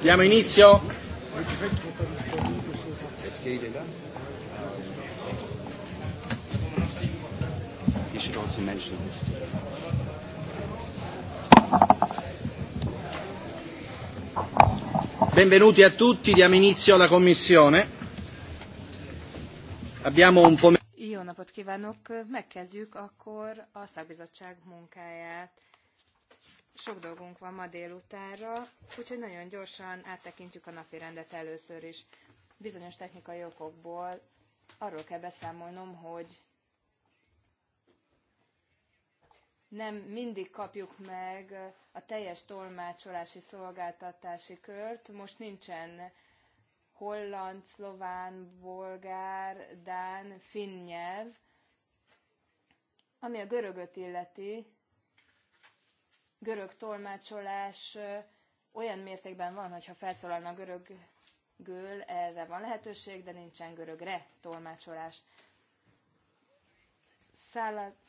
Diamo inizio. Benvenuti a tutti, diamo inizio alla commissione. Abbiamo un pomeriggio. Jó napot kívánok! Megkezdjük akkor a szakbizottság munkáját sok dolgunk van ma délutánra, úgyhogy nagyon gyorsan áttekintjük a napi rendet először is. Bizonyos technikai okokból arról kell beszámolnom, hogy nem mindig kapjuk meg a teljes tolmácsolási szolgáltatási kört. Most nincsen holland, szlován, bolgár, dán, finn nyelv. Ami a görögöt illeti, görög tolmácsolás olyan mértékben van, hogyha felszólalna göl, erre van lehetőség, de nincsen görögre tolmácsolás.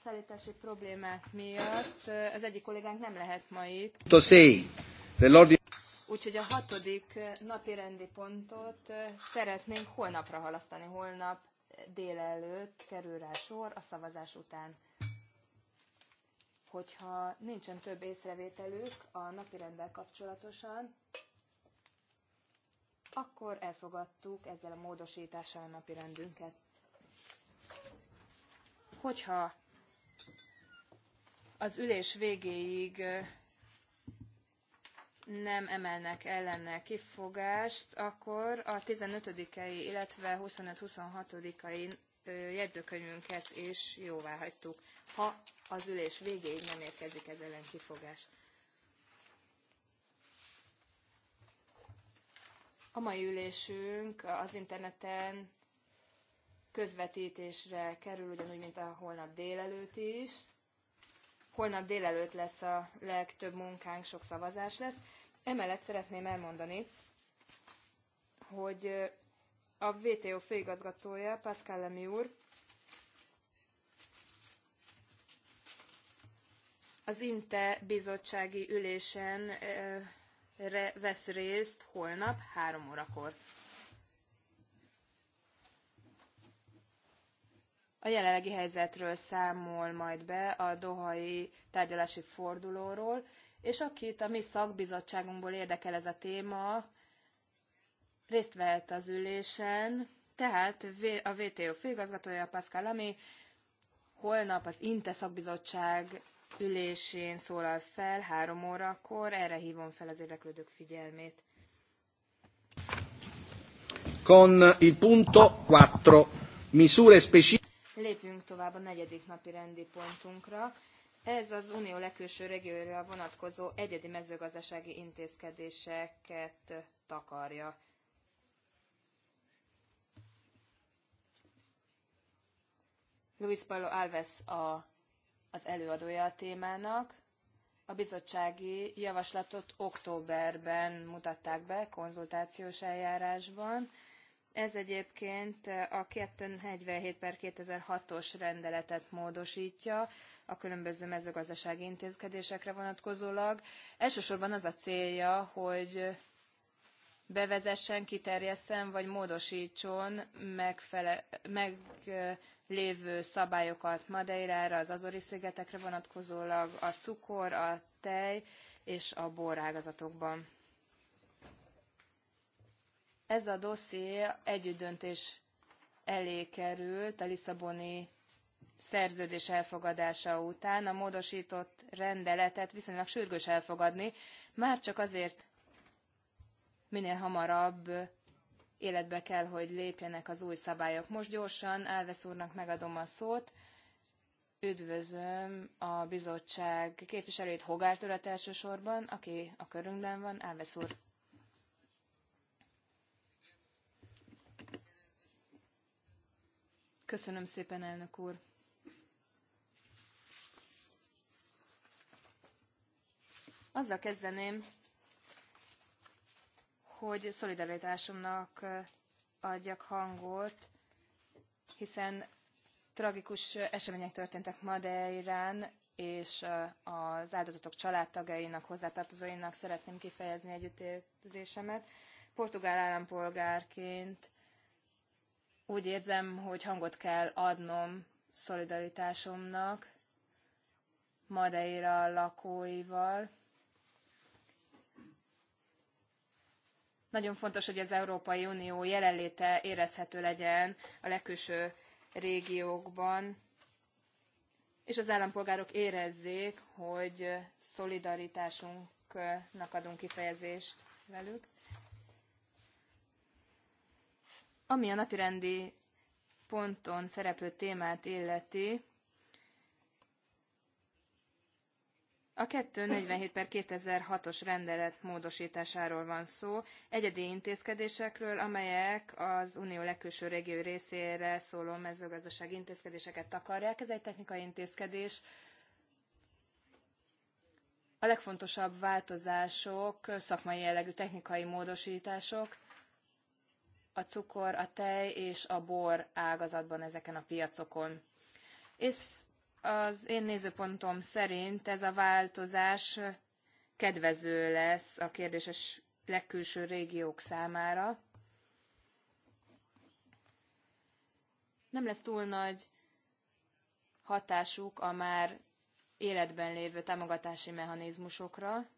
szállítási problémák miatt az egyik kollégánk nem lehet ma itt. Úgyhogy a hatodik napi rendi pontot szeretnénk holnapra halasztani. Holnap délelőtt kerül rá sor a szavazás után hogyha nincsen több észrevételük a napirenddel kapcsolatosan, akkor elfogadtuk ezzel a módosítással a napirendünket. Hogyha az ülés végéig nem emelnek ellene kifogást, akkor a 15-ei, illetve 25-26-ai jegyzőkönyvünket is jóvá hagytuk, ha az ülés végéig nem érkezik ez ellen kifogás. A mai ülésünk az interneten közvetítésre kerül, ugyanúgy, mint a holnap délelőtt is. Holnap délelőtt lesz a legtöbb munkánk, sok szavazás lesz. Emellett szeretném elmondani, hogy a VTO főigazgatója, Pascal Lemi úr, az INTE bizottsági ülésen vesz részt holnap három órakor. A jelenlegi helyzetről számol majd be a dohai tárgyalási fordulóról, és akit a mi szakbizottságunkból érdekel ez a téma, részt vehet az ülésen, tehát a VTO főigazgatója Pascal Lamy holnap az INTE szakbizottság ülésén szólal fel három órakor, erre hívom fel az érdeklődők figyelmét. Con il punto 4. Misure specifiche. Lépjünk tovább a negyedik napi rendi pontunkra. Ez az Unió legkülső régióra vonatkozó egyedi mezőgazdasági intézkedéseket takarja. Luis Pablo Alves a, az előadója a témának. A bizottsági javaslatot októberben mutatták be konzultációs eljárásban. Ez egyébként a 247 per 2006-os rendeletet módosítja a különböző mezőgazdasági intézkedésekre vonatkozólag. Elsősorban az a célja, hogy bevezessen, kiterjesszen vagy módosítson megfele- meg lévő szabályokat Madeirára, az Azori-szigetekre vonatkozólag, a cukor, a tej és a bor ágazatokban. Ez a dosszié együttdöntés elé került a Lisszaboni szerződés elfogadása után a módosított rendeletet viszonylag sürgős elfogadni, már csak azért minél hamarabb életbe kell, hogy lépjenek az új szabályok. Most gyorsan Álvesz úrnak megadom a szót. Üdvözlöm a bizottság képviselőjét Hogárt urat elsősorban, aki a körünkben van. Álvesz úr. Köszönöm szépen, elnök úr. Azzal kezdeném, hogy szolidaritásomnak adjak hangot, hiszen tragikus események történtek Madeirán, és az áldozatok családtagjainak, hozzátartozóinak szeretném kifejezni együttérzésemet. Portugál állampolgárként úgy érzem, hogy hangot kell adnom szolidaritásomnak Madeira lakóival, Nagyon fontos, hogy az Európai Unió jelenléte érezhető legyen a legkülső régiókban, és az állampolgárok érezzék, hogy szolidaritásunknak adunk kifejezést velük. Ami a napirendi ponton szereplő témát illeti, A 247 per 2006-os rendelet módosításáról van szó, egyedi intézkedésekről, amelyek az unió legkülső régió részére szóló mezőgazdasági intézkedéseket takarják. Ez egy technikai intézkedés. A legfontosabb változások szakmai jellegű technikai módosítások a cukor, a tej és a bor ágazatban ezeken a piacokon. És az én nézőpontom szerint ez a változás kedvező lesz a kérdéses legkülső régiók számára. Nem lesz túl nagy hatásuk a már életben lévő támogatási mechanizmusokra,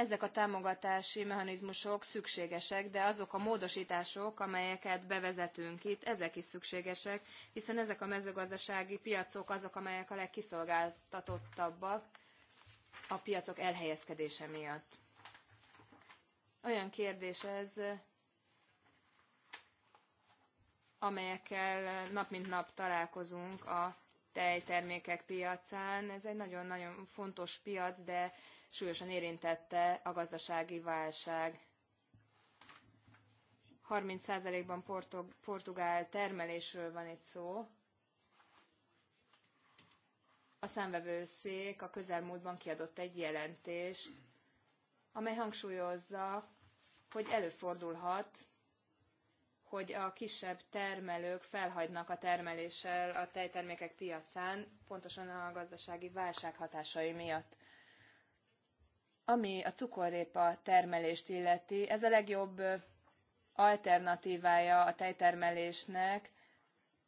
Ezek a támogatási mechanizmusok szükségesek, de azok a módosítások, amelyeket bevezetünk itt, ezek is szükségesek, hiszen ezek a mezőgazdasági piacok azok, amelyek a legkiszolgáltatottabbak a piacok elhelyezkedése miatt. Olyan kérdés ez, amelyekkel nap mint nap találkozunk a tejtermékek piacán. Ez egy nagyon-nagyon fontos piac, de súlyosan érintette a gazdasági válság. 30%-ban portugál termelésről van itt szó. A számvevőszék a közelmúltban kiadott egy jelentést, amely hangsúlyozza, hogy előfordulhat, hogy a kisebb termelők felhagynak a termeléssel a tejtermékek piacán, pontosan a gazdasági válság hatásai miatt. Ami a cukorrépa termelést illeti, ez a legjobb alternatívája a tejtermelésnek,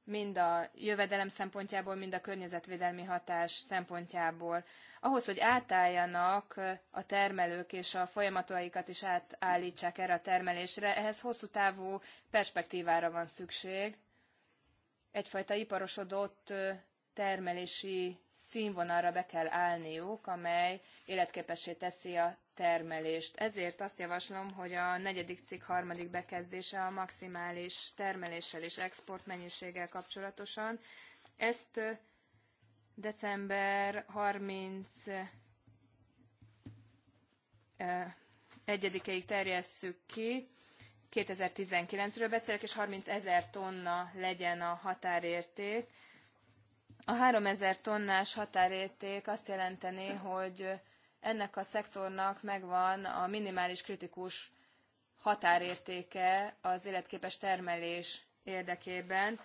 mind a jövedelem szempontjából, mind a környezetvédelmi hatás szempontjából. Ahhoz, hogy átálljanak a termelők és a folyamataikat is átállítsák erre a termelésre, ehhez hosszú távú perspektívára van szükség. Egyfajta iparosodott termelési színvonalra be kell állniuk, amely életképessé teszi a termelést. Ezért azt javaslom, hogy a negyedik cikk harmadik bekezdése a maximális termeléssel és export mennyiséggel kapcsolatosan. Ezt december 30 egyedikéig terjesszük ki, 2019-ről beszélek, és 30 ezer tonna legyen a határérték a 3000 tonnás határérték azt jelenteni, hogy ennek a szektornak megvan a minimális kritikus határértéke az életképes termelés érdekében,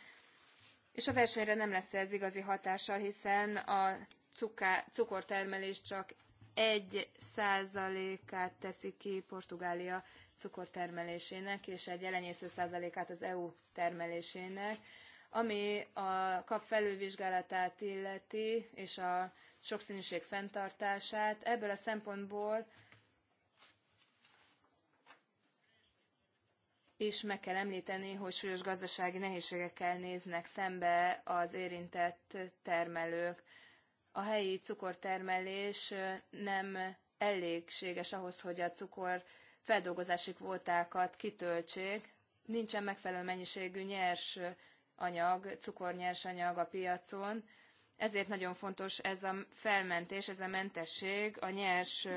és a versenyre nem lesz ez igazi hatással, hiszen a cuká, cukortermelés csak 1 százalékát teszi ki Portugália cukortermelésének, és egy elenyésző százalékát az EU termelésének. Ami a kap felülvizsgálatát illeti, és a sokszínűség fenntartását, ebből a szempontból és meg kell említeni, hogy súlyos gazdasági nehézségekkel néznek szembe az érintett termelők. A helyi cukortermelés nem elégséges ahhoz, hogy a cukor feldolgozási kvótákat kitöltsék, nincsen megfelelő mennyiségű nyers anyag, cukornyersanyag a piacon, ezért nagyon fontos ez a felmentés, ez a mentesség a nyers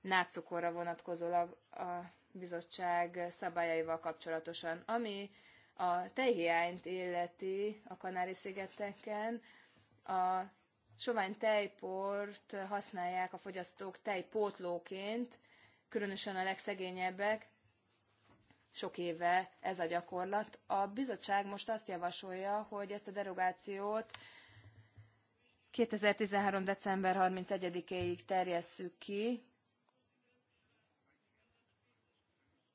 nátszukorra vonatkozólag a bizottság szabályaival kapcsolatosan. Ami a tejhiányt illeti a Kanári-szigeteken, a sovány tejport használják a fogyasztók tejpótlóként, különösen a legszegényebbek, sok éve ez a gyakorlat. A bizottság most azt javasolja, hogy ezt a derogációt 2013. december 31-éig terjesszük ki.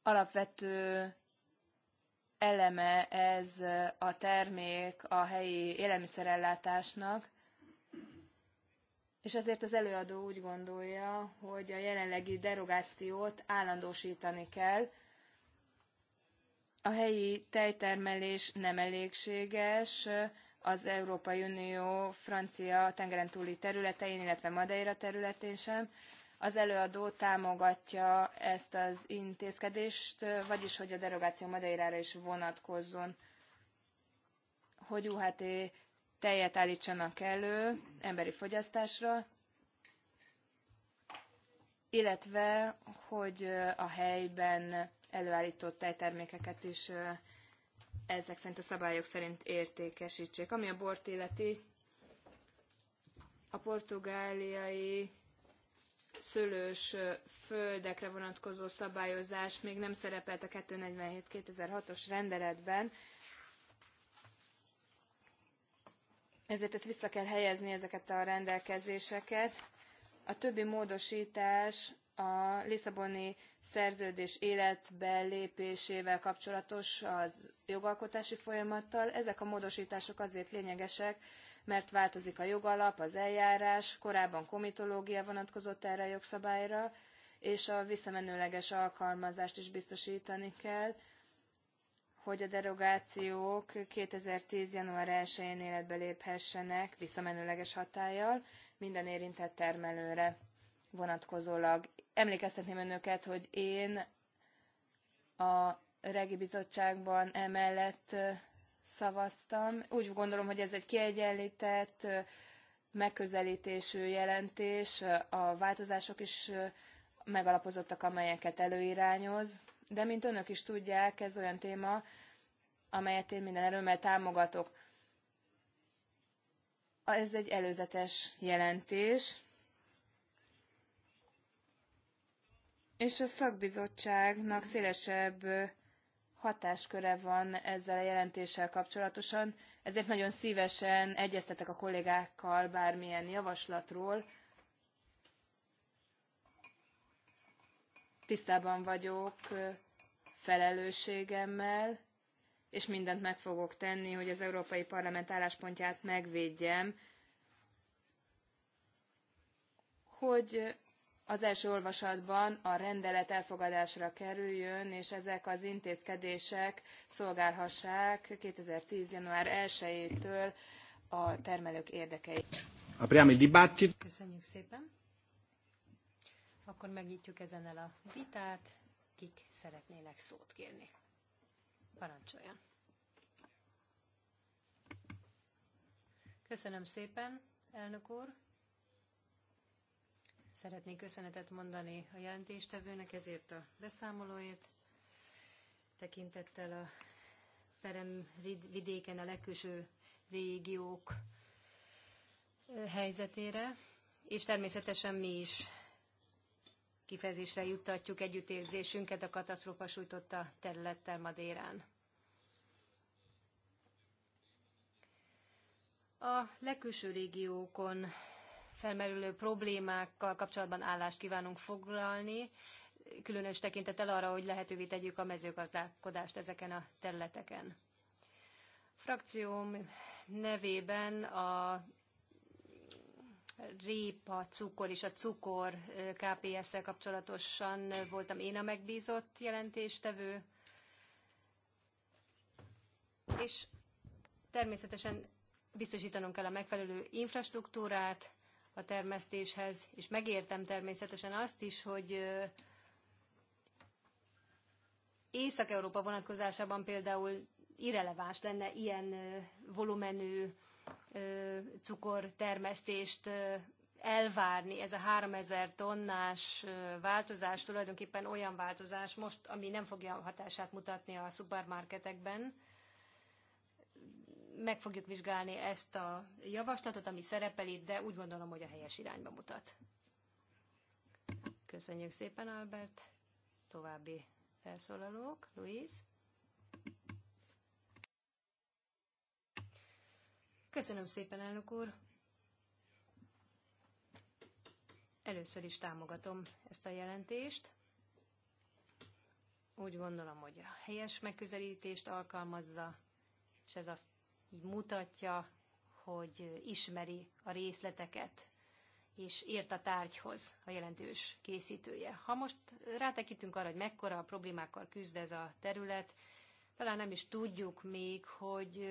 Alapvető eleme ez a termék a helyi élelmiszerellátásnak, és ezért az előadó úgy gondolja, hogy a jelenlegi derogációt állandósítani kell, a helyi tejtermelés nem elégséges az Európai Unió francia tengeren túli területein, illetve Madeira területén sem. Az előadó támogatja ezt az intézkedést, vagyis hogy a derogáció Madeirára is vonatkozzon, hogy UHT tejet állítsanak elő emberi fogyasztásra, illetve hogy a helyben előállított tejtermékeket is ezek szerint a szabályok szerint értékesítsék. Ami a bort illeti, a portugáliai szőlős földekre vonatkozó szabályozás még nem szerepelt a 247-2006-os rendeletben, ezért ezt vissza kell helyezni ezeket a rendelkezéseket. A többi módosítás a Lisszaboni szerződés életbe lépésével kapcsolatos az jogalkotási folyamattal. Ezek a módosítások azért lényegesek, mert változik a jogalap, az eljárás, korábban komitológia vonatkozott erre a jogszabályra, és a visszamenőleges alkalmazást is biztosítani kell, hogy a derogációk 2010. január 1-én életbe léphessenek visszamenőleges hatállyal minden érintett termelőre vonatkozólag. Emlékeztetném önöket, hogy én a regi bizottságban emellett szavaztam. Úgy gondolom, hogy ez egy kiegyenlített megközelítésű jelentés, a változások is megalapozottak, amelyeket előirányoz, de mint önök is tudják, ez olyan téma, amelyet én minden erőmmel támogatok. Ez egy előzetes jelentés, és a szakbizottságnak szélesebb hatásköre van ezzel a jelentéssel kapcsolatosan, ezért nagyon szívesen egyeztetek a kollégákkal bármilyen javaslatról. Tisztában vagyok felelősségemmel, és mindent meg fogok tenni, hogy az Európai Parlament álláspontját megvédjem, hogy az első olvasatban a rendelet elfogadásra kerüljön, és ezek az intézkedések szolgálhassák 2010. január 1-től a termelők érdekeit. A il dibattito. Köszönjük szépen. Akkor megnyitjuk ezennel a vitát. Kik szeretnének szót kérni? Parancsoljon. Köszönöm szépen, elnök úr. Szeretnék köszönetet mondani a jelentéstevőnek ezért a beszámolóért, tekintettel a Perem vidéken a legkülső régiók helyzetére, és természetesen mi is kifejezésre juttatjuk együttérzésünket a katasztrófa sújtotta területtel Madérán. A legkülső régiókon felmerülő problémákkal kapcsolatban állást kívánunk foglalni, különös tekintettel arra, hogy lehetővé tegyük a mezőgazdálkodást ezeken a területeken. Frakcióm nevében a répa, cukor és a cukor KPS-szel kapcsolatosan voltam én a megbízott jelentéstevő, és természetesen biztosítanunk kell a megfelelő infrastruktúrát, a termesztéshez, és megértem természetesen azt is, hogy Észak-Európa vonatkozásában például irreleváns lenne ilyen volumenű cukortermesztést elvárni. Ez a 3000 tonnás változás tulajdonképpen olyan változás most, ami nem fogja hatását mutatni a szupermarketekben, meg fogjuk vizsgálni ezt a javaslatot, ami szerepel itt, de úgy gondolom, hogy a helyes irányba mutat. Köszönjük szépen, Albert. További felszólalók. Louise. Köszönöm szépen, elnök úr. Először is támogatom ezt a jelentést. Úgy gondolom, hogy a helyes megközelítést alkalmazza, és ez azt így mutatja, hogy ismeri a részleteket, és ért a tárgyhoz a jelentős készítője. Ha most rátekintünk arra, hogy mekkora a problémákkal küzd ez a terület, talán nem is tudjuk még, hogy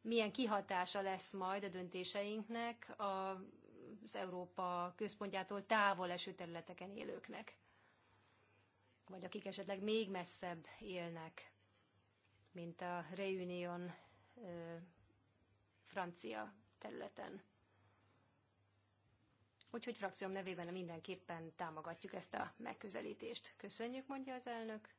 milyen kihatása lesz majd a döntéseinknek az Európa központjától távol eső területeken élőknek, vagy akik esetleg még messzebb élnek, mint a Reunion francia területen. Úgyhogy frakcióm nevében mindenképpen támogatjuk ezt a megközelítést. Köszönjük, mondja az elnök.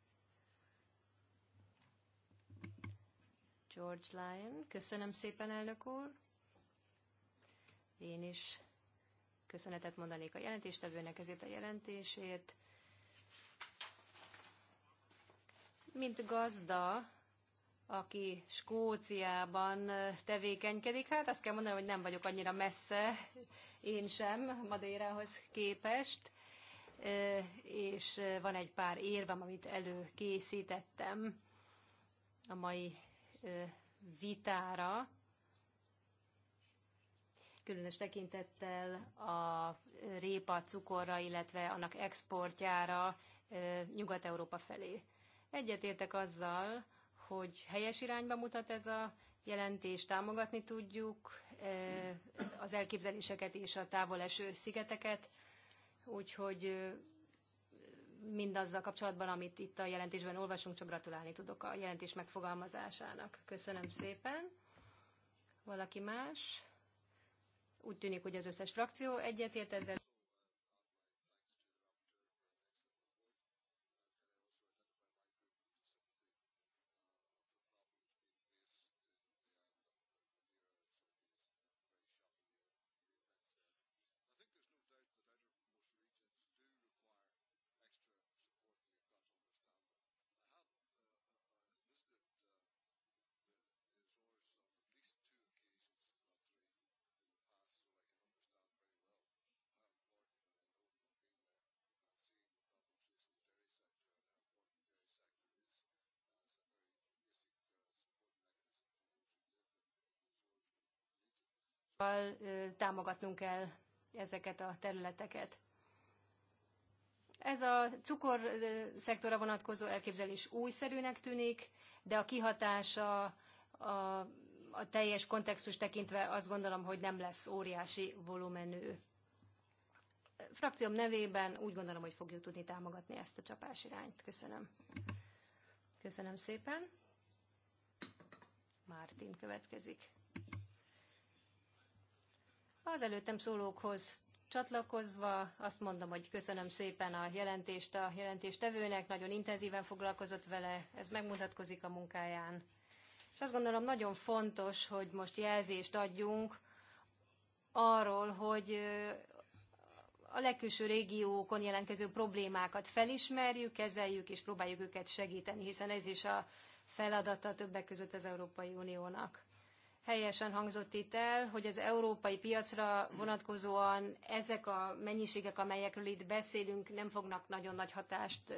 George Lyon, köszönöm szépen, elnök úr. Én is köszönetet mondanék a jelentéstevőnek ezért a jelentésért. Mint gazda, aki Skóciában tevékenykedik. Hát azt kell mondanom, hogy nem vagyok annyira messze, én sem Madeirához képest, és van egy pár érvem, amit előkészítettem a mai vitára, különös tekintettel a répa cukorra, illetve annak exportjára Nyugat-Európa felé. Egyetértek azzal, hogy helyes irányba mutat ez a jelentés, támogatni tudjuk e, az elképzeléseket és a eső szigeteket, úgyhogy mindazzal kapcsolatban, amit itt a jelentésben olvasunk, csak gratulálni tudok a jelentés megfogalmazásának. Köszönöm szépen. Valaki más? Úgy tűnik, hogy az összes frakció egyetért ezzel. támogatással támogatnunk kell ezeket a területeket. Ez a cukor vonatkozó elképzelés újszerűnek tűnik, de a kihatása a, a teljes kontextus tekintve azt gondolom, hogy nem lesz óriási volumenű. Frakcióm nevében úgy gondolom, hogy fogjuk tudni támogatni ezt a csapás irányt. Köszönöm. Köszönöm szépen. Mártin következik. Az előttem szólókhoz csatlakozva azt mondom, hogy köszönöm szépen a jelentést a jelentéstevőnek, nagyon intenzíven foglalkozott vele, ez megmutatkozik a munkáján. És azt gondolom nagyon fontos, hogy most jelzést adjunk arról, hogy a legkülső régiókon jelentkező problémákat felismerjük, kezeljük és próbáljuk őket segíteni, hiszen ez is a feladata többek között az Európai Uniónak helyesen hangzott itt el, hogy az európai piacra vonatkozóan ezek a mennyiségek, amelyekről itt beszélünk, nem fognak nagyon nagy hatást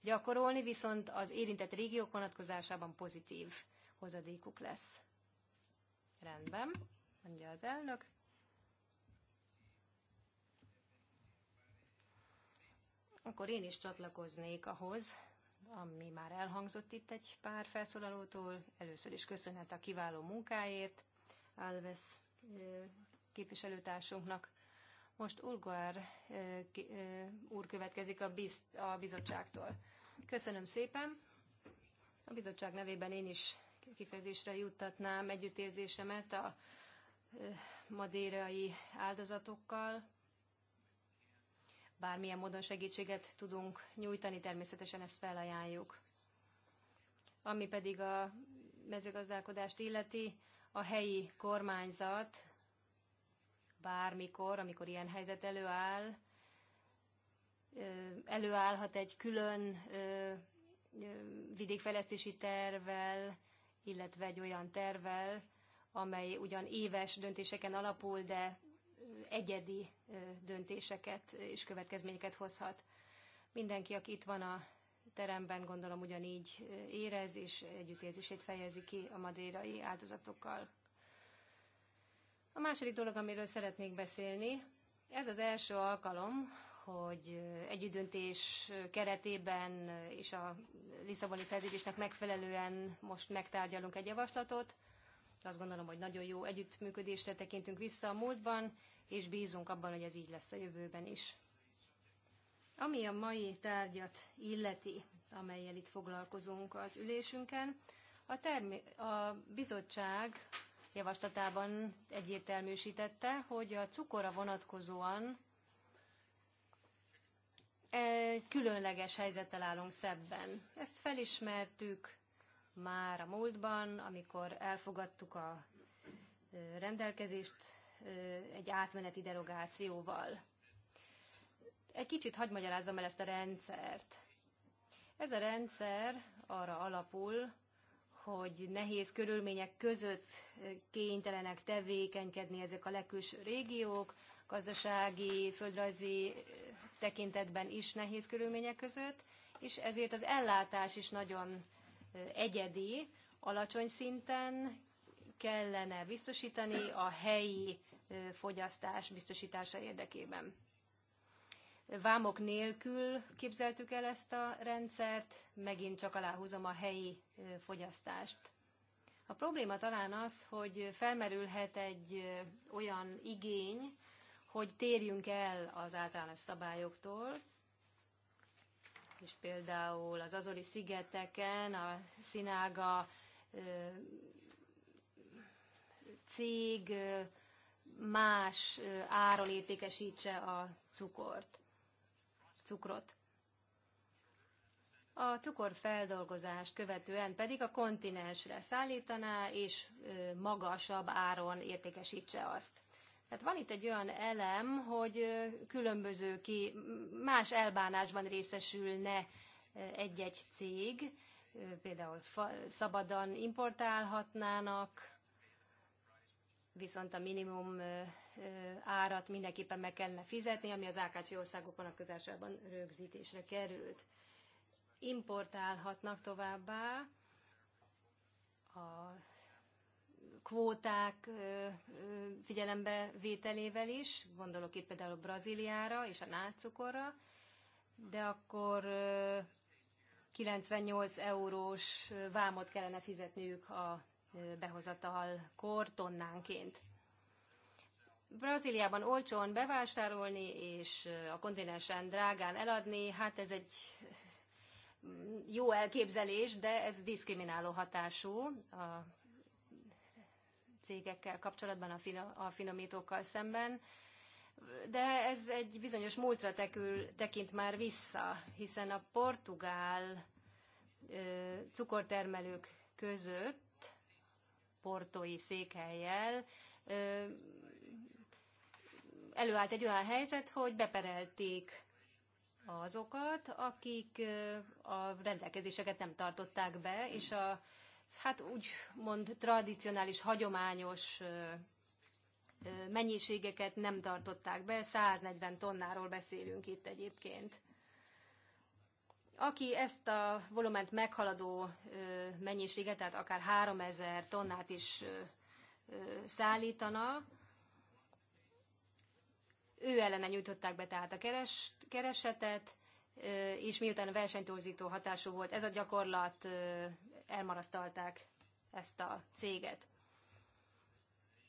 gyakorolni, viszont az érintett régiók vonatkozásában pozitív hozadékuk lesz. Rendben, mondja az elnök. Akkor én is csatlakoznék ahhoz, ami már elhangzott itt egy pár felszólalótól. Először is köszönhet a kiváló munkáért Alves képviselőtársunknak. Most Ulgar úr következik a, biz, a bizottságtól. Köszönöm szépen. A bizottság nevében én is kifejezésre juttatnám együttérzésemet a madérai áldozatokkal, bármilyen módon segítséget tudunk nyújtani, természetesen ezt felajánljuk. Ami pedig a mezőgazdálkodást illeti, a helyi kormányzat bármikor, amikor ilyen helyzet előáll, előállhat egy külön vidékfejlesztési tervvel, illetve egy olyan tervvel, amely ugyan éves döntéseken alapul, de egyedi döntéseket és következményeket hozhat. Mindenki, aki itt van a teremben, gondolom ugyanígy érez, és együttérzését fejezi ki a madérai áldozatokkal. A második dolog, amiről szeretnék beszélni, ez az első alkalom, hogy együttdöntés keretében és a Lisszaboni szerződésnek megfelelően most megtárgyalunk egy javaslatot. Azt gondolom, hogy nagyon jó együttműködésre tekintünk vissza a múltban, és bízunk abban, hogy ez így lesz a jövőben is. Ami a mai tárgyat illeti, amelyel itt foglalkozunk az ülésünken, a, termi- a bizottság javaslatában egyértelműsítette, hogy a cukora vonatkozóan e, különleges helyzettel állunk szebben. Ezt felismertük már a múltban, amikor elfogadtuk a e, rendelkezést egy átmeneti derogációval. Egy kicsit hagy magyarázzam el ezt a rendszert. Ez a rendszer arra alapul, hogy nehéz körülmények között kénytelenek tevékenykedni ezek a legkülső régiók, gazdasági, földrajzi tekintetben is nehéz körülmények között, és ezért az ellátás is nagyon egyedi, alacsony szinten kellene biztosítani a helyi fogyasztás biztosítása érdekében. Vámok nélkül képzeltük el ezt a rendszert, megint csak aláhúzom a helyi fogyasztást. A probléma talán az, hogy felmerülhet egy olyan igény, hogy térjünk el az általános szabályoktól, és például az Azori szigeteken a szinága cég más áron értékesítse a cukort, cukrot. A cukorfeldolgozás követően pedig a kontinensre szállítaná, és magasabb áron értékesítse azt. Tehát van itt egy olyan elem, hogy különböző ki, más elbánásban részesülne egy-egy cég, például szabadon importálhatnának, viszont a minimum árat mindenképpen meg kellene fizetni, ami az AKC országok vonatkozásában rögzítésre került. Importálhatnak továbbá a kvóták figyelembe vételével is, gondolok itt például a Brazíliára és a nátszukorra, de akkor 98 eurós vámot kellene fizetniük a behozatal kortonnánként. Brazíliában olcsón bevásárolni és a kontinensen drágán eladni, hát ez egy mm, jó elképzelés, de ez diszkrimináló hatású a cégekkel kapcsolatban, a, fino, a finomítókkal szemben. De ez egy bizonyos múltra tekül, tekint már vissza, hiszen a portugál ö, cukortermelők között portói székhelyjel előállt egy olyan helyzet, hogy beperelték azokat, akik a rendelkezéseket nem tartották be, és a hát úgymond tradicionális, hagyományos mennyiségeket nem tartották be, 140 tonnáról beszélünk itt egyébként aki ezt a volument meghaladó mennyiséget, tehát akár 3000 tonnát is szállítana, ő ellene nyújtották be tehát a keres, keresetet, és miután a versenytorzító hatású volt ez a gyakorlat, elmarasztalták ezt a céget.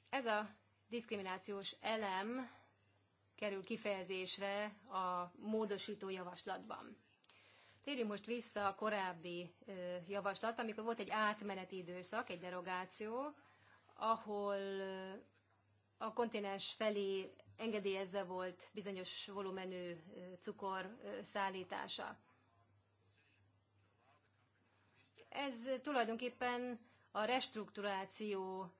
Ez a diszkriminációs elem kerül kifejezésre a módosító javaslatban. Térjünk most vissza a korábbi javaslat, amikor volt egy átmeneti időszak, egy derogáció, ahol a kontinens felé engedélyezve volt bizonyos volumenű cukor szállítása. Ez tulajdonképpen a restrukturáció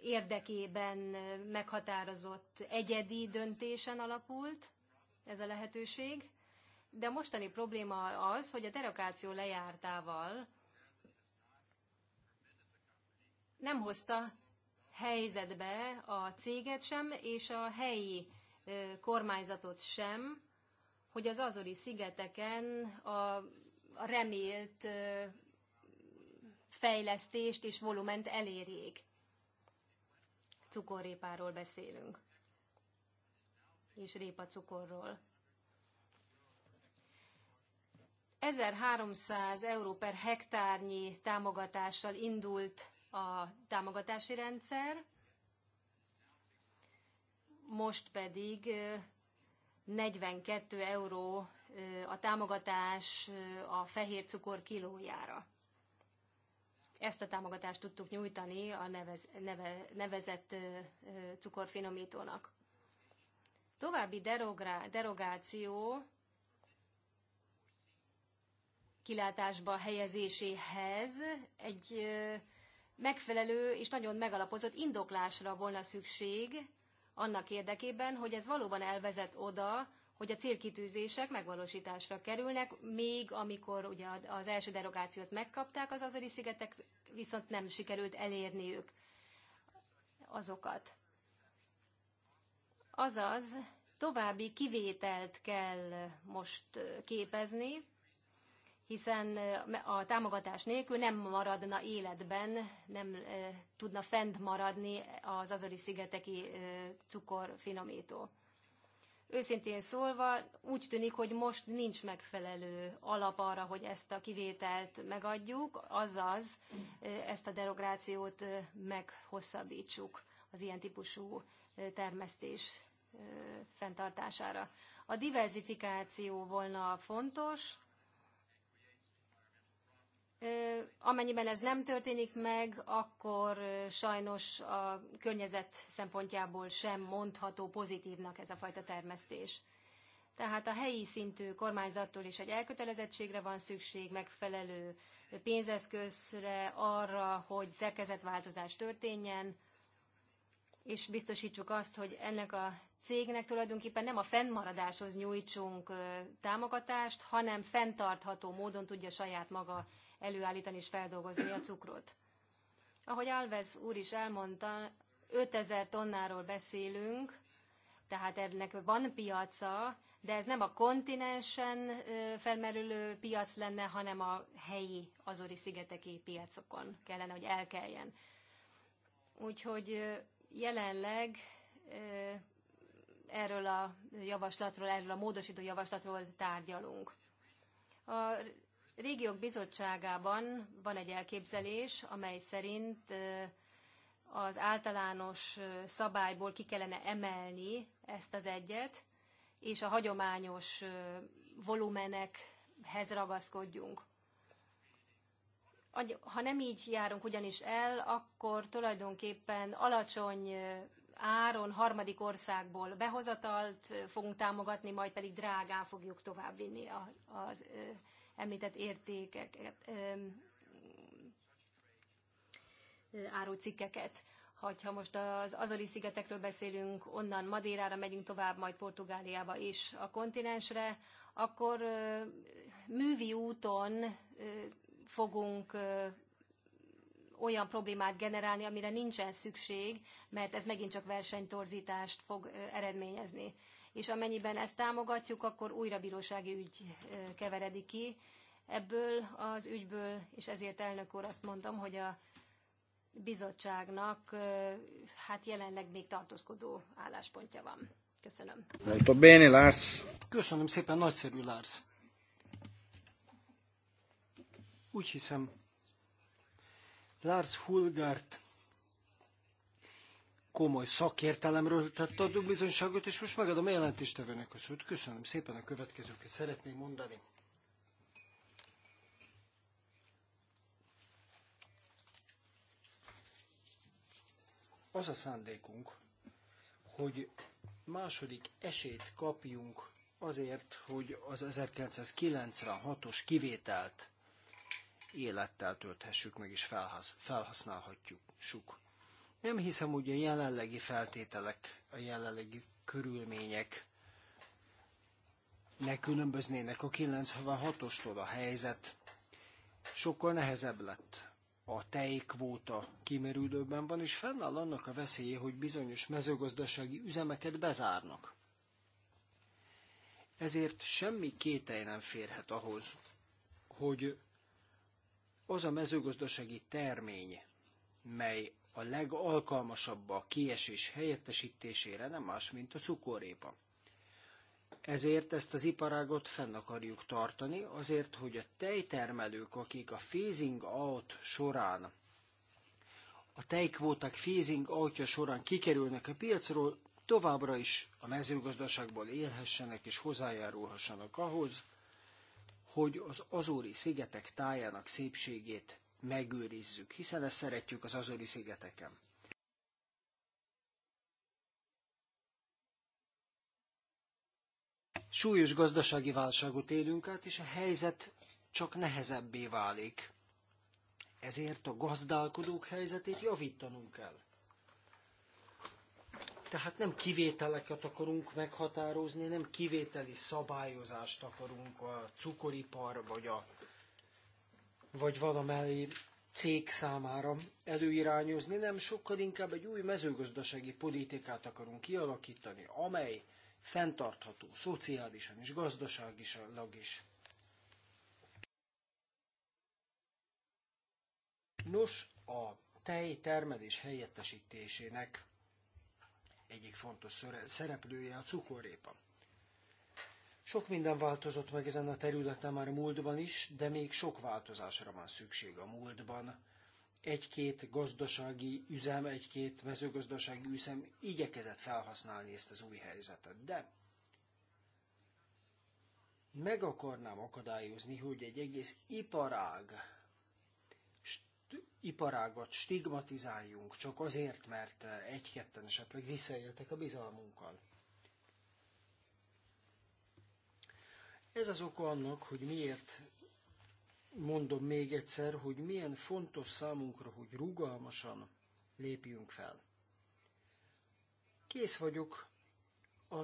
érdekében meghatározott egyedi döntésen alapult ez a lehetőség, de mostani probléma az, hogy a derogáció lejártával nem hozta helyzetbe a céget sem, és a helyi kormányzatot sem, hogy az azori szigeteken a, a remélt fejlesztést és volument elérjék. Cukorrépáról beszélünk, és répa cukorról. 1300 euró per hektárnyi támogatással indult a támogatási rendszer, most pedig 42 euró a támogatás a fehér cukor kilójára. Ezt a támogatást tudtuk nyújtani a nevez, neve, nevezett cukorfinomítónak. További derogra, derogáció kilátásba helyezéséhez egy megfelelő és nagyon megalapozott indoklásra volna szükség annak érdekében, hogy ez valóban elvezet oda, hogy a célkitűzések megvalósításra kerülnek, még amikor ugye az első derogációt megkapták az azori szigetek, viszont nem sikerült elérniük azokat. Azaz, további kivételt kell most képezni, hiszen a támogatás nélkül nem maradna életben, nem tudna fent maradni az azori szigeteki cukorfinomító. Őszintén szólva, úgy tűnik, hogy most nincs megfelelő alap arra, hogy ezt a kivételt megadjuk, azaz ezt a derogációt meghosszabbítsuk az ilyen típusú termesztés fenntartására. A diversifikáció volna fontos, Amennyiben ez nem történik meg, akkor sajnos a környezet szempontjából sem mondható pozitívnak ez a fajta termesztés. Tehát a helyi szintű kormányzattól is egy elkötelezettségre van szükség, megfelelő pénzeszközre arra, hogy szerkezetváltozás történjen, és biztosítsuk azt, hogy ennek a cégnek tulajdonképpen nem a fennmaradáshoz nyújtsunk támogatást, hanem fenntartható módon tudja saját maga előállítani és feldolgozni a cukrot. Ahogy Alves úr is elmondta, 5000 tonnáról beszélünk, tehát ennek van piaca, de ez nem a kontinensen felmerülő piac lenne, hanem a helyi azori szigeteki piacokon kellene, hogy elkeljen. Úgyhogy jelenleg erről a javaslatról, erről a módosító javaslatról tárgyalunk. A Régiók Bizottságában van egy elképzelés, amely szerint az általános szabályból ki kellene emelni ezt az egyet, és a hagyományos volumenekhez ragaszkodjunk. Ha nem így járunk ugyanis el, akkor tulajdonképpen alacsony áron harmadik országból behozatalt fogunk támogatni, majd pedig drágán fogjuk továbbvinni az, az említett értékeket, árucikkeket. Ha most az Azori szigetekről beszélünk, onnan Madérára megyünk tovább, majd Portugáliába és a kontinensre, akkor művi úton fogunk olyan problémát generálni, amire nincsen szükség, mert ez megint csak versenytorzítást fog eredményezni és amennyiben ezt támogatjuk, akkor újra bírósági ügy keveredik ki ebből az ügyből, és ezért elnök úr azt mondtam, hogy a bizottságnak hát jelenleg még tartózkodó álláspontja van. Köszönöm. Molto bene, Lars. Köszönöm szépen, nagyszerű, Lars. Úgy hiszem, Lars Hulgart komoly szakértelemről tett a bizonyságot, és most megadom a jelentéstevőnek a szót. Köszönöm szépen a következőket szeretném mondani. Az a szándékunk, hogy második esélyt kapjunk azért, hogy az 1996-os kivételt élettel tölthessük meg és felhasználhatjuk. Nem hiszem, hogy a jelenlegi feltételek, a jelenlegi körülmények ne különböznének a 96-ostól a helyzet. Sokkal nehezebb lett. A tejkvóta kimerülőben van, és fennáll annak a veszélye, hogy bizonyos mezőgazdasági üzemeket bezárnak. Ezért semmi kételj nem férhet ahhoz, hogy az a mezőgazdasági termény, mely a legalkalmasabb a kiesés helyettesítésére nem más, mint a cukorépa. Ezért ezt az iparágot fenn akarjuk tartani, azért, hogy a tejtermelők, akik a phasing out során, a tejkvóták phasing outja során kikerülnek a piacról, továbbra is a mezőgazdaságból élhessenek és hozzájárulhassanak ahhoz, hogy az Azóri szigetek tájának szépségét megőrizzük, hiszen ezt szeretjük az Azori szigeteken. Súlyos gazdasági válságot élünk át, és a helyzet csak nehezebbé válik. Ezért a gazdálkodók helyzetét javítanunk kell. Tehát nem kivételeket akarunk meghatározni, nem kivételi szabályozást akarunk a cukoripar vagy a vagy valamely cég számára előirányozni, nem sokkal inkább egy új mezőgazdasági politikát akarunk kialakítani, amely fenntartható szociálisan és gazdaságilag is. Nos, a tej termelés helyettesítésének egyik fontos szereplője a cukorrépa. Sok minden változott meg ezen a területen már a múltban is, de még sok változásra van szükség a múltban. Egy-két gazdasági üzem, egy-két mezőgazdasági üzem igyekezett felhasználni ezt az új helyzetet, de meg akarnám akadályozni, hogy egy egész iparág, st- iparágat stigmatizáljunk, csak azért, mert egy-ketten esetleg visszaéltek a bizalmunkkal. Ez az oka annak, hogy miért mondom még egyszer, hogy milyen fontos számunkra, hogy rugalmasan lépjünk fel. Kész vagyok a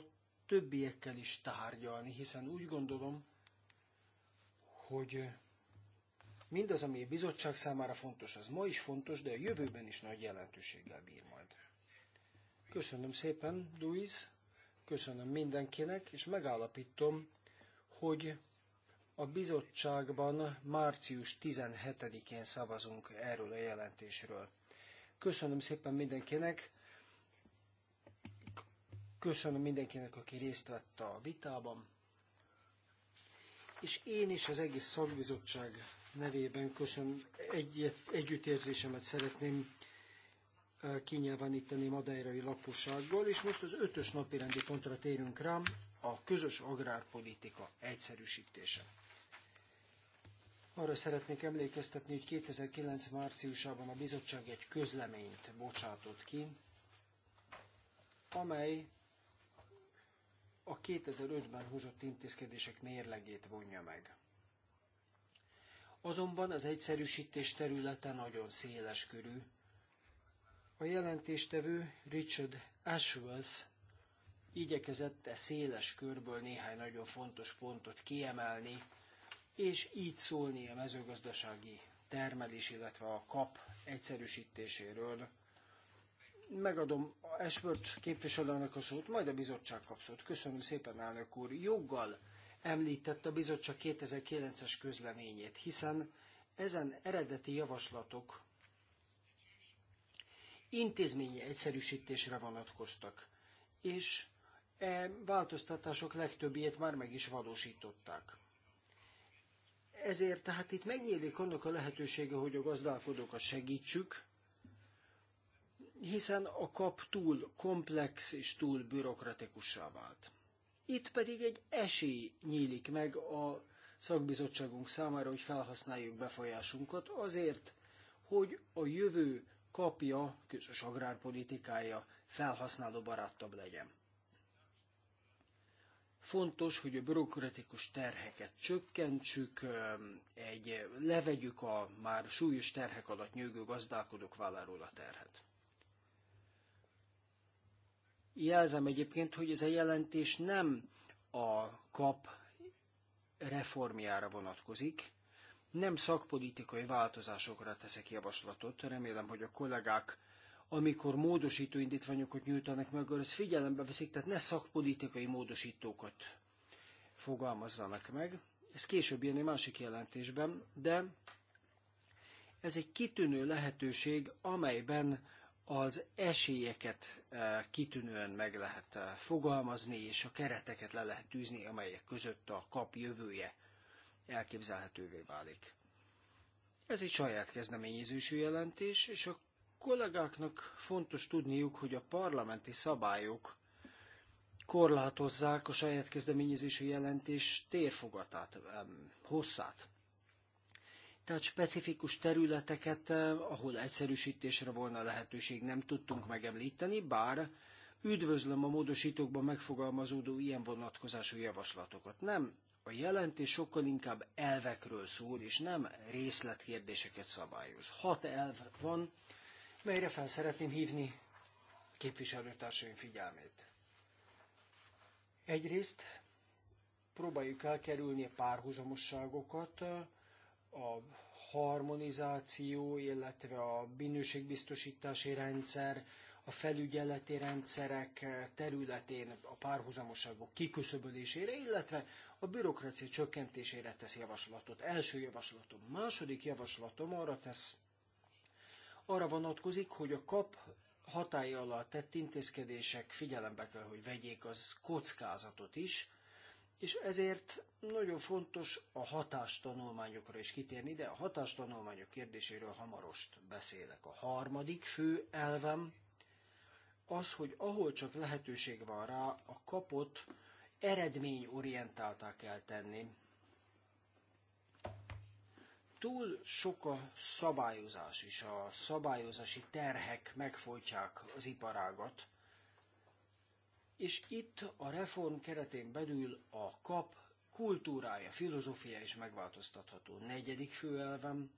többiekkel is tárgyalni, hiszen úgy gondolom, hogy mindaz, ami a bizottság számára fontos, az ma is fontos, de a jövőben is nagy jelentőséggel bír majd. Köszönöm szépen, Luis, köszönöm mindenkinek, és megállapítom, hogy a bizottságban március 17-én szavazunk erről a jelentésről. Köszönöm szépen mindenkinek, köszönöm mindenkinek, aki részt vett a vitában, és én is az egész szakbizottság nevében köszönöm, egy, együttérzésemet szeretném eh, kinyilvánítani madeirai lakossággal, és most az ötös napi rendi pontra térünk rám, a közös agrárpolitika egyszerűsítése. Arra szeretnék emlékeztetni, hogy 2009. márciusában a bizottság egy közleményt bocsátott ki, amely a 2005-ben hozott intézkedések mérlegét vonja meg. Azonban az egyszerűsítés területe nagyon széles körű. A jelentéstevő Richard Ashworth igyekezett e széles körből néhány nagyon fontos pontot kiemelni, és így szólni a mezőgazdasági termelés, illetve a kap egyszerűsítéséről. Megadom a Esbört képviselőnek a szót, majd a bizottság kap szót. Köszönöm szépen, elnök úr. Joggal említett a bizottság 2009-es közleményét, hiszen ezen eredeti javaslatok intézményi egyszerűsítésre vonatkoztak, és E változtatások legtöbbiét már meg is valósították. Ezért tehát itt megnyílik annak a lehetősége, hogy a gazdálkodókat segítsük, hiszen a kap túl komplex és túl bürokratikussá vált. Itt pedig egy esély nyílik meg a szakbizottságunk számára, hogy felhasználjuk befolyásunkat azért, hogy a jövő kapja, közös agrárpolitikája felhasználó barátabb legyen. Fontos, hogy a bürokratikus terheket csökkentsük, egy, levegyük a már súlyos terhek alatt nyögő gazdálkodók válláról a terhet. Jelzem egyébként, hogy ez a jelentés nem a kap reformjára vonatkozik, nem szakpolitikai változásokra teszek javaslatot, remélem, hogy a kollégák amikor módosító indítványokat nyújtanak meg, ezt figyelembe veszik, tehát ne szakpolitikai módosítókat fogalmazzanak meg. Ez később jön egy másik jelentésben, de ez egy kitűnő lehetőség, amelyben az esélyeket eh, kitűnően meg lehet eh, fogalmazni, és a kereteket le lehet tűzni, amelyek között a kap jövője elképzelhetővé válik. Ez egy saját kezdeményezésű jelentés, és a kollégáknak fontos tudniuk, hogy a parlamenti szabályok korlátozzák a saját kezdeményezési jelentés térfogatát, hosszát. Tehát specifikus területeket, eh, ahol egyszerűsítésre volna lehetőség, nem tudtunk megemlíteni, bár üdvözlöm a módosítókban megfogalmazódó ilyen vonatkozású javaslatokat. Nem, a jelentés sokkal inkább elvekről szól, és nem részletkérdéseket szabályoz. Hat elv van, melyre fel szeretném hívni képviselőtársaim figyelmét. Egyrészt próbáljuk elkerülni a párhuzamosságokat, a harmonizáció, illetve a minőségbiztosítási rendszer, a felügyeleti rendszerek területén a párhuzamosságok kiküszöbölésére, illetve a bürokrácia csökkentésére tesz javaslatot. Első javaslatom. Második javaslatom arra tesz arra vonatkozik, hogy a kap hatája alá tett intézkedések figyelembe kell, hogy vegyék az kockázatot is, és ezért nagyon fontos a hatástanulmányokra is kitérni, de a hatástanulmányok kérdéséről hamarost beszélek. A harmadik fő elvem az, hogy ahol csak lehetőség van rá, a kapot eredményorientáltá kell tenni, túl sok a szabályozás, és a szabályozási terhek megfojtják az iparágat, és itt a reform keretén belül a kap kultúrája, filozófia is megváltoztatható. Negyedik főelvem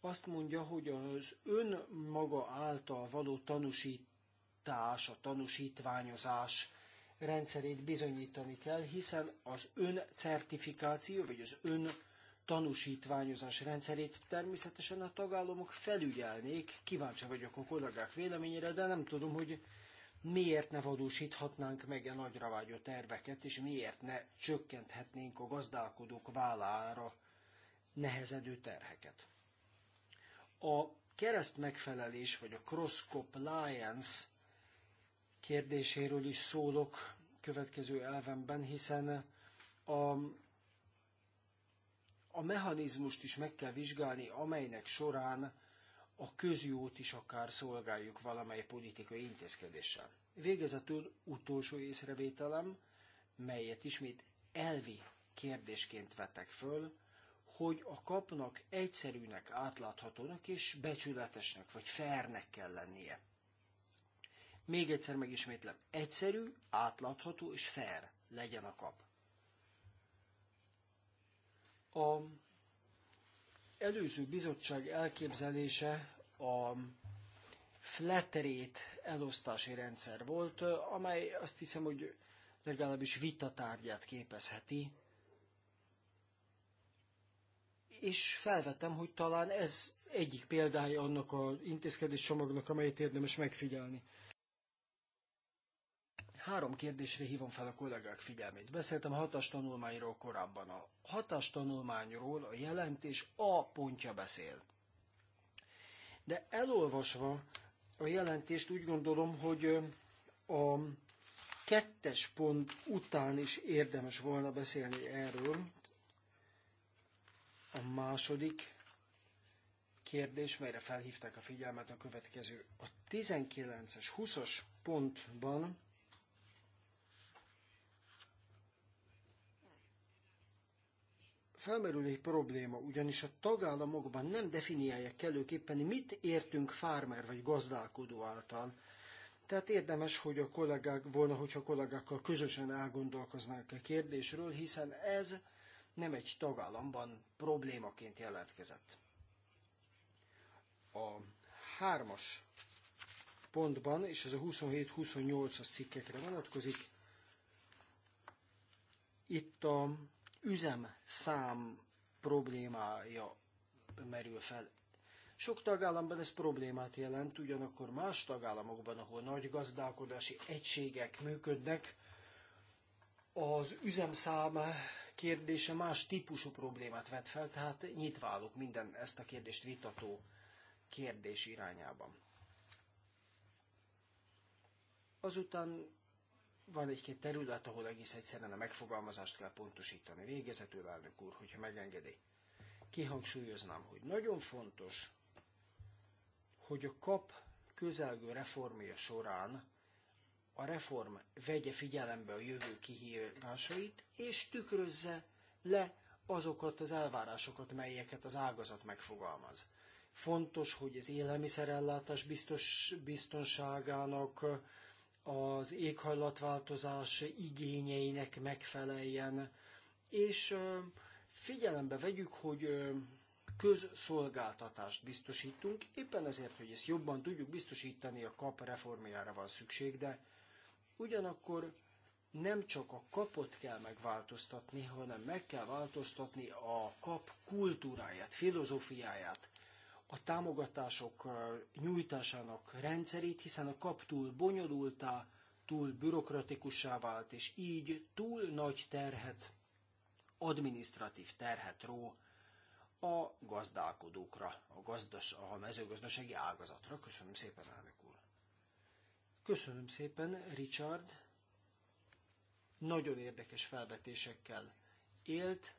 azt mondja, hogy az önmaga által való tanúsítás, a tanúsítványozás rendszerét bizonyítani kell, hiszen az öncertifikáció, vagy az ön tanúsítványozás rendszerét természetesen a tagállamok felügyelnék. Kíváncsi vagyok a kollégák véleményére, de nem tudom, hogy miért ne valósíthatnánk meg a e nagyra vágyó terveket, és miért ne csökkenthetnénk a gazdálkodók vállára nehezedő terheket. A kereszt megfelelés, vagy a cross-compliance kérdéséről is szólok következő elvemben, hiszen a a mechanizmust is meg kell vizsgálni, amelynek során a közjót is akár szolgáljuk valamely politikai intézkedéssel. Végezetül utolsó észrevételem, melyet ismét elvi kérdésként vetek föl, hogy a kapnak egyszerűnek, átláthatónak és becsületesnek vagy fernek kell lennie. Még egyszer megismétlem, egyszerű, átlátható és fair legyen a kap. A előző bizottság elképzelése a flatterét elosztási rendszer volt, amely azt hiszem, hogy legalábbis vitatárgyát képezheti, és felvetem, hogy talán ez egyik példája annak az intézkedés csomagnak, amelyet érdemes megfigyelni. Három kérdésre hívom fel a kollégák figyelmét. Beszéltem a hatástanulmányról korábban. A hatástanulmányról a jelentés A pontja beszél. De elolvasva a jelentést úgy gondolom, hogy a kettes pont után is érdemes volna beszélni erről. A második kérdés, melyre felhívták a figyelmet a következő. A 19-es, 20-as pontban felmerül egy probléma, ugyanis a tagállamokban nem definiálják kellőképpen, mit értünk farmer vagy gazdálkodó által. Tehát érdemes, hogy a kollégák, volna, hogyha a kollégákkal közösen elgondolkoznánk a kérdésről, hiszen ez nem egy tagállamban problémaként jelentkezett. A hármas pontban, és ez a 27-28-as cikkekre vonatkozik, itt a üzem szám problémája merül fel. Sok tagállamban ez problémát jelent, ugyanakkor más tagállamokban, ahol nagy gazdálkodási egységek működnek, az üzemszám kérdése más típusú problémát vet fel, tehát állok minden ezt a kérdést vitató kérdés irányában. Azután van egy-két terület, ahol egész egyszerűen a megfogalmazást kell pontosítani. Végezetül, elnök úr, hogyha megengedi. Kihangsúlyoznám, hogy nagyon fontos, hogy a kap közelgő reformja során a reform vegye figyelembe a jövő kihívásait, és tükrözze le azokat az elvárásokat, melyeket az ágazat megfogalmaz. Fontos, hogy az élelmiszerellátás biztos, biztonságának, az éghajlatváltozás igényeinek megfeleljen, és figyelembe vegyük, hogy közszolgáltatást biztosítunk, éppen ezért, hogy ezt jobban tudjuk biztosítani, a kap reformjára van szükség, de ugyanakkor nem csak a kapot kell megváltoztatni, hanem meg kell változtatni a kap kultúráját, filozófiáját a támogatások nyújtásának rendszerét, hiszen a kap túl bonyolultá, túl bürokratikussá vált, és így túl nagy terhet, administratív terhet ró a gazdálkodókra, a, gazdas, a mezőgazdasági ágazatra. Köszönöm szépen, elnök úr. Köszönöm szépen, Richard. Nagyon érdekes felvetésekkel élt,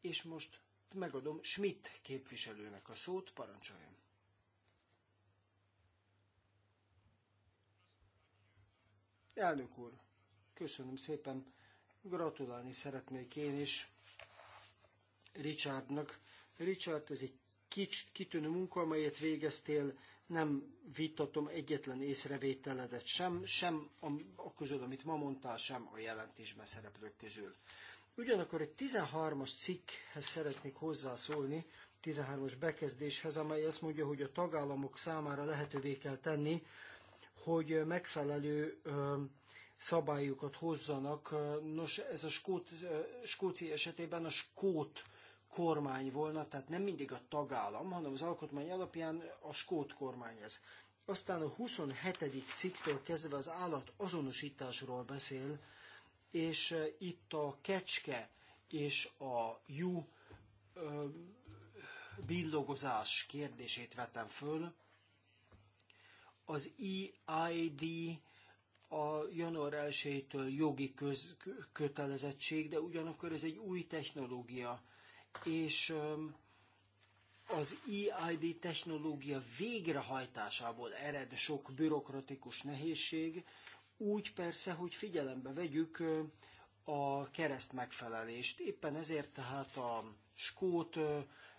és most megadom Schmidt képviselőnek a szót, parancsoljon. Elnök úr, köszönöm szépen, gratulálni szeretnék én is Richardnak. Richard, ez egy kicsit kitűnő munka, amelyet végeztél, nem vitatom egyetlen észrevételedet sem, sem a, a közül, amit ma mondtál, sem a jelentésben szereplők közül. Ugyanakkor egy 13-as cikkhez szeretnék hozzászólni, 13-as bekezdéshez, amely azt mondja, hogy a tagállamok számára lehetővé kell tenni, hogy megfelelő szabályokat hozzanak. Nos, ez a skót, Skóci esetében a skót kormány volna, tehát nem mindig a tagállam, hanem az alkotmány alapján a skót kormány ez. Aztán a 27. cikktől kezdve az állat azonosításról beszél, és itt a kecske és a jú billogozás kérdését vetem föl. Az EID a január 1-től jogi köz, kötelezettség, de ugyanakkor ez egy új technológia, és az EID technológia végrehajtásából ered sok bürokratikus nehézség, úgy persze, hogy figyelembe vegyük a kereszt megfelelést. Éppen ezért tehát a skót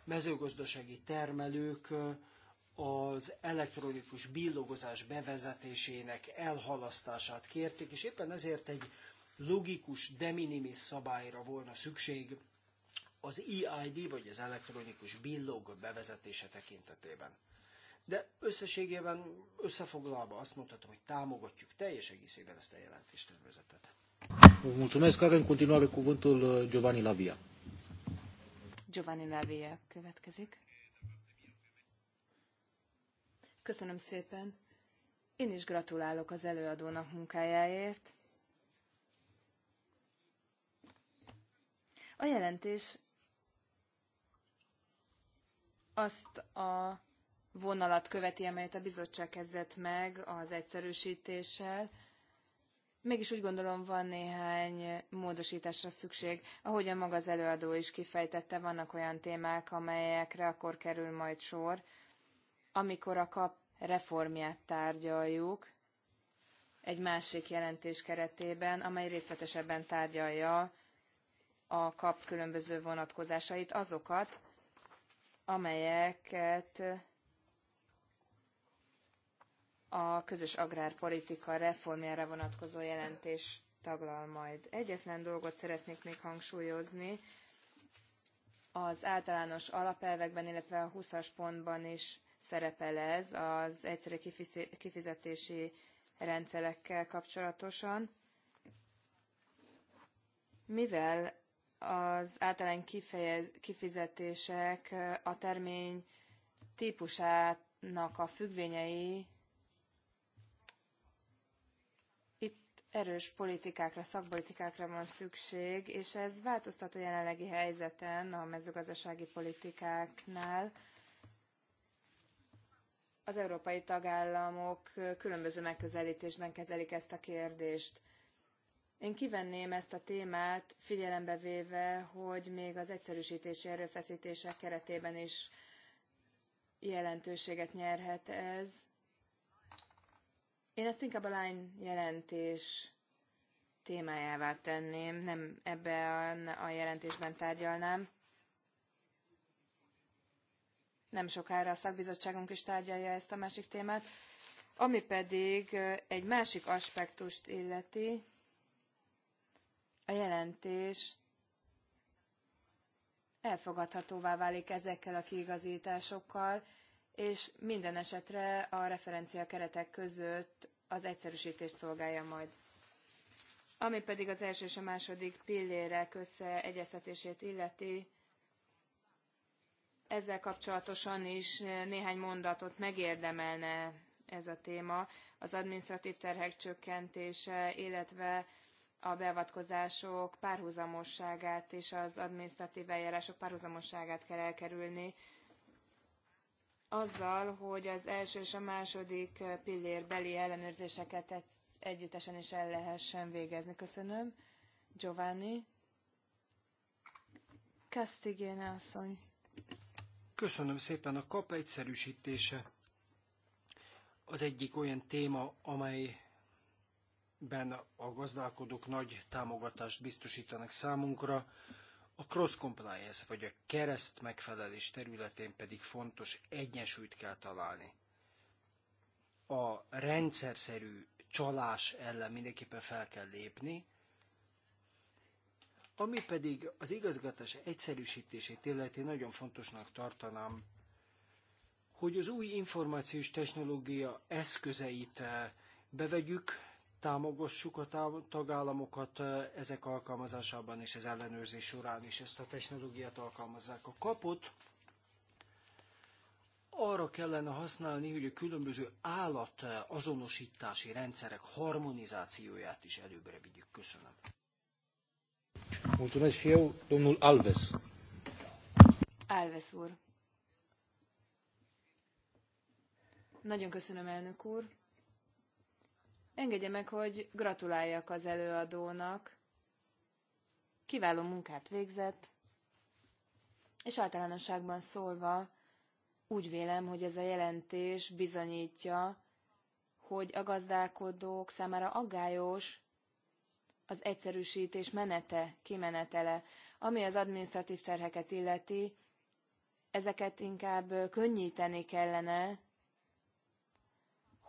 mezőgazdasági termelők az elektronikus billogozás bevezetésének elhalasztását kérték, és éppen ezért egy logikus de minimis szabályra volna szükség az EID, vagy az elektronikus billog bevezetése tekintetében. De összességében összefoglalva azt mondhatom, hogy támogatjuk teljes egészében ezt a jelentéstervezetet. Mulțumesc, are în continuare cuvântul uh, Giovanni Lavia. Giovanni Lavia következik. Köszönöm szépen. Én is gratulálok az előadónak munkájáért. A jelentés azt a vonalat követi, amelyet a bizottság kezdett meg az egyszerűsítéssel. Mégis úgy gondolom, van néhány módosításra szükség. Ahogy a maga az előadó is kifejtette, vannak olyan témák, amelyekre akkor kerül majd sor, amikor a kap reformját tárgyaljuk egy másik jelentés keretében, amely részletesebben tárgyalja a kap különböző vonatkozásait, azokat, amelyeket a közös agrárpolitika reformjára vonatkozó jelentés taglal majd. Egyetlen dolgot szeretnék még hangsúlyozni, az általános alapelvekben, illetve a 20-as pontban is szerepel ez az egyszerű kifizetési rendszerekkel kapcsolatosan. Mivel az általán kifejez, kifizetések a termény típusának a függvényei erős politikákra, szakpolitikákra van szükség, és ez változtat a jelenlegi helyzeten a mezőgazdasági politikáknál. Az európai tagállamok különböző megközelítésben kezelik ezt a kérdést. Én kivenném ezt a témát, figyelembe véve, hogy még az egyszerűsítési erőfeszítések keretében is jelentőséget nyerhet ez, én ezt inkább a lány jelentés témájává tenném, nem ebben a jelentésben tárgyalnám. Nem sokára a szakbizottságunk is tárgyalja ezt a másik témát. Ami pedig egy másik aspektust illeti, a jelentés elfogadhatóvá válik ezekkel a kiigazításokkal, és minden esetre a referencia keretek között az egyszerűsítést szolgálja majd. Ami pedig az első és a második pillérek összeegyeztetését illeti, ezzel kapcsolatosan is néhány mondatot megérdemelne ez a téma, az administratív terhek csökkentése, illetve a beavatkozások párhuzamosságát és az administratív eljárások párhuzamosságát kell elkerülni azzal, hogy az első és a második pillérbeli ellenőrzéseket együttesen is el lehessen végezni. Köszönöm. Giovanni. Kastigéne asszony. Köszönöm szépen. A kap egyszerűsítése az egyik olyan téma, amelyben a gazdálkodók nagy támogatást biztosítanak számunkra. A cross compliance, vagy a kereszt megfelelés területén pedig fontos egyensúlyt kell találni. A rendszerszerű csalás ellen mindenképpen fel kell lépni, ami pedig az igazgatás egyszerűsítését illeti nagyon fontosnak tartanám, hogy az új információs technológia eszközeit eh, bevegyük, támogassuk a tagállamokat ezek alkalmazásában és az ellenőrzés során is ezt a technológiát alkalmazzák. A kapot arra kellene használni, hogy a különböző állat azonosítási rendszerek harmonizációját is előbbre vigyük. Köszönöm. Mulțumesc și eu, domnul Alves. Alves úr. Nagyon köszönöm, elnök úr. Engedje meg, hogy gratuláljak az előadónak. Kiváló munkát végzett, és általánosságban szólva úgy vélem, hogy ez a jelentés bizonyítja, hogy a gazdálkodók számára aggályos az egyszerűsítés menete, kimenetele, ami az adminisztratív terheket illeti, ezeket inkább könnyíteni kellene,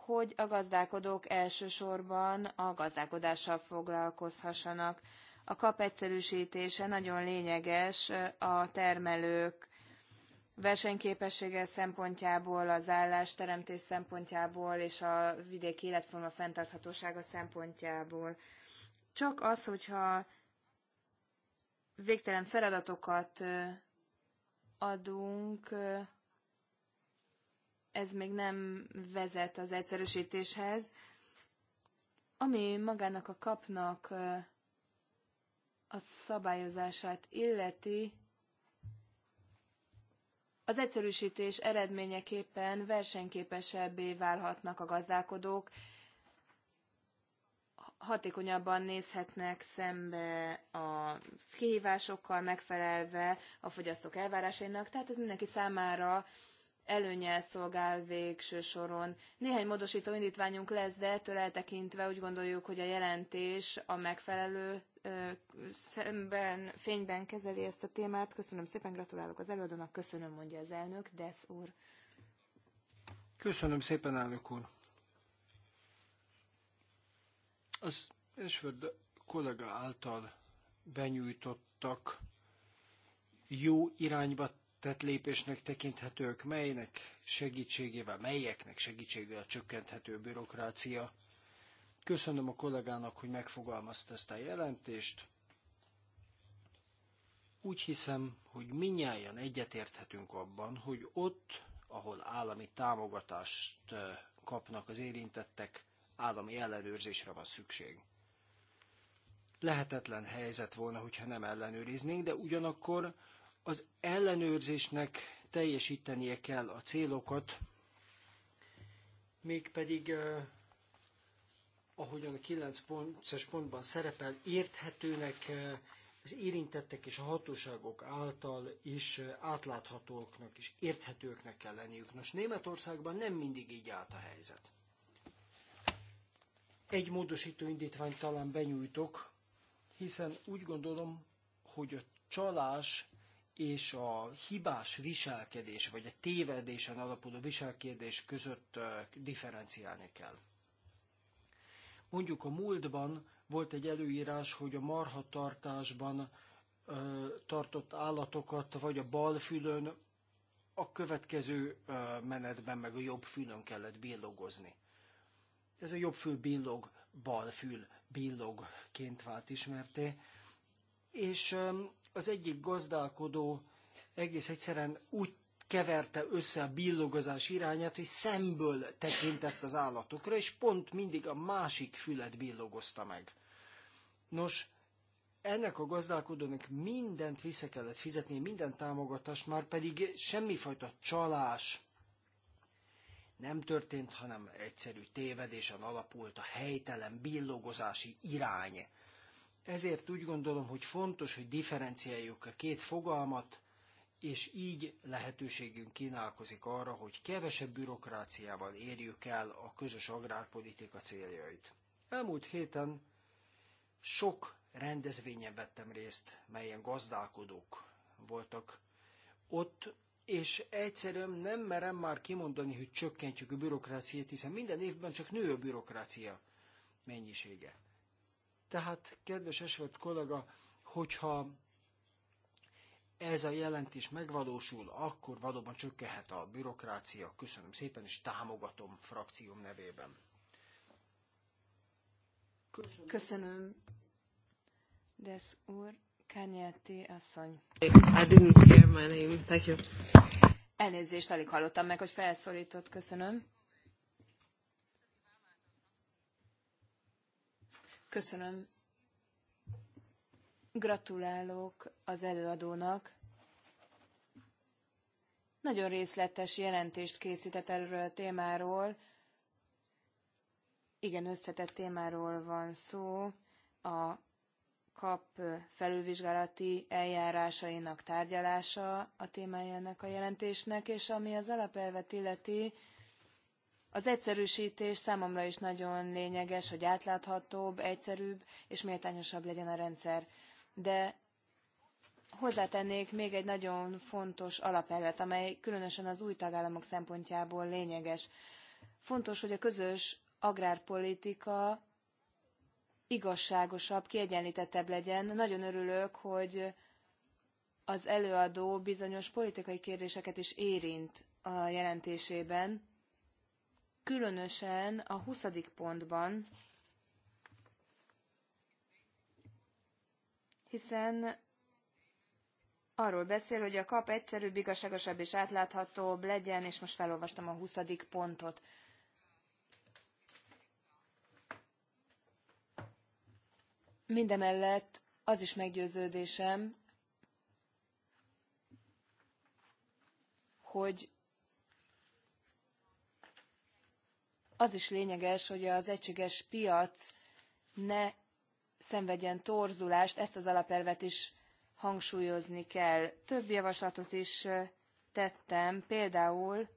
hogy a gazdálkodók elsősorban a gazdálkodással foglalkozhassanak. A kap egyszerűsítése nagyon lényeges a termelők versenyképessége szempontjából, az állásteremtés szempontjából és a vidéki életforma fenntarthatósága szempontjából. Csak az, hogyha végtelen feladatokat adunk, ez még nem vezet az egyszerűsítéshez, ami magának a kapnak a szabályozását illeti, az egyszerűsítés eredményeképpen versenyképesebbé válhatnak a gazdálkodók, hatékonyabban nézhetnek szembe a kihívásokkal, megfelelve a fogyasztók elvárásainak, tehát ez mindenki számára előnyel szolgál végső soron. Néhány módosító indítványunk lesz, de ettől eltekintve úgy gondoljuk, hogy a jelentés a megfelelő szemben, fényben kezeli ezt a témát. Köszönöm szépen, gratulálok az előadónak, köszönöm, mondja az elnök, Desz úr. Köszönöm szépen, elnök úr. Az Esford kollega által benyújtottak jó irányba tett lépésnek tekinthetők, melynek segítségével, melyeknek segítségével csökkenthető bürokrácia. Köszönöm a kollégának, hogy megfogalmazta ezt a jelentést. Úgy hiszem, hogy minnyáján egyetérthetünk abban, hogy ott, ahol állami támogatást eh, kapnak az érintettek, állami ellenőrzésre van szükség. Lehetetlen helyzet volna, hogyha nem ellenőriznénk, de ugyanakkor az ellenőrzésnek teljesítenie kell a célokat, mégpedig ahogyan a 9-es pontban szerepel, érthetőnek az érintettek és a hatóságok által is átláthatóknak és érthetőknek kell lenniük. Nos, Németországban nem mindig így állt a helyzet. Egy módosító indítványt talán benyújtok, hiszen úgy gondolom, hogy a csalás és a hibás viselkedés, vagy a tévedésen alapuló viselkedés között differenciálni kell. Mondjuk a múltban volt egy előírás, hogy a marhatartásban tartott állatokat, vagy a bal fülön, a következő menetben meg a jobb fülön kellett billogozni. Ez a jobb fül billog, bal fül billogként vált ismerté, és az egyik gazdálkodó egész egyszerűen úgy keverte össze a billogozás irányát, hogy szemből tekintett az állatokra, és pont mindig a másik fület billogozta meg. Nos, ennek a gazdálkodónak mindent vissza kellett fizetni, minden támogatást, már pedig semmifajta csalás nem történt, hanem egyszerű tévedésen alapult a helytelen billogozási irány. Ezért úgy gondolom, hogy fontos, hogy differenciáljuk a két fogalmat, és így lehetőségünk kínálkozik arra, hogy kevesebb bürokráciával érjük el a közös agrárpolitika céljait. Elmúlt héten sok rendezvényen vettem részt, melyen gazdálkodók voltak ott, és egyszerűen nem merem már kimondani, hogy csökkentjük a bürokráciát, hiszen minden évben csak nő a bürokrácia mennyisége. Tehát, kedves Esvet kollega, hogyha ez a jelentés megvalósul, akkor valóban csökkenhet a bürokrácia. Köszönöm szépen, és támogatom frakcióm nevében. Köszönöm. Köszönöm. Desz úr, Kányáti asszony. I didn't hear my name. Thank you. Elnézést, alig hallottam meg, hogy felszólított. Köszönöm. Köszönöm. Gratulálok az előadónak. Nagyon részletes jelentést készített erről a témáról. Igen, összetett témáról van szó. A kap felülvizsgálati eljárásainak tárgyalása a témája ennek a jelentésnek, és ami az alapelvet illeti, az egyszerűsítés számomra is nagyon lényeges, hogy átláthatóbb, egyszerűbb és méltányosabb legyen a rendszer. De hozzátennék még egy nagyon fontos alapelvet, amely különösen az új tagállamok szempontjából lényeges. Fontos, hogy a közös agrárpolitika igazságosabb, kiegyenlítettebb legyen. Nagyon örülök, hogy az előadó bizonyos politikai kérdéseket is érint a jelentésében különösen a 20. pontban, hiszen arról beszél, hogy a kap egyszerűbb, igazságosabb és átláthatóbb legyen, és most felolvastam a 20. pontot. Mindemellett az is meggyőződésem, hogy az is lényeges, hogy az egységes piac ne szenvedjen torzulást, ezt az alapelvet is hangsúlyozni kell. Több javaslatot is tettem, például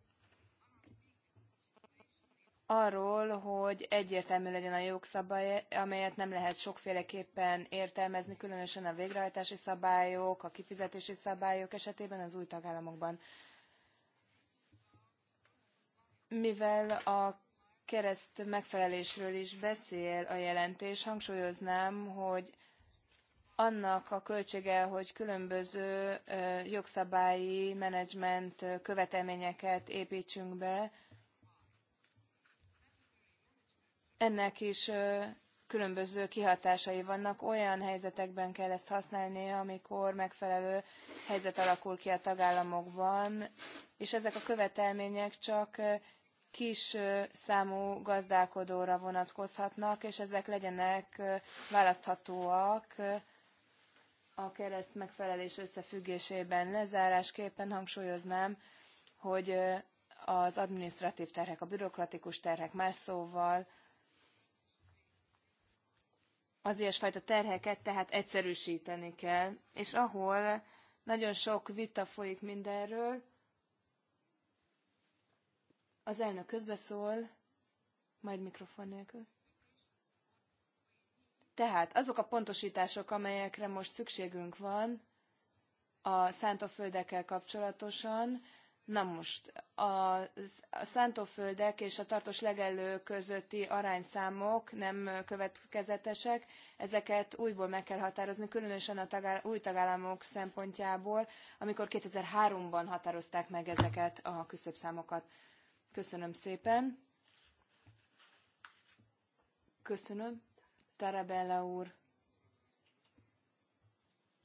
arról, hogy egyértelmű legyen a jogszabály, amelyet nem lehet sokféleképpen értelmezni, különösen a végrehajtási szabályok, a kifizetési szabályok esetében az új tagállamokban. Mivel a kereszt megfelelésről is beszél a jelentés. Hangsúlyoznám, hogy annak a költsége, hogy különböző jogszabályi menedzsment követelményeket építsünk be, ennek is különböző kihatásai vannak. Olyan helyzetekben kell ezt használni, amikor megfelelő helyzet alakul ki a tagállamokban, és ezek a követelmények csak kis számú gazdálkodóra vonatkozhatnak, és ezek legyenek választhatóak a kereszt megfelelés összefüggésében. Lezárásképpen hangsúlyoznám, hogy az administratív terhek, a bürokratikus terhek más szóval az ilyesfajta terheket tehát egyszerűsíteni kell, és ahol nagyon sok vita folyik mindenről, az elnök közbeszól, majd mikrofon nélkül. Tehát azok a pontosítások, amelyekre most szükségünk van a szántóföldekkel kapcsolatosan, na most a, szántóföldek és a tartós legelő közötti arányszámok nem következetesek, ezeket újból meg kell határozni, különösen a tagál, új tagállamok szempontjából, amikor 2003-ban határozták meg ezeket a küszöbszámokat. Köszönöm szépen. Köszönöm. Tarabella úr.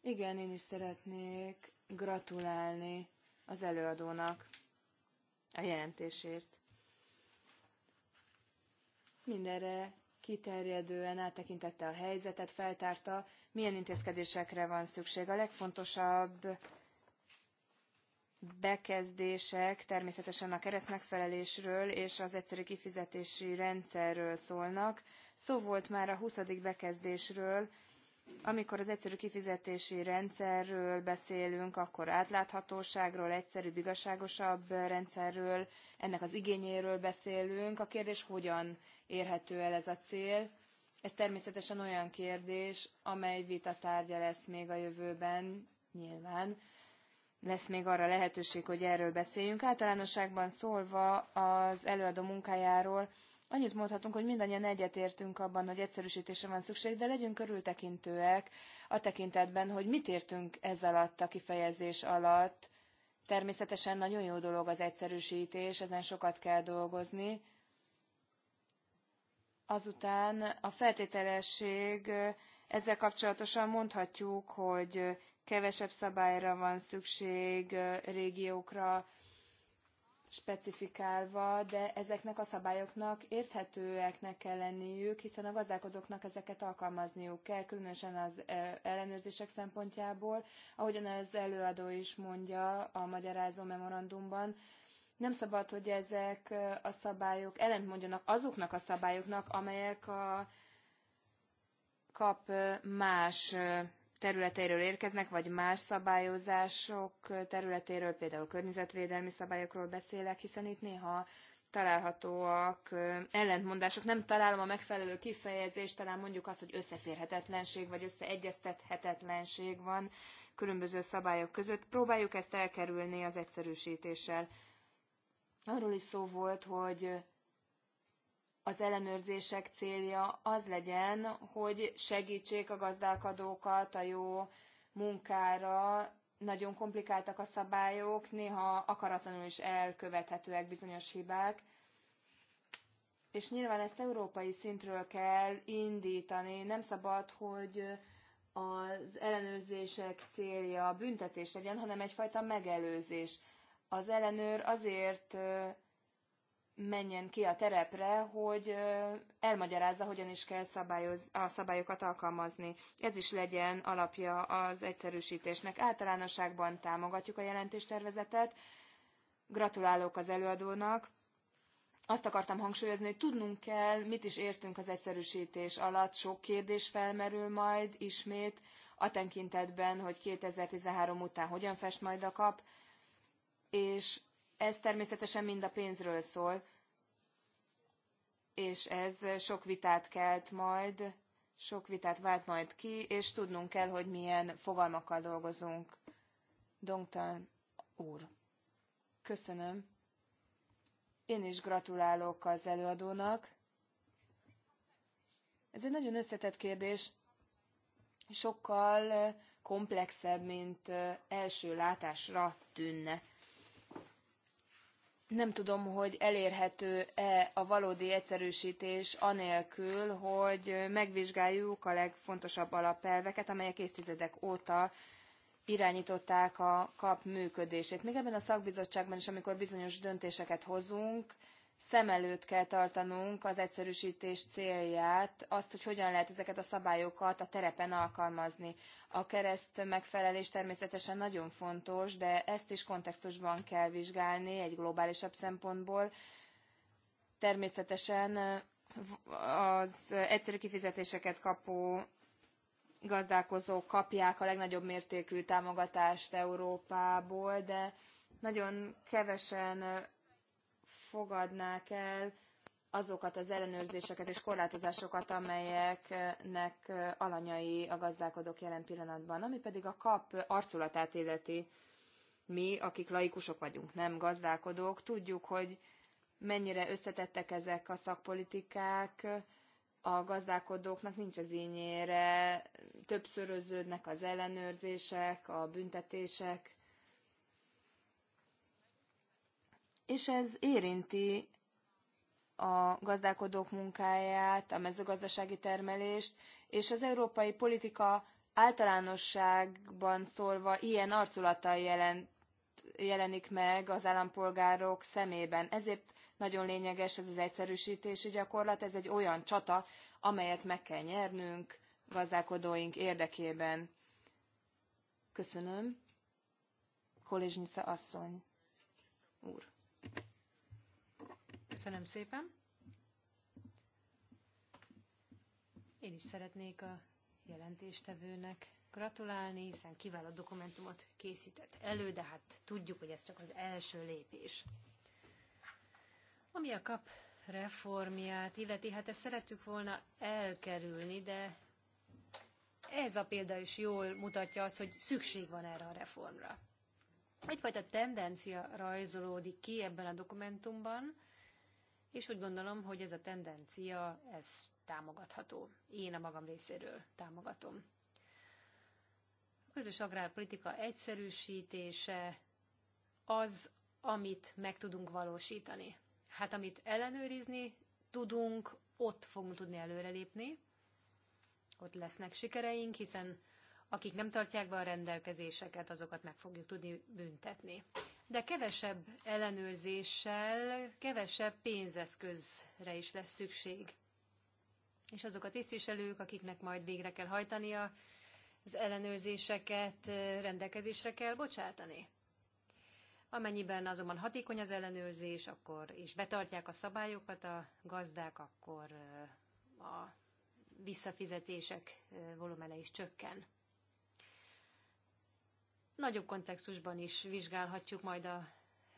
Igen, én is szeretnék gratulálni az előadónak a jelentésért. Mindenre kiterjedően áttekintette a helyzetet, feltárta, milyen intézkedésekre van szükség. A legfontosabb bekezdések természetesen a keresztmegfelelésről és az egyszerű kifizetési rendszerről szólnak. Szó volt már a 20. bekezdésről, amikor az egyszerű kifizetési rendszerről beszélünk, akkor átláthatóságról, egyszerűbb, igazságosabb rendszerről, ennek az igényéről beszélünk. A kérdés, hogyan érhető el ez a cél? Ez természetesen olyan kérdés, amely vita tárgya lesz még a jövőben, nyilván, lesz még arra lehetőség, hogy erről beszéljünk. Általánosságban szólva az előadó munkájáról annyit mondhatunk, hogy mindannyian egyetértünk abban, hogy egyszerűsítése van szükség, de legyünk körültekintőek a tekintetben, hogy mit értünk ez alatt a kifejezés alatt. Természetesen nagyon jó dolog az egyszerűsítés, ezen sokat kell dolgozni. Azután a feltételesség ezzel kapcsolatosan mondhatjuk, hogy kevesebb szabályra van szükség régiókra specifikálva, de ezeknek a szabályoknak érthetőeknek kell lenniük, hiszen a gazdálkodóknak ezeket alkalmazniuk kell, különösen az ellenőrzések szempontjából. Ahogyan az előadó is mondja a magyarázó memorandumban, nem szabad, hogy ezek a szabályok ellentmondjanak azoknak a szabályoknak, amelyek a kap más Területéről érkeznek, vagy más szabályozások területéről, például környezetvédelmi szabályokról beszélek, hiszen itt néha találhatóak ellentmondások. Nem találom a megfelelő kifejezést, talán mondjuk azt, hogy összeférhetetlenség vagy összeegyeztethetetlenség van különböző szabályok között. Próbáljuk ezt elkerülni az egyszerűsítéssel. Arról is szó volt, hogy az ellenőrzések célja az legyen, hogy segítsék a gazdálkodókat a jó munkára. Nagyon komplikáltak a szabályok, néha akaratlanul is elkövethetőek bizonyos hibák. És nyilván ezt európai szintről kell indítani. Nem szabad, hogy az ellenőrzések célja büntetés legyen, hanem egyfajta megelőzés. Az ellenőr azért menjen ki a terepre, hogy elmagyarázza, hogyan is kell szabályoz, a szabályokat alkalmazni. Ez is legyen alapja az egyszerűsítésnek. Általánosságban támogatjuk a jelentéstervezetet. Gratulálok az előadónak. Azt akartam hangsúlyozni, hogy tudnunk kell, mit is értünk az egyszerűsítés alatt. Sok kérdés felmerül majd ismét a tekintetben, hogy 2013 után hogyan fest majd a kap, és ez természetesen mind a pénzről szól, és ez sok vitát kelt majd, sok vitát vált majd ki, és tudnunk kell, hogy milyen fogalmakkal dolgozunk. Dongtan úr, köszönöm. Én is gratulálok az előadónak. Ez egy nagyon összetett kérdés, sokkal komplexebb, mint első látásra tűnne nem tudom, hogy elérhető-e a valódi egyszerűsítés anélkül, hogy megvizsgáljuk a legfontosabb alapelveket, amelyek évtizedek óta irányították a kap működését. Még ebben a szakbizottságban is, amikor bizonyos döntéseket hozunk, szem előtt kell tartanunk az egyszerűsítés célját, azt, hogy hogyan lehet ezeket a szabályokat a terepen alkalmazni. A kereszt megfelelés természetesen nagyon fontos, de ezt is kontextusban kell vizsgálni egy globálisabb szempontból. Természetesen eh, az egyszerű kifizetéseket kapó gazdálkozók kapják a legnagyobb mértékű támogatást Európából, de nagyon kevesen fogadnák el azokat az ellenőrzéseket és korlátozásokat, amelyeknek alanyai a gazdálkodók jelen pillanatban, ami pedig a kap arculatát illeti. Mi, akik laikusok vagyunk, nem gazdálkodók, tudjuk, hogy mennyire összetettek ezek a szakpolitikák, a gazdálkodóknak nincs az ínyére, többszöröződnek az ellenőrzések, a büntetések, és ez érinti a gazdálkodók munkáját, a mezőgazdasági termelést, és az európai politika általánosságban szólva ilyen arculattal jelent, jelenik meg az állampolgárok szemében. Ezért nagyon lényeges ez az egyszerűsítési gyakorlat, ez egy olyan csata, amelyet meg kell nyernünk gazdálkodóink érdekében. Köszönöm. Kolizsnica asszony. Úr. Köszönöm szépen. Én is szeretnék a jelentéstevőnek gratulálni, hiszen kiváló dokumentumot készített elő, de hát tudjuk, hogy ez csak az első lépés. Ami a kap reformját illeti, hát ezt szerettük volna elkerülni, de ez a példa is jól mutatja azt, hogy szükség van erre a reformra. Egyfajta tendencia rajzolódik ki ebben a dokumentumban, és úgy gondolom, hogy ez a tendencia, ez támogatható. Én a magam részéről támogatom. A közös agrárpolitika egyszerűsítése az, amit meg tudunk valósítani. Hát amit ellenőrizni tudunk, ott fogunk tudni előrelépni, ott lesznek sikereink, hiszen akik nem tartják be a rendelkezéseket, azokat meg fogjuk tudni büntetni de kevesebb ellenőrzéssel, kevesebb pénzeszközre is lesz szükség. És azok a tisztviselők, akiknek majd végre kell hajtania, az ellenőrzéseket rendelkezésre kell bocsátani. Amennyiben azonban hatékony az ellenőrzés, akkor és betartják a szabályokat a gazdák, akkor a visszafizetések volumene is csökken nagyobb kontextusban is vizsgálhatjuk majd a,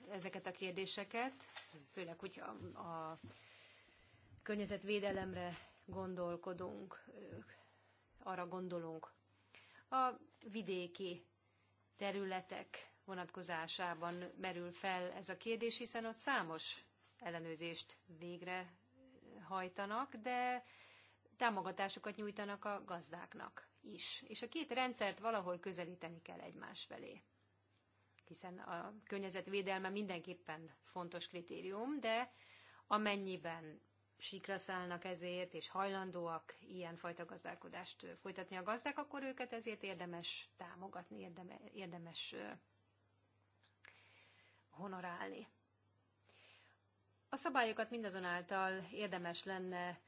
ezeket a kérdéseket, főleg, hogyha a, a környezetvédelemre gondolkodunk, arra gondolunk. A vidéki területek vonatkozásában merül fel ez a kérdés, hiszen ott számos ellenőrzést végre hajtanak, de támogatásokat nyújtanak a gazdáknak is. És a két rendszert valahol közelíteni kell egymás felé hiszen a környezetvédelme mindenképpen fontos kritérium, de amennyiben sikra szállnak ezért, és hajlandóak ilyenfajta gazdálkodást folytatni a gazdák, akkor őket ezért érdemes támogatni, érdemes honorálni. A szabályokat mindazonáltal érdemes lenne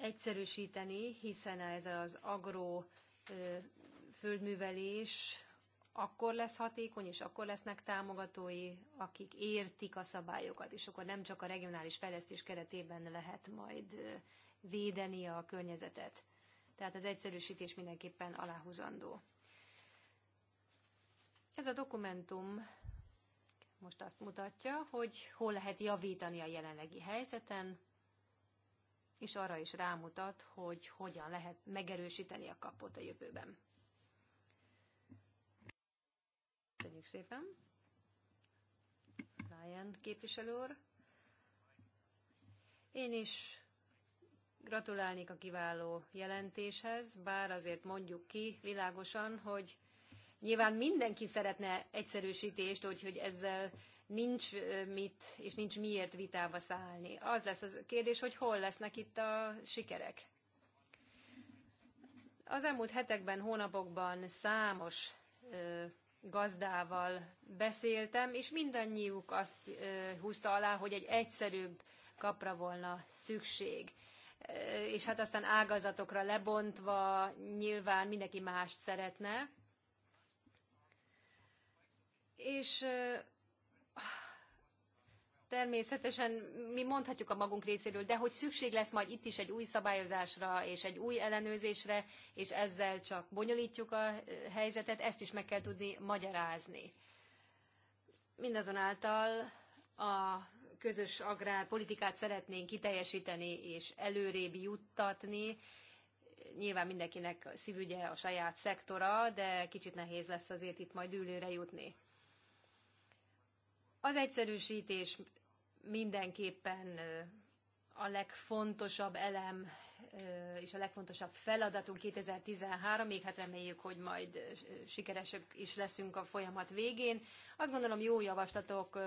egyszerűsíteni, hiszen ez az agró földművelés akkor lesz hatékony, és akkor lesznek támogatói, akik értik a szabályokat, és akkor nem csak a regionális fejlesztés keretében lehet majd védeni a környezetet. Tehát az egyszerűsítés mindenképpen aláhúzandó. Ez a dokumentum most azt mutatja, hogy hol lehet javítani a jelenlegi helyzeten, és arra is rámutat, hogy hogyan lehet megerősíteni a kapot a jövőben. Köszönjük szépen! Ryan képviselő úr. Én is gratulálnék a kiváló jelentéshez, bár azért mondjuk ki világosan, hogy nyilván mindenki szeretne egyszerűsítést, úgyhogy ezzel nincs mit és nincs miért vitába szállni. Az lesz a kérdés, hogy hol lesznek itt a sikerek. Az elmúlt hetekben, hónapokban számos ö, gazdával beszéltem, és mindannyiuk azt ö, húzta alá, hogy egy egyszerűbb kapra volna szükség. Ö, és hát aztán ágazatokra lebontva nyilván mindenki mást szeretne. És természetesen mi mondhatjuk a magunk részéről, de hogy szükség lesz majd itt is egy új szabályozásra és egy új ellenőrzésre, és ezzel csak bonyolítjuk a helyzetet, ezt is meg kell tudni magyarázni. Mindazonáltal a közös agrárpolitikát szeretnénk kiteljesíteni és előrébb juttatni. Nyilván mindenkinek szívügye a saját szektora, de kicsit nehéz lesz azért itt majd ülőre jutni. Az egyszerűsítés mindenképpen a legfontosabb elem és a legfontosabb feladatunk 2013-ig, hát reméljük, hogy majd sikeresek is leszünk a folyamat végén. Azt gondolom jó javaslatok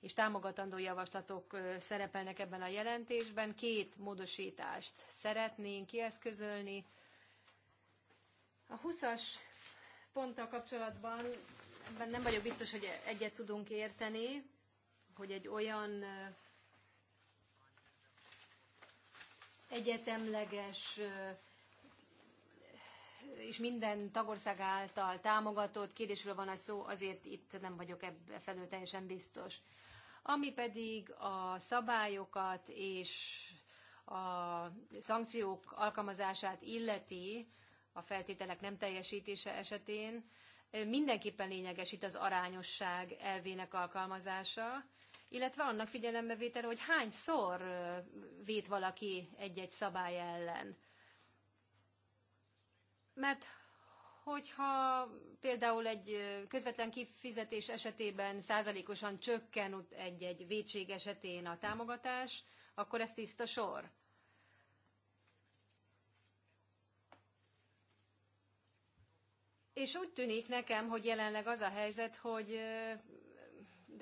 és támogatandó javaslatok szerepelnek ebben a jelentésben. Két módosítást szeretnénk kieszközölni. A 20-as ponttal kapcsolatban ebben nem vagyok biztos, hogy egyet tudunk érteni, hogy egy olyan egyetemleges és minden tagország által támogatott kérdésről van a szó, azért itt nem vagyok ebbe felül teljesen biztos. Ami pedig a szabályokat és a szankciók alkalmazását illeti, a feltételek nem teljesítése esetén, mindenképpen lényeges itt az arányosság elvének alkalmazása, illetve annak figyelembevétele, hogy hányszor vét valaki egy-egy szabály ellen. Mert hogyha például egy közvetlen kifizetés esetében százalékosan csökken egy-egy vétség esetén a támogatás, akkor ez tiszta sor. És úgy tűnik nekem, hogy jelenleg az a helyzet, hogy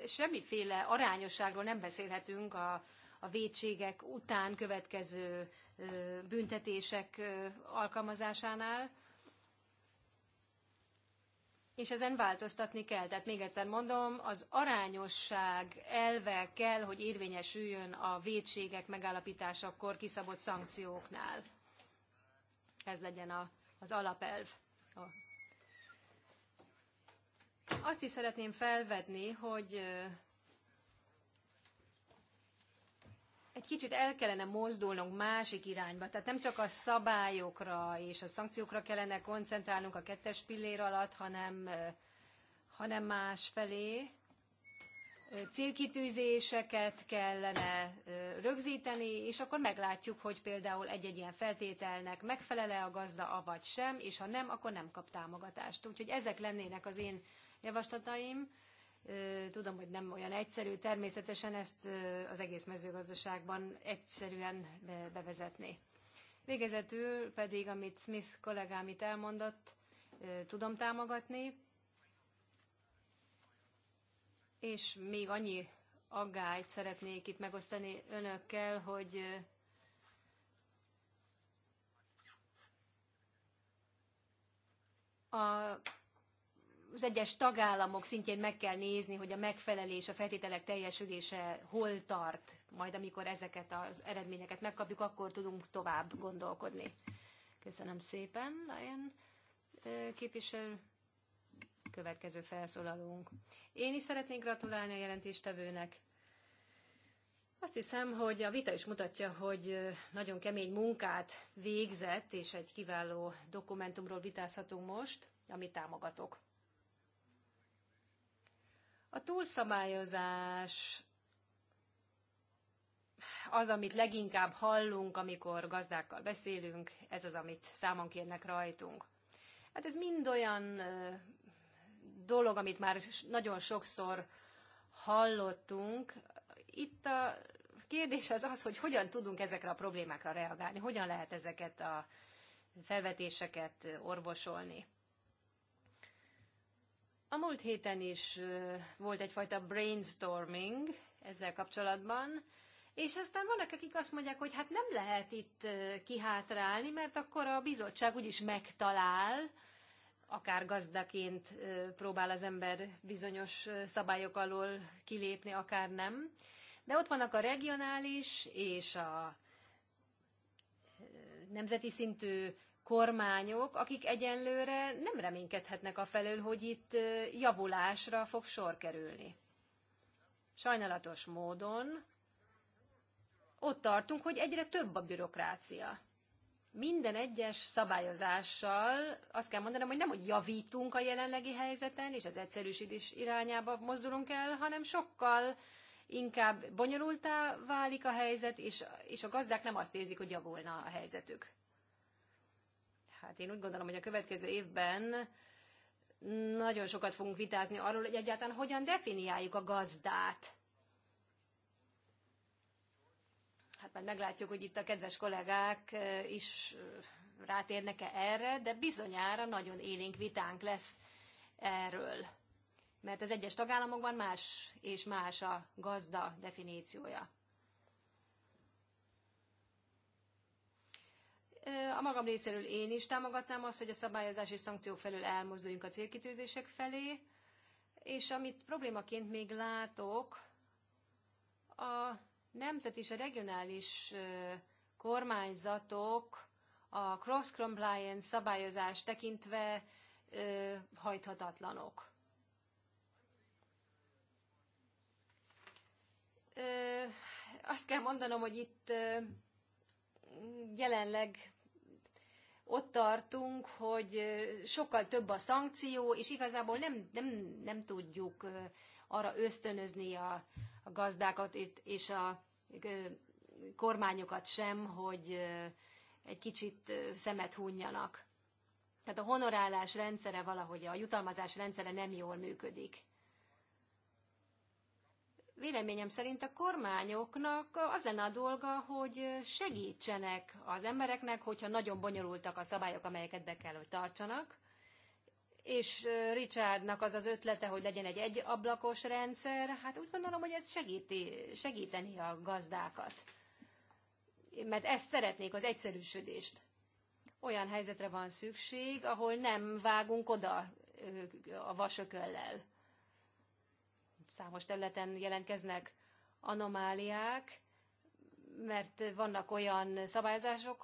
semmiféle arányosságról nem beszélhetünk a, a védségek után következő büntetések alkalmazásánál, és ezen változtatni kell. Tehát még egyszer mondom, az arányosság elve kell, hogy érvényesüljön a védségek megállapításakor kiszabott szankcióknál. Ez legyen a, az alapelv a azt is szeretném felvetni, hogy egy kicsit el kellene mozdulnunk másik irányba. Tehát nem csak a szabályokra és a szankciókra kellene koncentrálnunk a kettes pillér alatt, hanem, hanem más felé. Célkitűzéseket kellene rögzíteni, és akkor meglátjuk, hogy például egy-egy ilyen feltételnek megfelele a gazda, avagy sem, és ha nem, akkor nem kap támogatást. Úgyhogy ezek lennének az én javaslataim. Tudom, hogy nem olyan egyszerű természetesen ezt az egész mezőgazdaságban egyszerűen bevezetni. Végezetül pedig, amit Smith kollégám itt elmondott, tudom támogatni, és még annyi aggályt szeretnék itt megosztani önökkel, hogy a az egyes tagállamok szintjén meg kell nézni, hogy a megfelelés, a feltételek teljesülése hol tart, majd amikor ezeket az eredményeket megkapjuk, akkor tudunk tovább gondolkodni. Köszönöm szépen, Lion képviselő. Következő felszólalunk. Én is szeretnék gratulálni a jelentéstevőnek. Azt hiszem, hogy a vita is mutatja, hogy nagyon kemény munkát végzett, és egy kiváló dokumentumról vitázhatunk most, amit támogatok. A túlszabályozás az, amit leginkább hallunk, amikor gazdákkal beszélünk, ez az, amit számon kérnek rajtunk. Hát ez mind olyan dolog, amit már nagyon sokszor hallottunk. Itt a kérdés az az, hogy hogyan tudunk ezekre a problémákra reagálni, hogyan lehet ezeket a felvetéseket orvosolni. A múlt héten is volt egyfajta brainstorming ezzel kapcsolatban, és aztán vannak, akik azt mondják, hogy hát nem lehet itt kihátrálni, mert akkor a bizottság úgyis megtalál, akár gazdaként próbál az ember bizonyos szabályok alól kilépni, akár nem. De ott vannak a regionális és a nemzeti szintű kormányok, akik egyenlőre nem reménykedhetnek a felől, hogy itt javulásra fog sor kerülni. Sajnálatos módon ott tartunk, hogy egyre több a bürokrácia. Minden egyes szabályozással azt kell mondanom, hogy nem, hogy javítunk a jelenlegi helyzeten, és az egyszerűsítés irányába mozdulunk el, hanem sokkal inkább bonyolultá válik a helyzet, és, és a gazdák nem azt érzik, hogy javulna a helyzetük hát én úgy gondolom, hogy a következő évben nagyon sokat fogunk vitázni arról, hogy egyáltalán hogyan definiáljuk a gazdát. Hát majd meglátjuk, hogy itt a kedves kollégák is rátérnek-e erre, de bizonyára nagyon élénk vitánk lesz erről. Mert az egyes tagállamokban más és más a gazda definíciója. a magam részéről én is támogatnám azt, hogy a szabályozás és szankciók felől elmozduljunk a célkitűzések felé, és amit problémaként még látok, a nemzet és a regionális kormányzatok a cross-compliance szabályozást tekintve hajthatatlanok. Azt kell mondanom, hogy itt jelenleg ott tartunk, hogy sokkal több a szankció, és igazából nem, nem, nem tudjuk arra ösztönözni a, a gazdákat és a kormányokat sem, hogy egy kicsit szemet hunjanak. Tehát a honorálás rendszere valahogy, a jutalmazás rendszere nem jól működik. Véleményem szerint a kormányoknak az lenne a dolga, hogy segítsenek az embereknek, hogyha nagyon bonyolultak a szabályok, amelyeket be kell, hogy tartsanak. És Richardnak az az ötlete, hogy legyen egy egyablakos rendszer, hát úgy gondolom, hogy ez segíti, segíteni a gazdákat. Mert ezt szeretnék, az egyszerűsödést. Olyan helyzetre van szükség, ahol nem vágunk oda a vasököllel számos területen jelentkeznek anomáliák, mert vannak olyan szabályozások,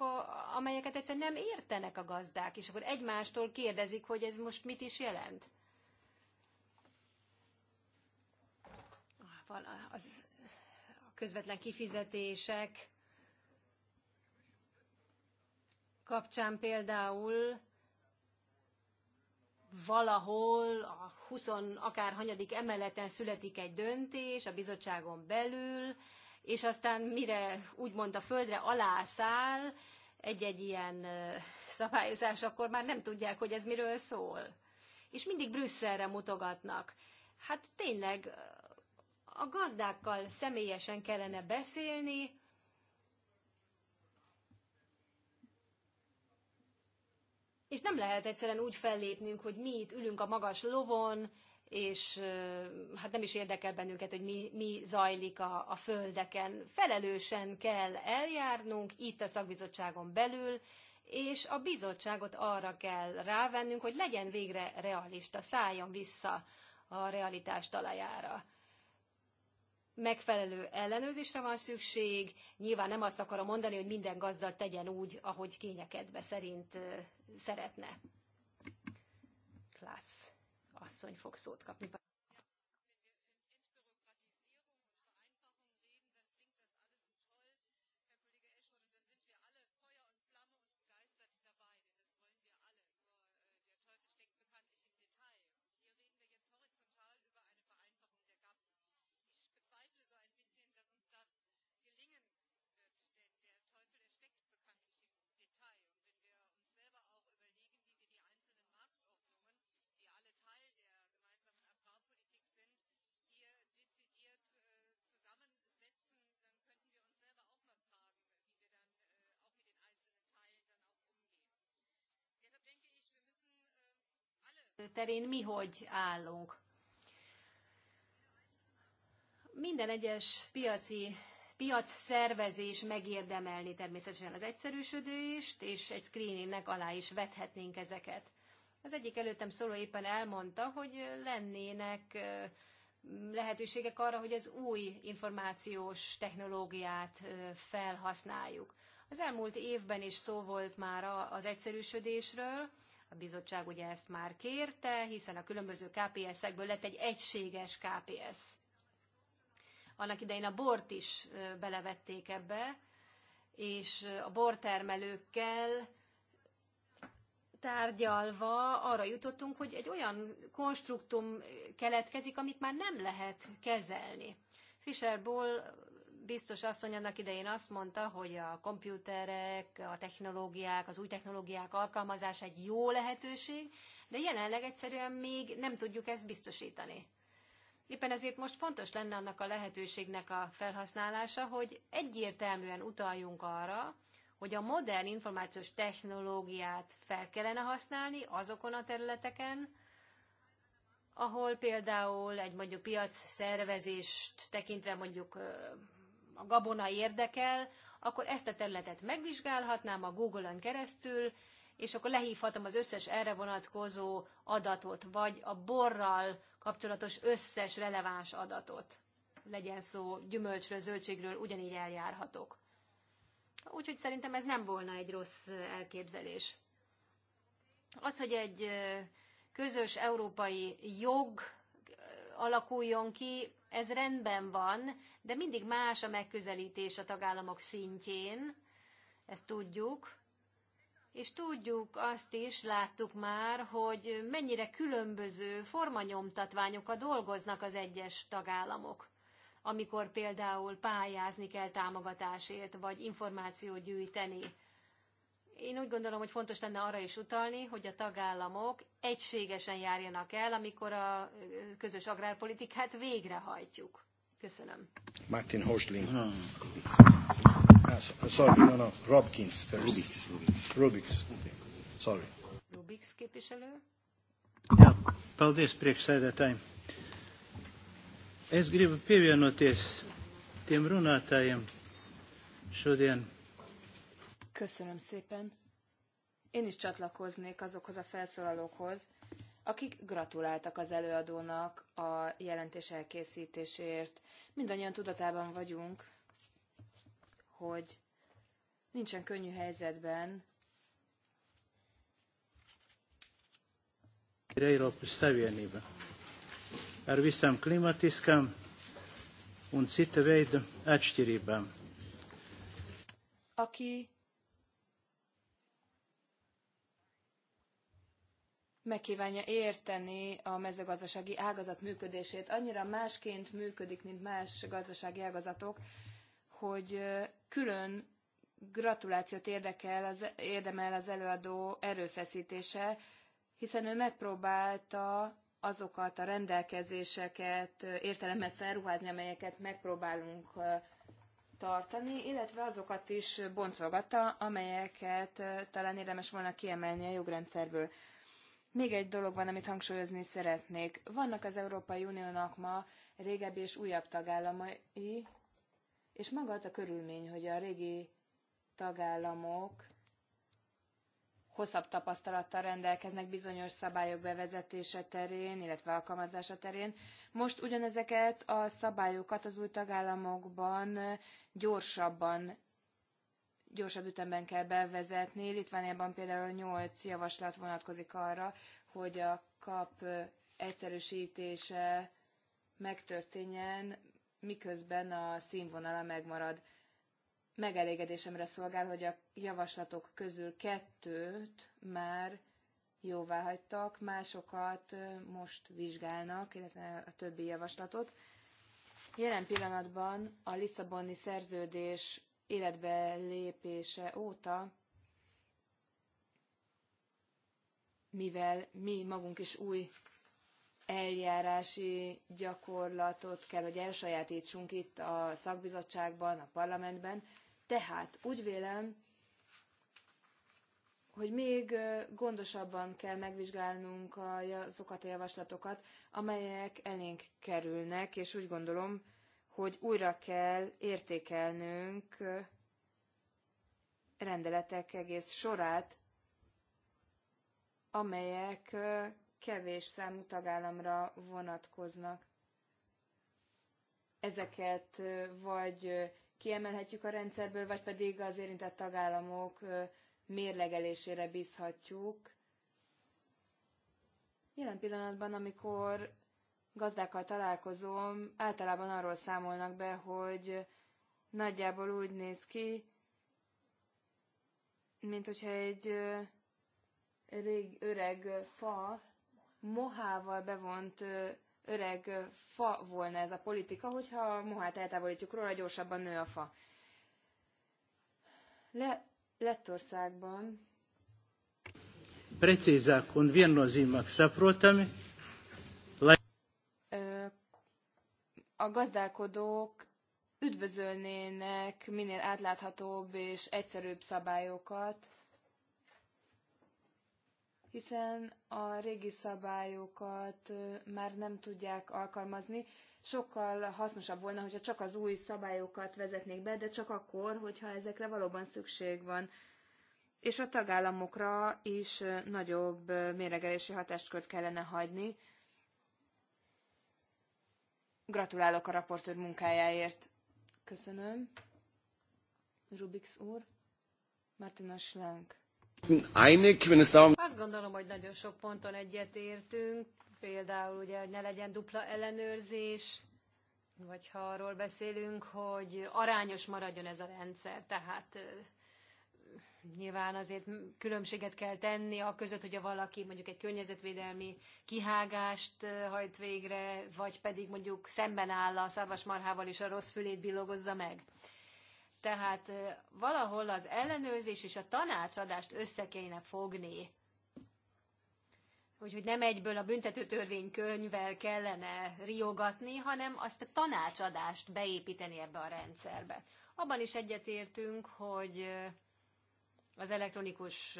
amelyeket egyszerűen nem értenek a gazdák, és akkor egymástól kérdezik, hogy ez most mit is jelent. Van az a közvetlen kifizetések kapcsán például valahol a 20 akár hanyadik emeleten születik egy döntés a bizottságon belül, és aztán mire úgymond a földre alászáll egy-egy ilyen szabályozás, akkor már nem tudják, hogy ez miről szól. És mindig Brüsszelre mutogatnak. Hát tényleg a gazdákkal személyesen kellene beszélni, és nem lehet egyszerűen úgy fellépnünk, hogy mi itt ülünk a magas lovon, és hát nem is érdekel bennünket, hogy mi, mi zajlik a, a földeken. Felelősen kell eljárnunk itt a szakbizottságon belül, és a bizottságot arra kell rávennünk, hogy legyen végre realista, szálljon vissza a realitás talajára. Megfelelő ellenőrzésre van szükség, nyilván nem azt akarom mondani, hogy minden gazda tegyen úgy, ahogy kényekedve szerint szeretne. Klassz asszony fog szót kapni. terén mi hogy állunk. Minden egyes piaci piac szervezés megérdemelni természetesen az egyszerűsödést, és egy screeningnek alá is vethetnénk ezeket. Az egyik előttem szóló éppen elmondta, hogy lennének lehetőségek arra, hogy az új információs technológiát felhasználjuk. Az elmúlt évben is szó volt már az egyszerűsödésről, a bizottság ugye ezt már kérte, hiszen a különböző KPS-ekből lett egy egységes KPS. Annak idején a bort is belevették ebbe, és a bortermelőkkel tárgyalva arra jutottunk, hogy egy olyan konstruktum keletkezik, amit már nem lehet kezelni. Fisherból biztos asszony annak idején azt mondta, hogy a komputerek, a technológiák, az új technológiák alkalmazása egy jó lehetőség, de jelenleg egyszerűen még nem tudjuk ezt biztosítani. Éppen ezért most fontos lenne annak a lehetőségnek a felhasználása, hogy egyértelműen utaljunk arra, hogy a modern információs technológiát fel kellene használni azokon a területeken, ahol például egy mondjuk piac szervezést tekintve mondjuk a gabona érdekel, akkor ezt a területet megvizsgálhatnám a Google-on keresztül, és akkor lehívhatom az összes erre vonatkozó adatot, vagy a borral kapcsolatos összes releváns adatot. Legyen szó gyümölcsről, zöldségről, ugyanígy eljárhatok. Úgyhogy szerintem ez nem volna egy rossz elképzelés. Az, hogy egy közös európai jog alakuljon ki, ez rendben van, de mindig más a megközelítés a tagállamok szintjén, ezt tudjuk, és tudjuk azt is, láttuk már, hogy mennyire különböző formanyomtatványokat dolgoznak az egyes tagállamok amikor például pályázni kell támogatásért, vagy információt gyűjteni én úgy gondolom, hogy fontos lenne arra is utalni, hogy a tagállamok egységesen járjanak el, amikor a közös agrárpolitikát végrehajtjuk. Köszönöm. Martin Hosling. no. Ah, ah, sorry, no, no, Robkins first. Rubix. Rubix. Rubix. Okay. Sorry. Rubix képviselő. Ja, paldies priekšsēdētājiem. Es gribu pievienoties tiem runātājiem šodien Köszönöm szépen. Én is csatlakoznék azokhoz a felszólalókhoz, akik gratuláltak az előadónak a jelentés elkészítésért. Mindannyian tudatában vagyunk, hogy nincsen könnyű helyzetben. Európa Szevjenébe. Ar klimatiskam un cita veida Aki megkívánja érteni a mezőgazdasági ágazat működését. Annyira másként működik, mint más gazdasági ágazatok, hogy külön gratulációt érdekel az, érdemel az előadó erőfeszítése, hiszen ő megpróbálta azokat a rendelkezéseket értelemben felruházni, amelyeket megpróbálunk tartani, illetve azokat is boncolgatta, amelyeket talán érdemes volna kiemelni a jogrendszerből. Még egy dolog van, amit hangsúlyozni szeretnék. Vannak az Európai Uniónak ma régebbi és újabb tagállamai, és maga az a körülmény, hogy a régi tagállamok hosszabb tapasztalattal rendelkeznek bizonyos szabályok bevezetése terén, illetve alkalmazása terén. Most ugyanezeket a szabályokat az új tagállamokban gyorsabban gyorsabb ütemben kell bevezetni. Litvániában például 8 javaslat vonatkozik arra, hogy a kap egyszerűsítése megtörténjen, miközben a színvonala megmarad. Megelégedésemre szolgál, hogy a javaslatok közül kettőt már jóvá hagytak, másokat most vizsgálnak, illetve a többi javaslatot. Jelen pillanatban a Lisszaboni szerződés életbe lépése óta, mivel mi magunk is új eljárási gyakorlatot kell, hogy elsajátítsunk itt a szakbizottságban, a parlamentben. Tehát úgy vélem, hogy még gondosabban kell megvizsgálnunk azokat a javaslatokat, amelyek elénk kerülnek, és úgy gondolom, hogy újra kell értékelnünk rendeletek egész sorát, amelyek kevés számú tagállamra vonatkoznak. Ezeket vagy kiemelhetjük a rendszerből, vagy pedig az érintett tagállamok mérlegelésére bízhatjuk. Jelen pillanatban, amikor gazdákkal találkozom, általában arról számolnak be, hogy nagyjából úgy néz ki, mint hogyha egy rég, öreg fa, mohával bevont öreg fa volna ez a politika, hogyha a mohát eltávolítjuk róla, gyorsabban nő a fa. Le, Lettországban. Precíza, convienno zimak saprotami, a gazdálkodók üdvözölnének minél átláthatóbb és egyszerűbb szabályokat, hiszen a régi szabályokat már nem tudják alkalmazni. Sokkal hasznosabb volna, hogyha csak az új szabályokat vezetnék be, de csak akkor, hogyha ezekre valóban szükség van. És a tagállamokra is nagyobb méregelési hatáskört kellene hagyni, Gratulálok a raportőr munkájáért. Köszönöm. Rubix úr. Martina Schlenk. Azt gondolom, hogy nagyon sok ponton egyetértünk, például ugye, hogy ne legyen dupla ellenőrzés, vagy ha arról beszélünk, hogy arányos maradjon ez a rendszer, tehát nyilván azért különbséget kell tenni a között, hogy a valaki mondjuk egy környezetvédelmi kihágást hajt végre, vagy pedig mondjuk szemben áll a szarvasmarhával és a rossz fülét billogozza meg. Tehát valahol az ellenőrzés és a tanácsadást össze kéne fogni. Úgyhogy nem egyből a büntető törvénykönyvvel kellene riogatni, hanem azt a tanácsadást beépíteni ebbe a rendszerbe. Abban is egyetértünk, hogy az elektronikus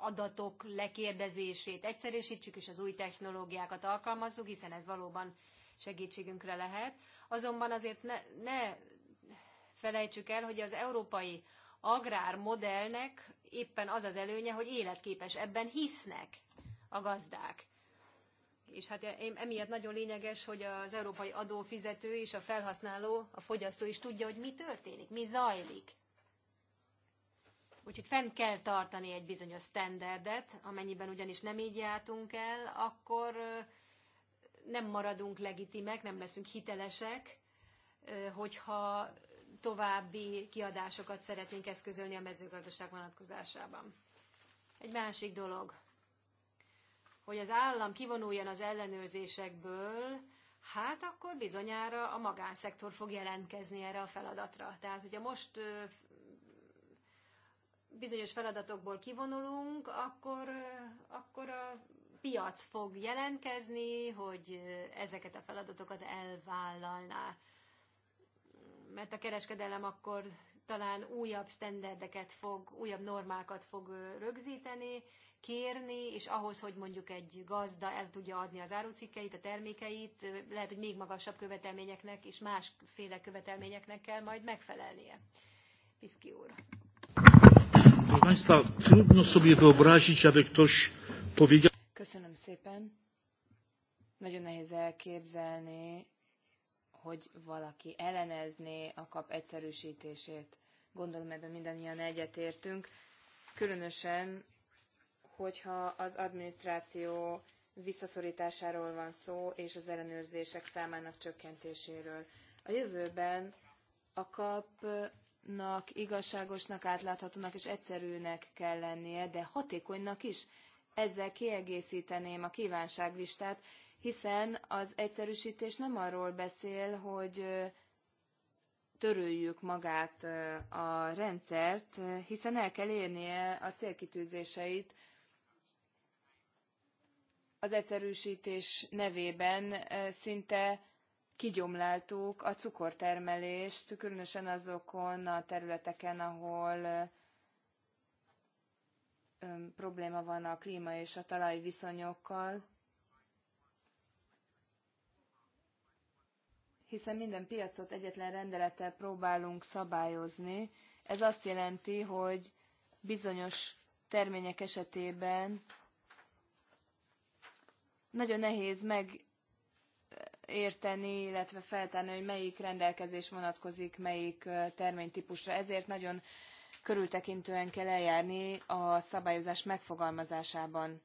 adatok lekérdezését egyszerűsítsük, és az új technológiákat alkalmazzuk, hiszen ez valóban segítségünkre lehet. Azonban azért ne, ne felejtsük el, hogy az európai agrármodellnek éppen az az előnye, hogy életképes, ebben hisznek a gazdák. És hát emiatt nagyon lényeges, hogy az európai adófizető és a felhasználó, a fogyasztó is tudja, hogy mi történik, mi zajlik. Úgyhogy fenn kell tartani egy bizonyos standardet, amennyiben ugyanis nem így jártunk el, akkor nem maradunk legitimek, nem leszünk hitelesek, hogyha további kiadásokat szeretnénk eszközölni a mezőgazdaság vonatkozásában. Egy másik dolog, hogy az állam kivonuljon az ellenőrzésekből, hát akkor bizonyára a magánszektor fog jelentkezni erre a feladatra. Tehát, hogyha most bizonyos feladatokból kivonulunk, akkor, akkor a piac fog jelentkezni, hogy ezeket a feladatokat elvállalná. Mert a kereskedelem akkor talán újabb sztenderdeket fog, újabb normákat fog rögzíteni, kérni, és ahhoz, hogy mondjuk egy gazda el tudja adni az árucikkeit, a termékeit, lehet, hogy még magasabb követelményeknek és másféle követelményeknek kell majd megfelelnie. Piszki úr. Köszönöm szépen. Nagyon nehéz elképzelni, hogy valaki ellenezné a kap egyszerűsítését. Gondolom ebben mindannyian egyetértünk, különösen hogyha az adminisztráció visszaszorításáról van szó, és az ellenőrzések számának csökkentéséről. A jövőben a kapnak igazságosnak, átláthatónak és egyszerűnek kell lennie, de hatékonynak is. Ezzel kiegészíteném a kívánságlistát, hiszen az egyszerűsítés nem arról beszél, hogy töröljük magát a rendszert, hiszen el kell érnie a célkitűzéseit az egyszerűsítés nevében szinte kigyomláltuk a cukortermelést, különösen azokon a területeken, ahol probléma van a klíma és a talaj viszonyokkal, hiszen minden piacot egyetlen rendelettel próbálunk szabályozni. Ez azt jelenti, hogy bizonyos termények esetében nagyon nehéz megérteni, illetve feltárni, hogy melyik rendelkezés vonatkozik melyik terménytípusra. Ezért nagyon körültekintően kell eljárni a szabályozás megfogalmazásában.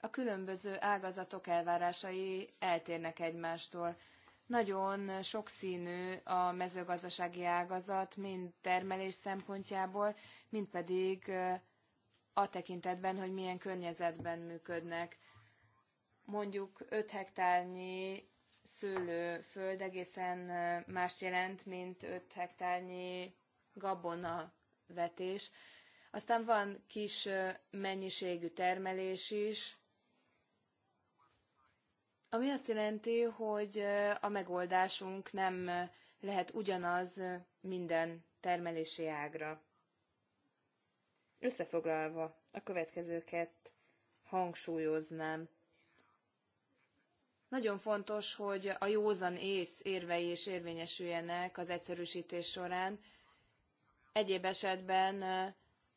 A különböző ágazatok elvárásai eltérnek egymástól. Nagyon sokszínű a mezőgazdasági ágazat, mind termelés szempontjából, mind pedig a tekintetben, hogy milyen környezetben működnek. Mondjuk 5 hektárnyi szőlőföld egészen más jelent, mint 5 hektárnyi gabona vetés. Aztán van kis mennyiségű termelés is, ami azt jelenti, hogy a megoldásunk nem lehet ugyanaz minden termelési ágra. Összefoglalva a következőket hangsúlyoznám. Nagyon fontos, hogy a józan ész érvei is érvényesüljenek az egyszerűsítés során. Egyéb esetben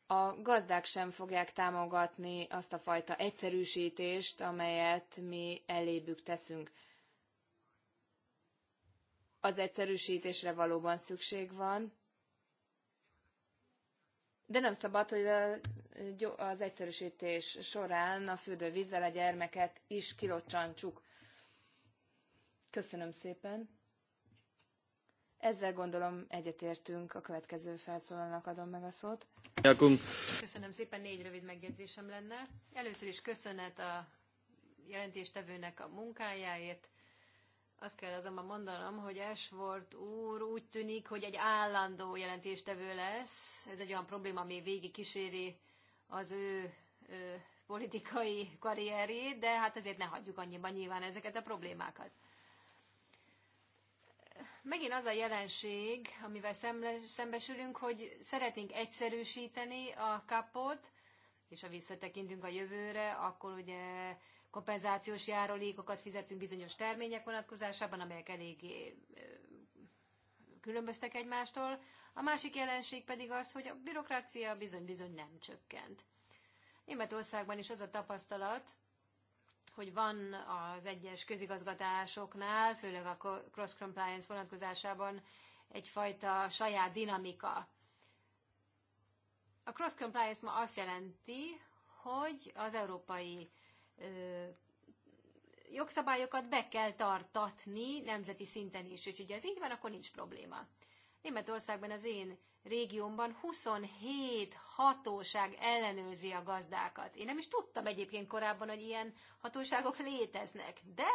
a gazdák sem fogják támogatni azt a fajta egyszerűsítést, amelyet mi elébük teszünk. Az egyszerűsítésre valóban szükség van, de nem szabad, hogy az egyszerűsítés során a fürdővízzel a gyermeket is kilocsantsuk. Köszönöm szépen. Ezzel gondolom egyetértünk, a következő felszólalnak adom meg a szót. Köszönöm szépen, négy rövid megjegyzésem lenne. Először is köszönet a jelentéstevőnek a munkájáért. Azt kell azonban mondanom, hogy Ashworth úr úgy tűnik, hogy egy állandó jelentéstevő lesz. Ez egy olyan probléma, ami végig kíséri az ő, ő politikai karrierét, de hát ezért ne hagyjuk annyiban nyilván ezeket a problémákat. Megint az a jelenség, amivel szembesülünk, hogy szeretnénk egyszerűsíteni a kapot, és ha visszatekintünk a jövőre, akkor ugye kompenzációs járólékokat fizetünk bizonyos termények vonatkozásában, amelyek eléggé különböztek egymástól. A másik jelenség pedig az, hogy a bürokrácia bizony-bizony nem csökkent. Németországban is az a tapasztalat, hogy van az egyes közigazgatásoknál, főleg a cross-compliance vonatkozásában egyfajta saját dinamika. A cross-compliance ma azt jelenti, hogy az európai jogszabályokat be kell tartatni nemzeti szinten is, és ez így van, akkor nincs probléma. Németországban az én régiómban 27 hatóság ellenőrzi a gazdákat. Én nem is tudtam egyébként korábban, hogy ilyen hatóságok léteznek, de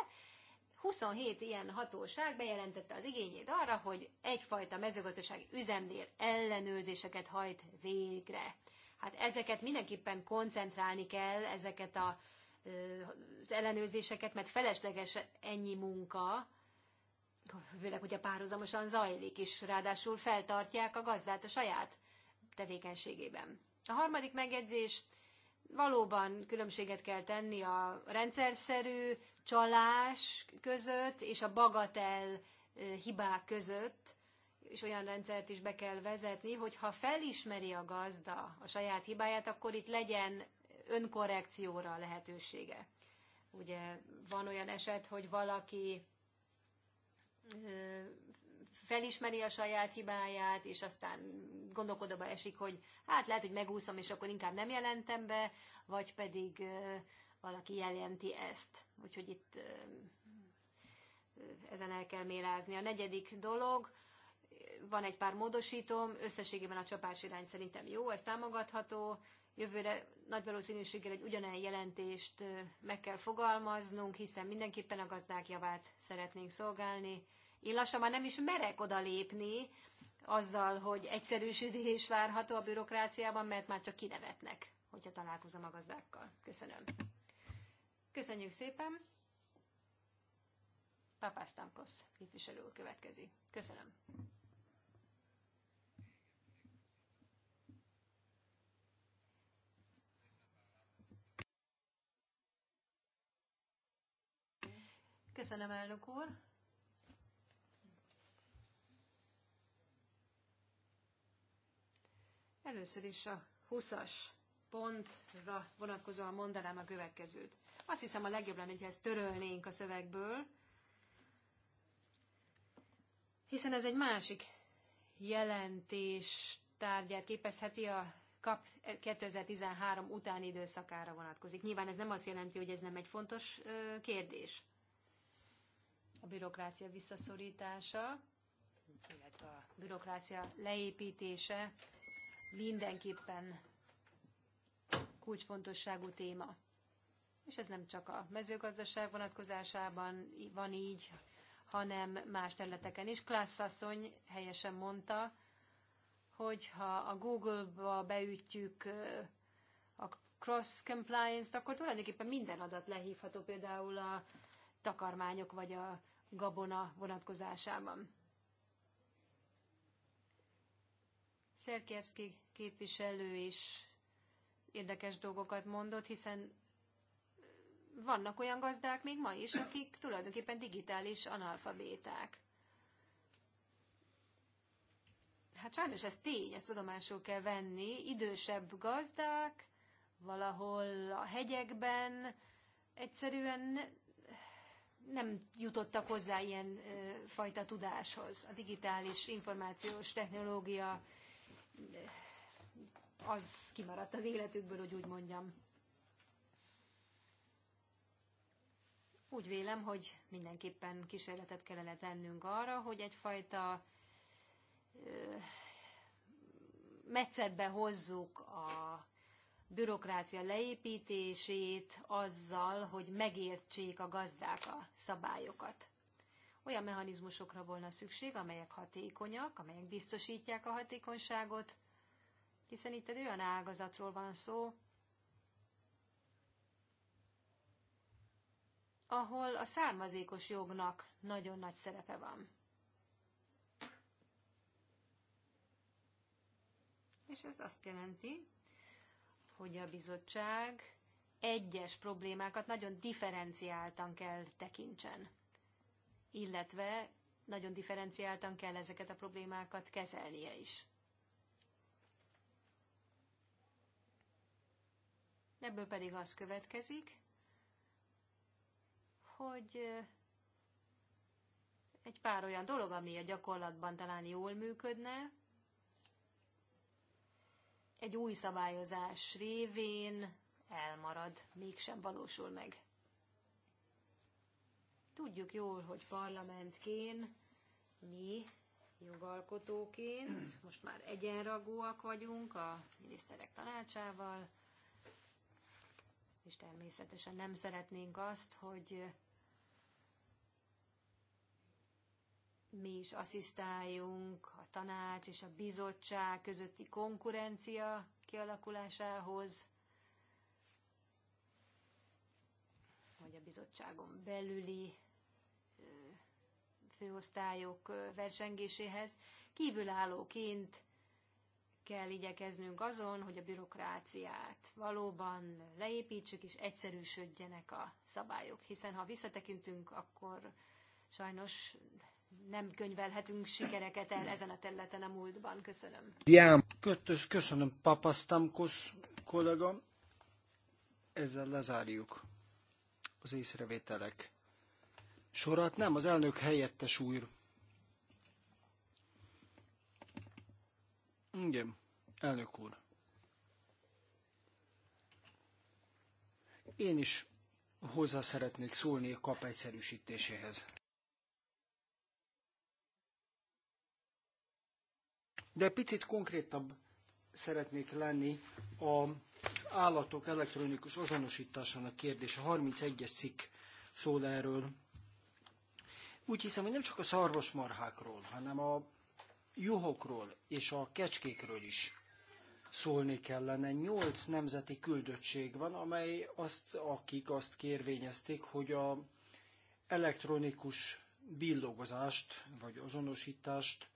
27 ilyen hatóság bejelentette az igényét arra, hogy egyfajta mezőgazdasági üzemnél ellenőrzéseket hajt végre. Hát ezeket mindenképpen koncentrálni kell, ezeket a az ellenőrzéseket, mert felesleges ennyi munka, főleg, a párhuzamosan zajlik, és ráadásul feltartják a gazdát a saját tevékenységében. A harmadik megjegyzés, valóban különbséget kell tenni a rendszerszerű csalás között és a bagatel hibák között, és olyan rendszert is be kell vezetni, hogy ha felismeri a gazda a saját hibáját, akkor itt legyen önkorrekcióra lehetősége. Ugye van olyan eset, hogy valaki felismeri a saját hibáját, és aztán gondolkodóba esik, hogy hát lehet, hogy megúszom, és akkor inkább nem jelentem be, vagy pedig valaki jelenti ezt. Úgyhogy itt ezen el kell mélázni. A negyedik dolog, van egy pár módosítom, összességében a csapás irány szerintem jó, ez támogatható, Jövőre nagy valószínűséggel egy ugyanilyen jelentést meg kell fogalmaznunk, hiszen mindenképpen a gazdák javát szeretnénk szolgálni. Én lassan már nem is merek odalépni azzal, hogy egyszerűsödés várható a bürokráciában, mert már csak kinevetnek, hogyha találkozom a gazdákkal. Köszönöm. Köszönjük szépen! Papásztánkosz képviselő úr következik. Köszönöm. Köszönöm, elnök úr. Először is a 20-as pontra vonatkozóan mondanám a következőt. Azt hiszem a legjobb lenne, hogyha ezt törölnénk a szövegből, hiszen ez egy másik jelentés tárgyát képezheti a kap 2013 utáni időszakára vonatkozik. Nyilván ez nem azt jelenti, hogy ez nem egy fontos kérdés a bürokrácia visszaszorítása, illetve a bürokrácia leépítése mindenképpen kulcsfontosságú téma. És ez nem csak a mezőgazdaság vonatkozásában van így, hanem más területeken is. Klász asszony helyesen mondta, hogy ha a Google-ba beütjük a cross compliance-t, akkor tulajdonképpen minden adat lehívható, például a takarmányok vagy a gabona vonatkozásában. Szerkievszki képviselő is érdekes dolgokat mondott, hiszen vannak olyan gazdák még ma is, akik tulajdonképpen digitális analfabéták. Hát sajnos ez tény, ezt tudomásul kell venni. Idősebb gazdák valahol a hegyekben egyszerűen nem jutottak hozzá ilyen fajta tudáshoz. A digitális információs technológia az kimaradt az életükből, hogy úgy mondjam. Úgy vélem, hogy mindenképpen kísérletet kellene tennünk arra, hogy egyfajta metszetbe hozzuk a bürokrácia leépítését azzal, hogy megértsék a gazdák a szabályokat. Olyan mechanizmusokra volna szükség, amelyek hatékonyak, amelyek biztosítják a hatékonyságot, hiszen itt egy olyan ágazatról van szó, ahol a származékos jognak nagyon nagy szerepe van. És ez azt jelenti, hogy a bizottság egyes problémákat nagyon differenciáltan kell tekintsen, illetve nagyon differenciáltan kell ezeket a problémákat kezelnie is. Ebből pedig az következik, hogy egy pár olyan dolog, ami a gyakorlatban talán jól működne, egy új szabályozás révén elmarad, mégsem valósul meg. Tudjuk jól, hogy parlamentként mi jogalkotóként, most már egyenragúak vagyunk a miniszterek tanácsával, és természetesen nem szeretnénk azt, hogy mi is asszisztáljunk a tanács és a bizottság közötti konkurencia kialakulásához, hogy a bizottságon belüli főosztályok versengéséhez kívülállóként kell igyekeznünk azon, hogy a bürokráciát valóban leépítsük és egyszerűsödjenek a szabályok, hiszen ha visszatekintünk, akkor sajnos nem könyvelhetünk sikereket el ezen a területen a múltban. Köszönöm. Jám. köszönöm, papasztamkos kollega. Ezzel lezárjuk az észrevételek sorat. Nem, az elnök helyettes úr. Igen, elnök úr. Én is hozzá szeretnék szólni a kap egyszerűsítéséhez. de picit konkrétabb szeretnék lenni az állatok elektronikus azonosításának kérdése. 31-es cikk szól erről. Úgy hiszem, hogy nem csak a szarvasmarhákról, hanem a juhokról és a kecskékről is szólni kellene. Nyolc nemzeti küldöttség van, amely azt, akik azt kérvényezték, hogy a elektronikus billogozást vagy azonosítást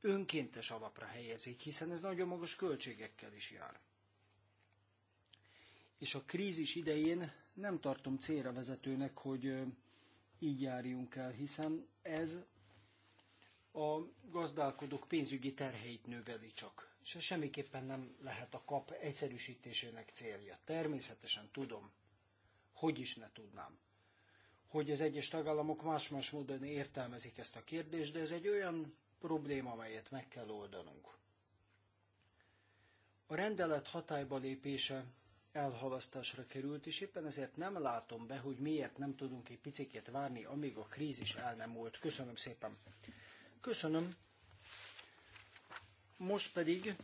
önkéntes alapra helyezik, hiszen ez nagyon magas költségekkel is jár. És a krízis idején nem tartom célra vezetőnek, hogy így járjunk el, hiszen ez a gazdálkodók pénzügyi terheit növeli csak, és ez semmiképpen nem lehet a kap egyszerűsítésének célja. Természetesen tudom, hogy is ne tudnám, hogy az egyes tagállamok más-más módon értelmezik ezt a kérdést, de ez egy olyan probléma, amelyet meg kell oldanunk. A rendelet hatályba lépése elhalasztásra került, és éppen ezért nem látom be, hogy miért nem tudunk egy picit várni, amíg a krízis el nem volt. Köszönöm szépen. Köszönöm. Most pedig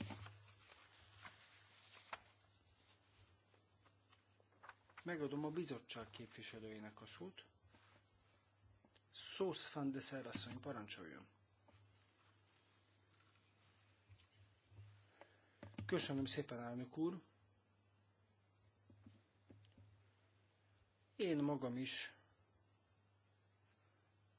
megadom a bizottság képviselőjének a szót. Szósz van de parancsoljon. Köszönöm szépen, elnök úr. Én magam is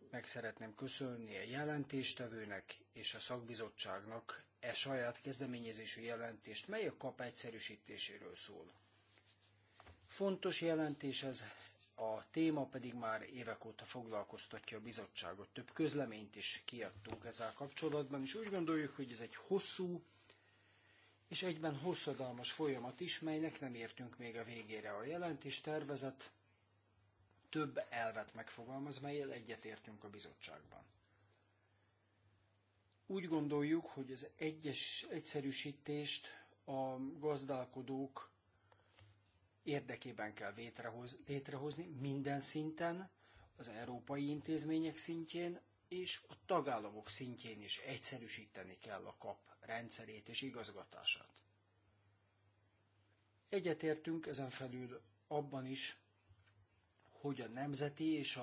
meg szeretném köszönni a jelentéstevőnek és a szakbizottságnak e saját kezdeményezésű jelentést, mely a kap egyszerűsítéséről szól. Fontos jelentés ez, a téma pedig már évek óta foglalkoztatja a bizottságot. Több közleményt is kiadtunk ezzel kapcsolatban, és úgy gondoljuk, hogy ez egy hosszú, és egyben hosszadalmas folyamat is, melynek nem értünk még a végére. A jelentés tervezet több elvet megfogalmaz, melyel egyetértünk a bizottságban. Úgy gondoljuk, hogy az egyes egyszerűsítést a gazdálkodók érdekében kell létrehoz, létrehozni minden szinten, az európai intézmények szintjén és a tagállamok szintjén is egyszerűsíteni kell a kap rendszerét és igazgatását. Egyetértünk ezen felül abban is, hogy a nemzeti és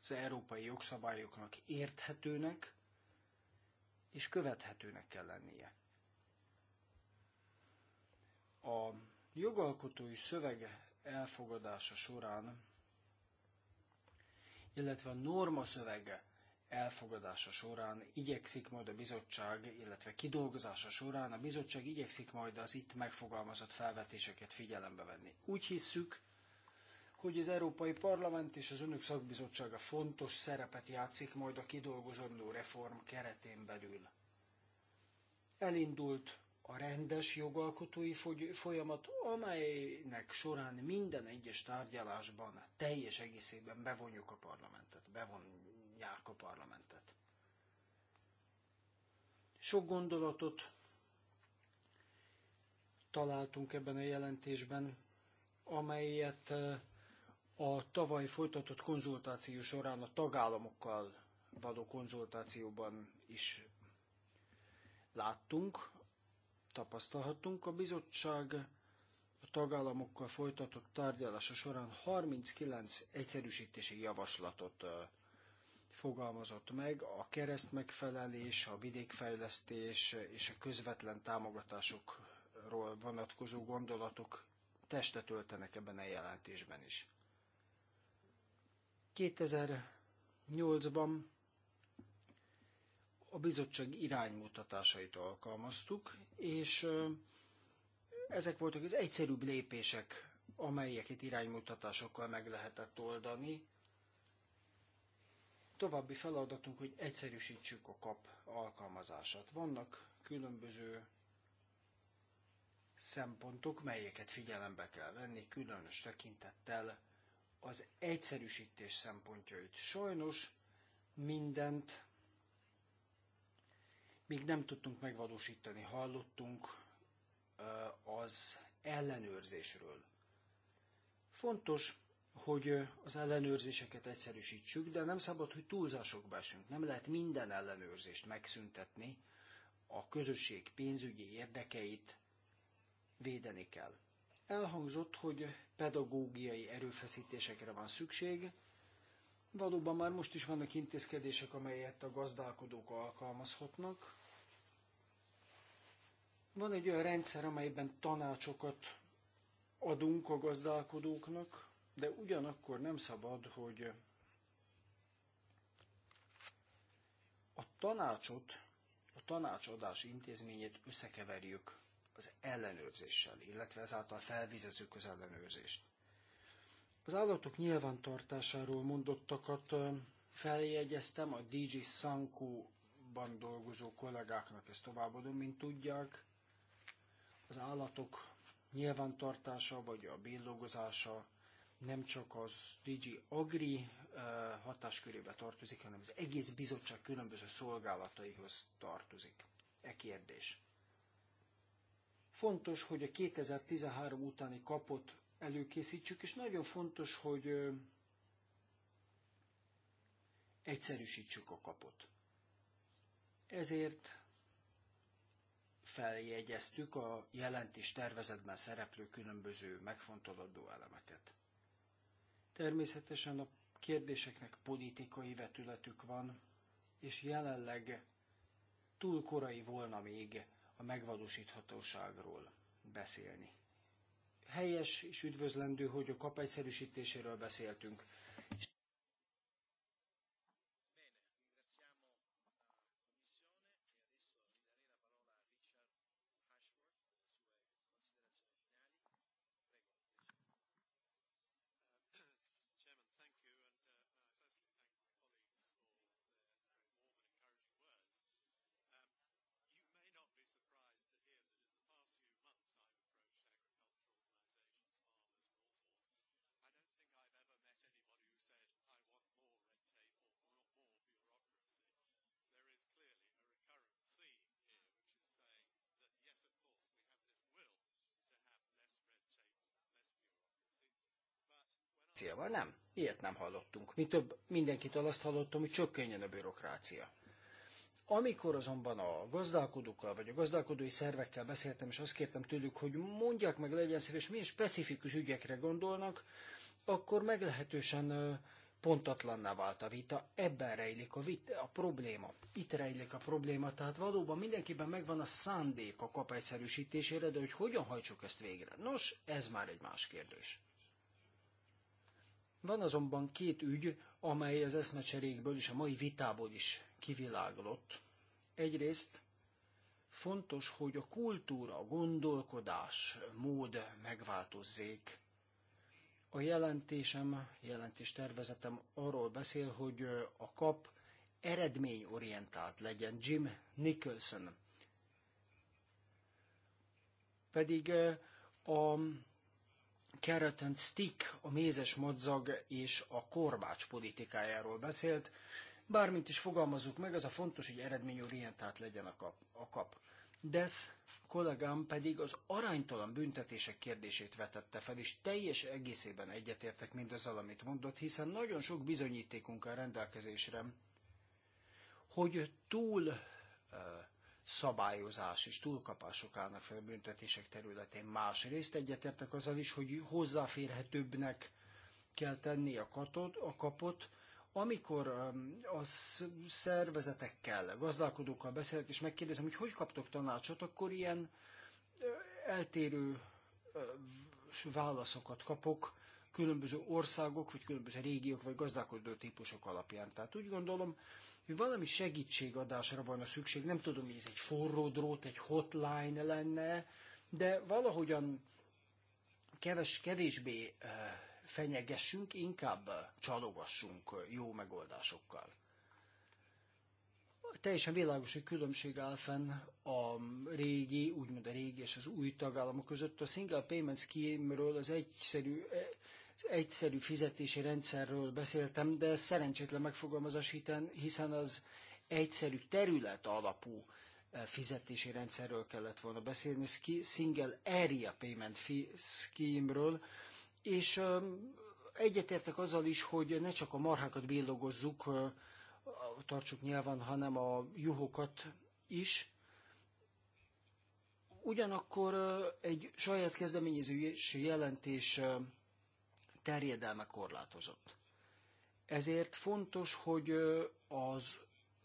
az európai jogszabályoknak érthetőnek és követhetőnek kell lennie. A jogalkotói szöveg elfogadása során, illetve a norma szövege elfogadása során igyekszik majd a bizottság, illetve kidolgozása során a bizottság igyekszik majd az itt megfogalmazott felvetéseket figyelembe venni. Úgy hisszük, hogy az Európai Parlament és az Önök Szakbizottsága fontos szerepet játszik majd a kidolgozandó reform keretén belül. Elindult a rendes jogalkotói folyamat, amelynek során minden egyes tárgyalásban teljes egészében bevonjuk a parlamentet, bevonjuk bevonják a parlamentet. Sok gondolatot találtunk ebben a jelentésben, amelyet eh, a tavaly folytatott konzultáció során a tagállamokkal való konzultációban is láttunk, tapasztalhattunk. A bizottság a tagállamokkal folytatott tárgyalása során 39 egyszerűsítési javaslatot eh, fogalmazott meg, a keresztmegfelelés, a vidékfejlesztés és a közvetlen támogatásokról vonatkozó gondolatok testet öltenek ebben a jelentésben is. 2008-ban a bizottság iránymutatásait alkalmaztuk, és ezek voltak az egyszerűbb lépések, amelyeket iránymutatásokkal meg lehetett oldani, További feladatunk, hogy egyszerűsítsük a kap alkalmazását. Vannak különböző szempontok, melyeket figyelembe kell venni, különös tekintettel az egyszerűsítés szempontjait. Sajnos mindent még nem tudtunk megvalósítani, hallottunk az ellenőrzésről. Fontos, hogy az ellenőrzéseket egyszerűsítsük, de nem szabad, hogy túlzásokba esünk. Nem lehet minden ellenőrzést megszüntetni, a közösség pénzügyi érdekeit védeni kell. Elhangzott, hogy pedagógiai erőfeszítésekre van szükség. Valóban már most is vannak intézkedések, amelyet a gazdálkodók alkalmazhatnak. Van egy olyan rendszer, amelyben tanácsokat adunk a gazdálkodóknak, de ugyanakkor nem szabad, hogy a tanácsot, a tanácsadás intézményét összekeverjük az ellenőrzéssel, illetve ezáltal felvizezzük az ellenőrzést. Az állatok nyilvántartásáról mondottakat um, feljegyeztem a sanku ban dolgozó kollégáknak, ezt továbbadom, mint tudják. Az állatok nyilvántartása vagy a billogozása nem csak az DG Agri eh, hatáskörébe tartozik, hanem az egész bizottság különböző szolgálataihoz tartozik. E kérdés. Fontos, hogy a 2013 utáni kapot előkészítsük, és nagyon fontos, hogy eh, egyszerűsítsük a kapot. Ezért feljegyeztük a jelentés tervezetben szereplő különböző megfontolódó elemeket. Természetesen a kérdéseknek politikai vetületük van, és jelenleg túl korai volna még a megvalósíthatóságról beszélni. Helyes és üdvözlendő, hogy a kapegyszerűsítéséről beszéltünk, bürokráciával. Nem, ilyet nem hallottunk. Mi több, mindenkitől azt hallottam, hogy csökkenjen a bürokrácia. Amikor azonban a gazdálkodókkal vagy a gazdálkodói szervekkel beszéltem, és azt kértem tőlük, hogy mondják meg, legyen szíves, milyen specifikus ügyekre gondolnak, akkor meglehetősen pontatlanná vált a vita. Ebben rejlik a, vita, a probléma. Itt rejlik a probléma. Tehát valóban mindenkiben megvan a szándék a kapegyszerűsítésére, de hogy hogyan hajtsuk ezt végre? Nos, ez már egy más kérdés. Van azonban két ügy, amely az eszmecserékből és a mai vitából is kiviláglott. Egyrészt fontos, hogy a kultúra, a gondolkodás mód megváltozzék. A jelentésem, jelentés tervezetem arról beszél, hogy a kap eredményorientált legyen. Jim Nicholson pedig eh, a Carrot and Stick, a mézes madzag és a korbács politikájáról beszélt. Bármint is fogalmazzuk meg, az a fontos, hogy eredményorientált legyen a kap. A kap. Desz kollégám pedig az aránytalan büntetések kérdését vetette fel, és teljes egészében egyetértek mindezzel, amit mondott, hiszen nagyon sok bizonyítékunk a rendelkezésre, hogy túl szabályozás és túlkapások állnak fel a büntetések területén. Másrészt egyetértek azzal is, hogy hozzáférhetőbbnek kell tenni a, katod, a kapot, amikor um, a szervezetekkel, gazdálkodókkal beszélek, és megkérdezem, hogy hogy kaptok tanácsot, akkor ilyen eltérő válaszokat kapok különböző országok, vagy különböző régiók, vagy gazdálkodó típusok alapján. Tehát úgy gondolom, hogy valami segítségadásra van a szükség. Nem tudom, hogy ez egy forró drót, egy hotline lenne, de valahogyan keves, kevésbé eh, fenyegessünk, inkább eh, csalogassunk eh, jó megoldásokkal. Teljesen világos, hogy különbség áll fenn a régi, úgymond a régi és az új tagállamok között. A Single Payment Scheme-ről az egyszerű, egyszerű fizetési rendszerről beszéltem, de ez szerencsétlen megfogalmazás, hiszen az egyszerű terület alapú eh, fizetési rendszerről kellett volna beszélni, Single Area Payment Scheme-ről, és egyetértek azzal is, hogy ne csak a marhákat billogozzuk, tartsuk nyilván, hanem a juhokat is. Ugyanakkor egy saját kezdeményező jelentés terjedelme korlátozott. Ezért fontos, hogy az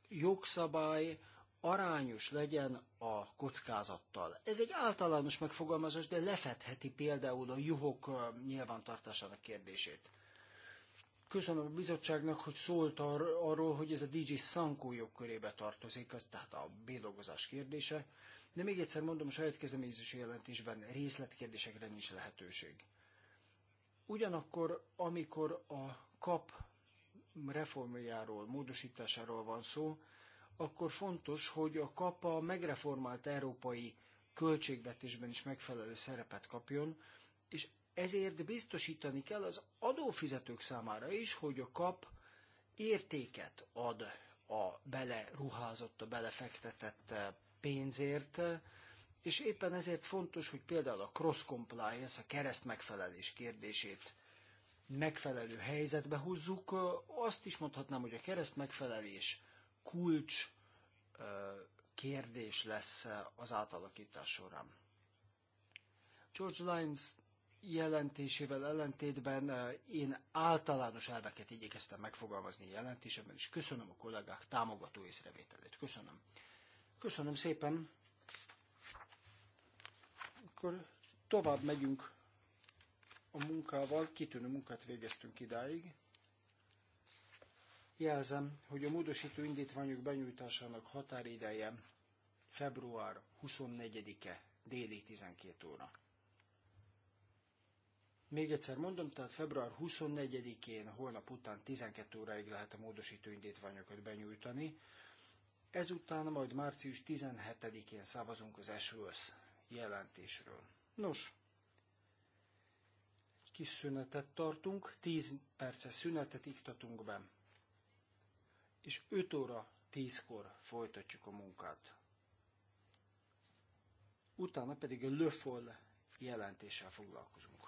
jogszabály arányos legyen a kockázattal. Ez egy általános megfogalmazás, de lefedheti például a juhok nyilvántartásának kérdését. Köszönöm a bizottságnak, hogy szólt ar- arról, hogy ez a DJ Sankó jogkörébe tartozik, az tehát a bédolgozás kérdése, de még egyszer mondom, a saját kezdeményezési jelentésben részletkérdésekre nincs lehetőség. Ugyanakkor, amikor a kap reformjáról, módosításáról van szó, akkor fontos, hogy a kap a megreformált európai költségvetésben is megfelelő szerepet kapjon, és ezért biztosítani kell az adófizetők számára is, hogy a kap értéket ad a beleruházott, a belefektetett pénzért, és éppen ezért fontos, hogy például a cross compliance, a kereszt megfelelés kérdését megfelelő helyzetbe hozzuk. Azt is mondhatnám, hogy a kereszt megfelelés kulcs kérdés lesz az átalakítás során. George Lyons jelentésével ellentétben én általános elveket igyekeztem megfogalmazni jelentésemben, és köszönöm a kollégák támogató észrevételét. Köszönöm. Köszönöm szépen akkor tovább megyünk a munkával, kitűnő munkát végeztünk idáig. Jelzem, hogy a módosító indítványok benyújtásának határideje február 24-e déli 12 óra. Még egyszer mondom, tehát február 24-én, holnap után 12 óráig lehet a módosító indítványokat benyújtani. Ezután majd március 17-én szavazunk az SOS jelentésről. Nos, kis szünetet tartunk, 10 perce szünetet iktatunk be, és 5 óra 10-kor folytatjuk a munkát. Utána pedig a Le Foll jelentéssel foglalkozunk.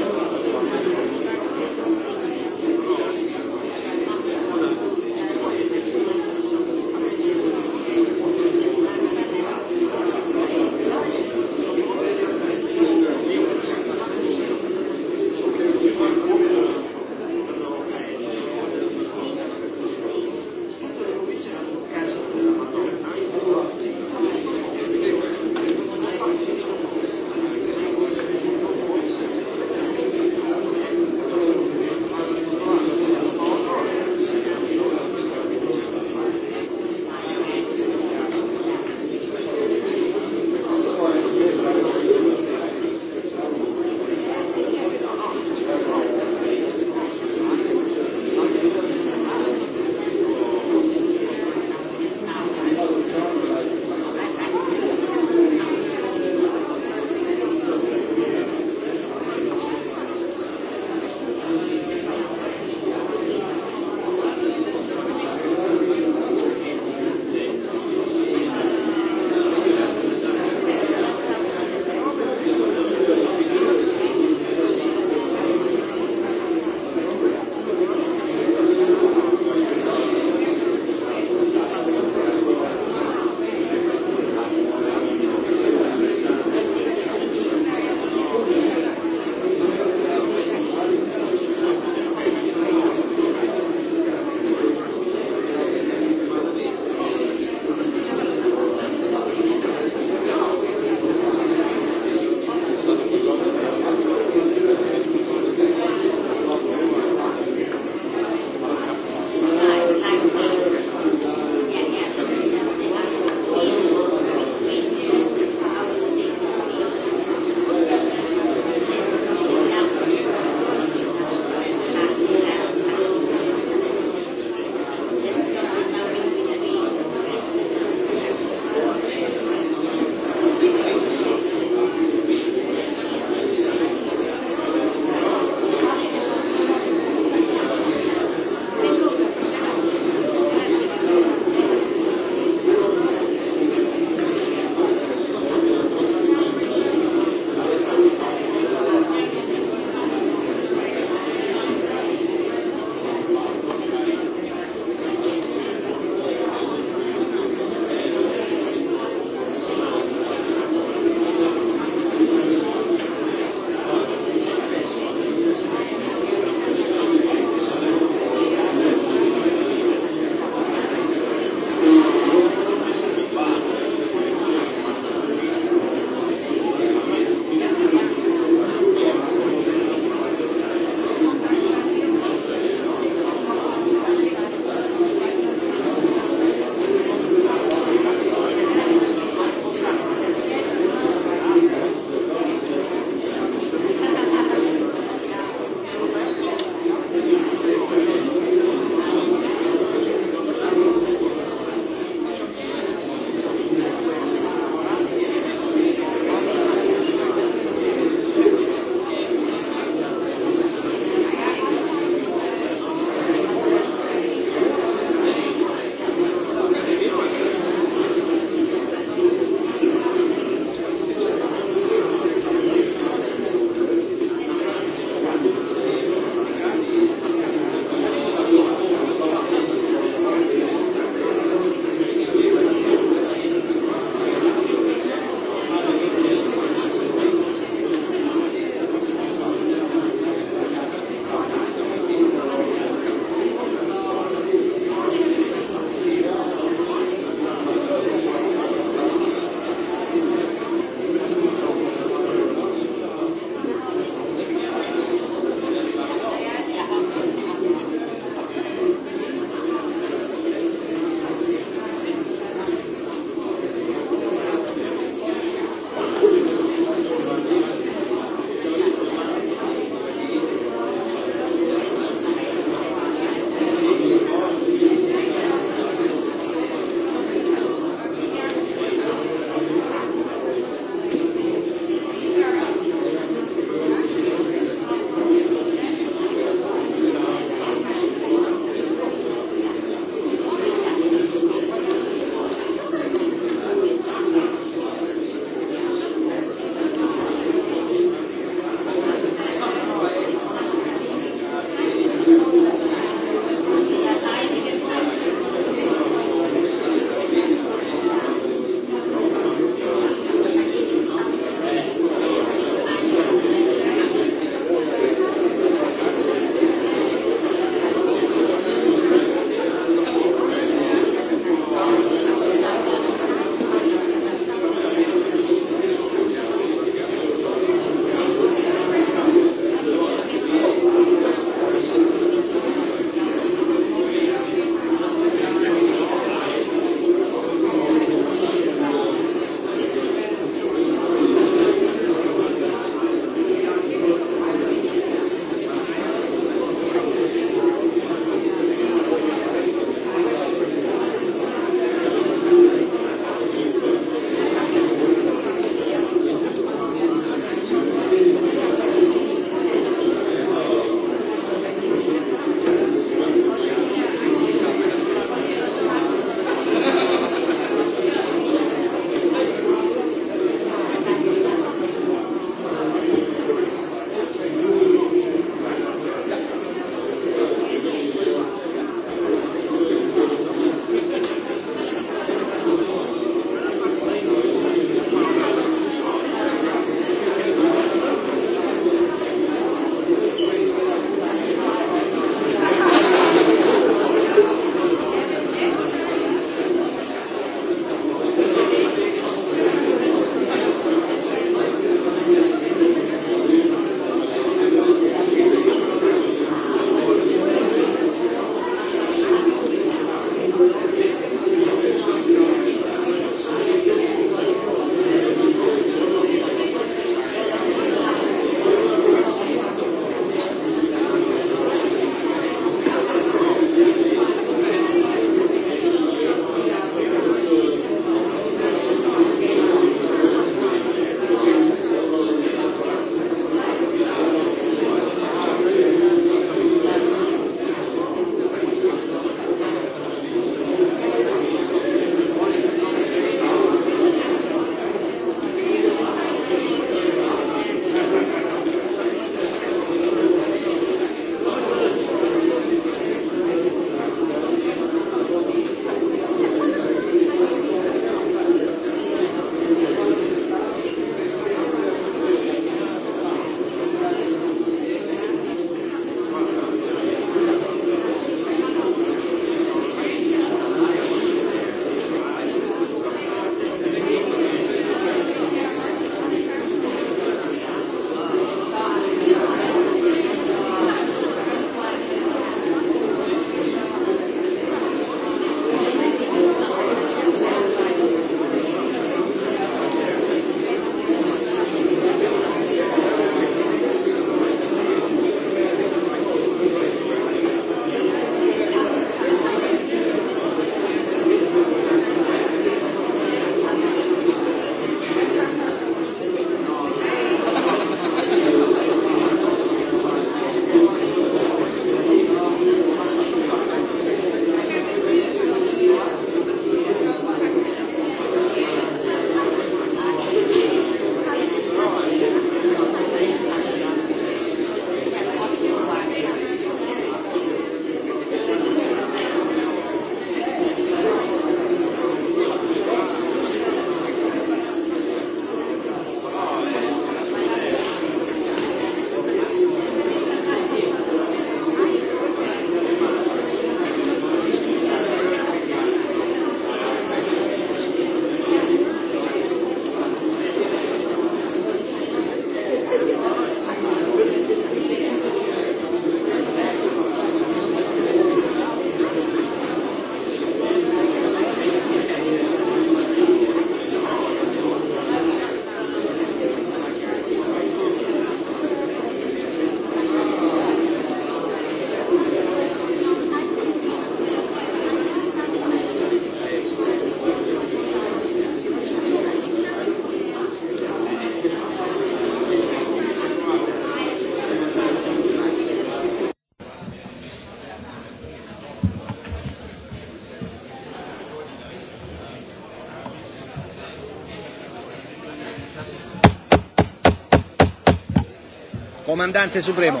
Comandante Supremo,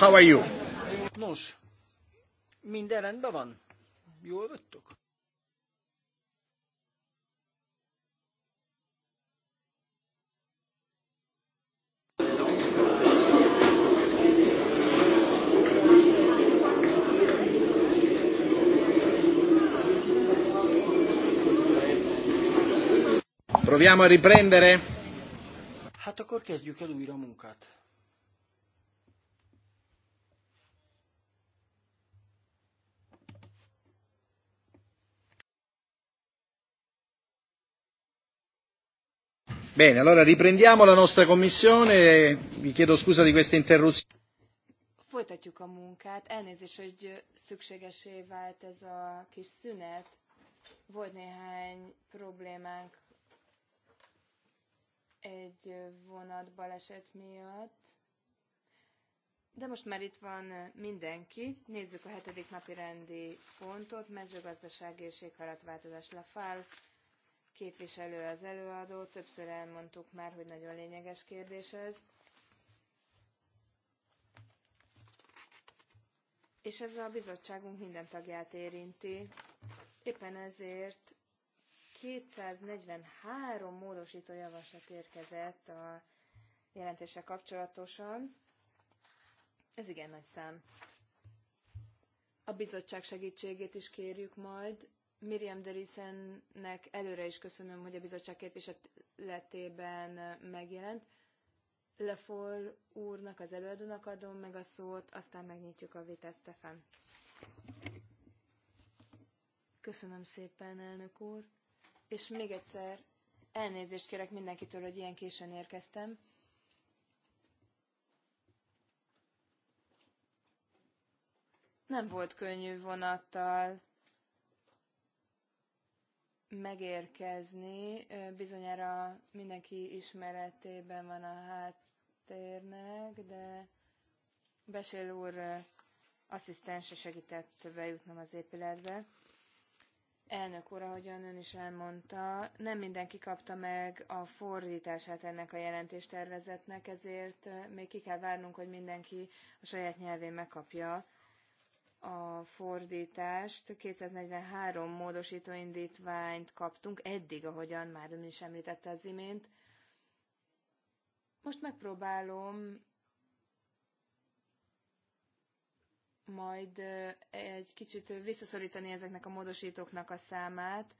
how are you? Nos, minden rendben van? Jól vettük? Proviamo a riprendere. Hát akkor kezdjük el újra a munkát. Bene, allora riprendiamo la nostra commissione. Vi chiedo scusa di questa interruzione. Folytatjuk a munkát. Elnézést, hogy szükségesé vált ez a kis szünet. Volt néhány problémánk egy vonat baleset miatt. De most már itt van mindenki. Nézzük a hetedik napi rendi pontot, mezőgazdasági és éghajlatváltozás Lafal képviselő az előadó, többször elmondtuk már, hogy nagyon lényeges kérdés ez. És ez a bizottságunk minden tagját érinti. Éppen ezért 243 módosító javaslat érkezett a jelentése kapcsolatosan. Ez igen nagy szám. A bizottság segítségét is kérjük majd Miriam Derisennek előre is köszönöm, hogy a bizottság képviseletében megjelent. Lefol úrnak, az előadónak adom meg a szót, aztán megnyitjuk a vitát, Stefan. Köszönöm szépen, elnök úr. És még egyszer elnézést kérek mindenkitől, hogy ilyen későn érkeztem. Nem volt könnyű vonattal megérkezni. Bizonyára mindenki ismeretében van a háttérnek, de Besél úr asszisztense segített bejutnom az épületbe. Elnök úr, ahogyan ön is elmondta, nem mindenki kapta meg a fordítását ennek a jelentéstervezetnek, ezért még ki kell várnunk, hogy mindenki a saját nyelvén megkapja a fordítást. 243 módosító indítványt kaptunk eddig, ahogyan már ön is említette az imént. Most megpróbálom majd egy kicsit visszaszorítani ezeknek a módosítóknak a számát,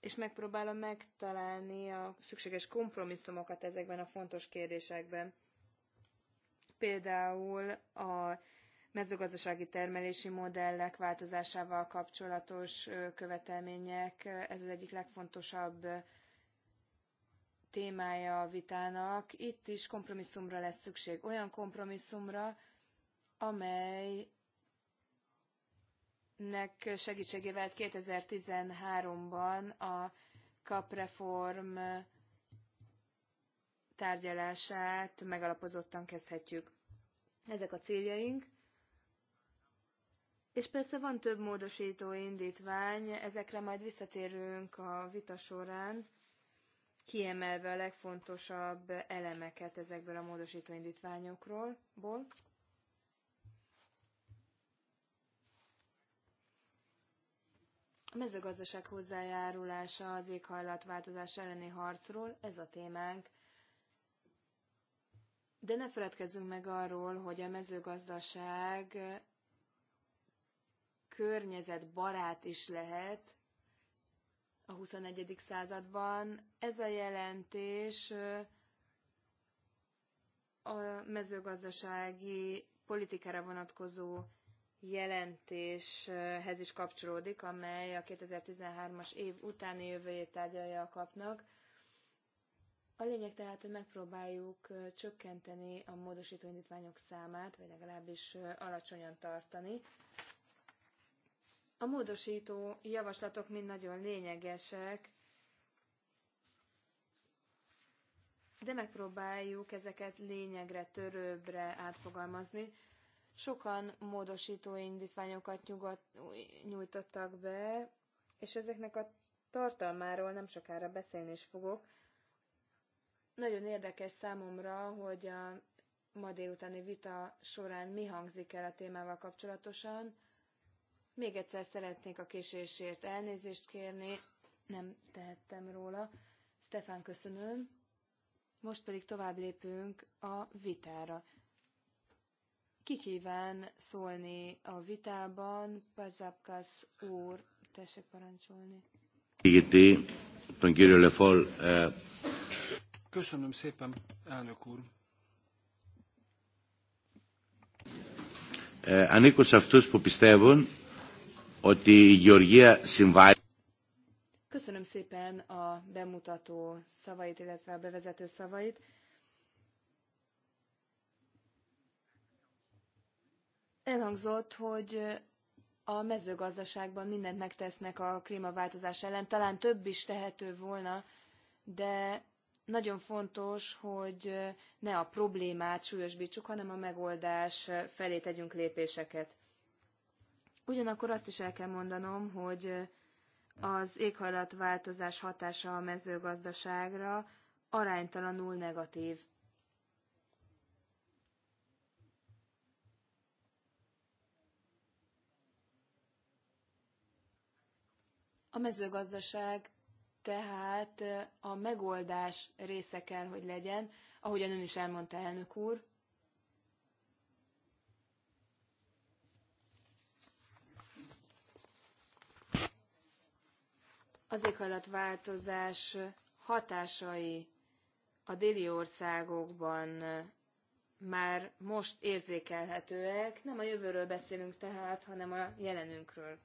és megpróbálom megtalálni a szükséges kompromisszumokat ezekben a fontos kérdésekben. Például a mezőgazdasági termelési modellek változásával kapcsolatos követelmények. Ez az egyik legfontosabb témája a vitának. Itt is kompromisszumra lesz szükség. Olyan kompromisszumra, amely nek segítségével 2013-ban a kapreform tárgyalását megalapozottan kezdhetjük. Ezek a céljaink, és persze van több módosító indítvány, ezekre majd visszatérünk a vita során, kiemelve a legfontosabb elemeket ezekből a módosító indítványokról. Ból. A mezőgazdaság hozzájárulása az éghajlatváltozás elleni harcról, ez a témánk. De ne feledkezzünk meg arról, hogy a mezőgazdaság környezetbarát is lehet a 21. században. Ez a jelentés a mezőgazdasági politikára vonatkozó jelentéshez is kapcsolódik, amely a 2013-as év utáni jövőjét tárgyalja a kapnak. A lényeg tehát, hogy megpróbáljuk csökkenteni a módosító indítványok számát, vagy legalábbis alacsonyan tartani. A módosító javaslatok mind nagyon lényegesek, de megpróbáljuk ezeket lényegre, törőbbre átfogalmazni. Sokan módosító indítványokat nyugat, nyújtottak be, és ezeknek a tartalmáról nem sokára beszélni is fogok. Nagyon érdekes számomra, hogy a ma délutáni vita során mi hangzik el a témával kapcsolatosan, még egyszer szeretnék a késésért elnézést kérni, nem tehettem róla. Stefán, köszönöm. Most pedig tovább lépünk a vitára. Ki kíván szólni a vitában? Pazapkasz úr, tessék parancsolni. Eh. Köszönöm szépen, elnök úr. Ανήκω σε αυτούς που πιστεύουν Köszönöm szépen a bemutató szavait, illetve a bevezető szavait. Elhangzott, hogy a mezőgazdaságban mindent megtesznek a klímaváltozás ellen, talán több is tehető volna, de nagyon fontos, hogy ne a problémát súlyosbítsuk, hanem a megoldás felé tegyünk lépéseket. Ugyanakkor azt is el kell mondanom, hogy az éghajlatváltozás hatása a mezőgazdaságra aránytalanul negatív. A mezőgazdaság tehát a megoldás része kell, hogy legyen, ahogyan ön is elmondta, elnök úr, az éghajlatváltozás hatásai a déli országokban már most érzékelhetőek. Nem a jövőről beszélünk tehát, hanem a jelenünkről.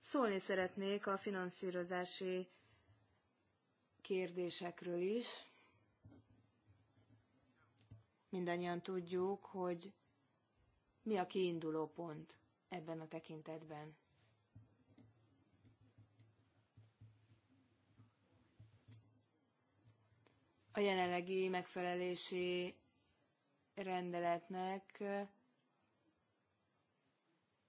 Szólni szeretnék a finanszírozási kérdésekről is. Mindannyian tudjuk, hogy mi a kiinduló pont ebben a tekintetben. a jelenlegi megfelelési rendeletnek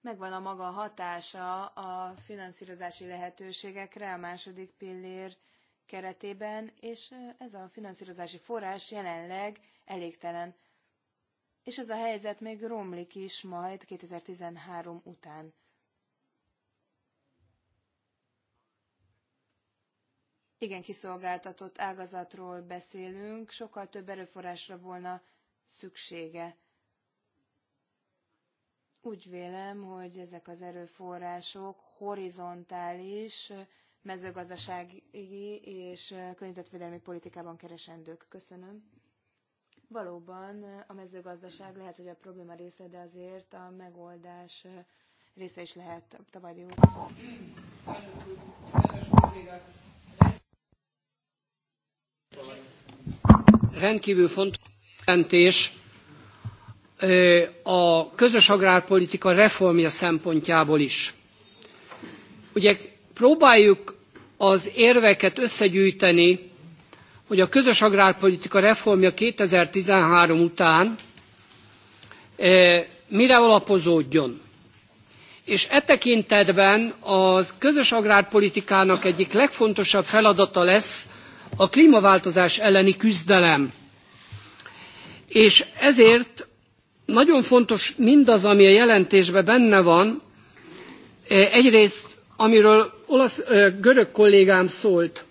megvan a maga hatása a finanszírozási lehetőségekre a második pillér keretében, és ez a finanszírozási forrás jelenleg elégtelen. És ez a helyzet még romlik is majd 2013 után. igen kiszolgáltatott ágazatról beszélünk, sokkal több erőforrásra volna szüksége. Úgy vélem, hogy ezek az erőforrások horizontális mezőgazdasági és környezetvédelmi politikában keresendők. Köszönöm. Valóban a mezőgazdaság lehet, hogy a probléma része, de azért a megoldás része is lehet. Tavalyi úr. kedves kollégák! rendkívül fontos jelentés a közös agrárpolitika reformja szempontjából is. Ugye próbáljuk az érveket összegyűjteni, hogy a közös agrárpolitika reformja 2013 után mire alapozódjon. És e tekintetben a közös agrárpolitikának egyik legfontosabb feladata lesz a klímaváltozás elleni küzdelem. És ezért nagyon fontos mindaz, ami a jelentésben benne van. E, egyrészt, amiről olasz, e, görög kollégám szólt,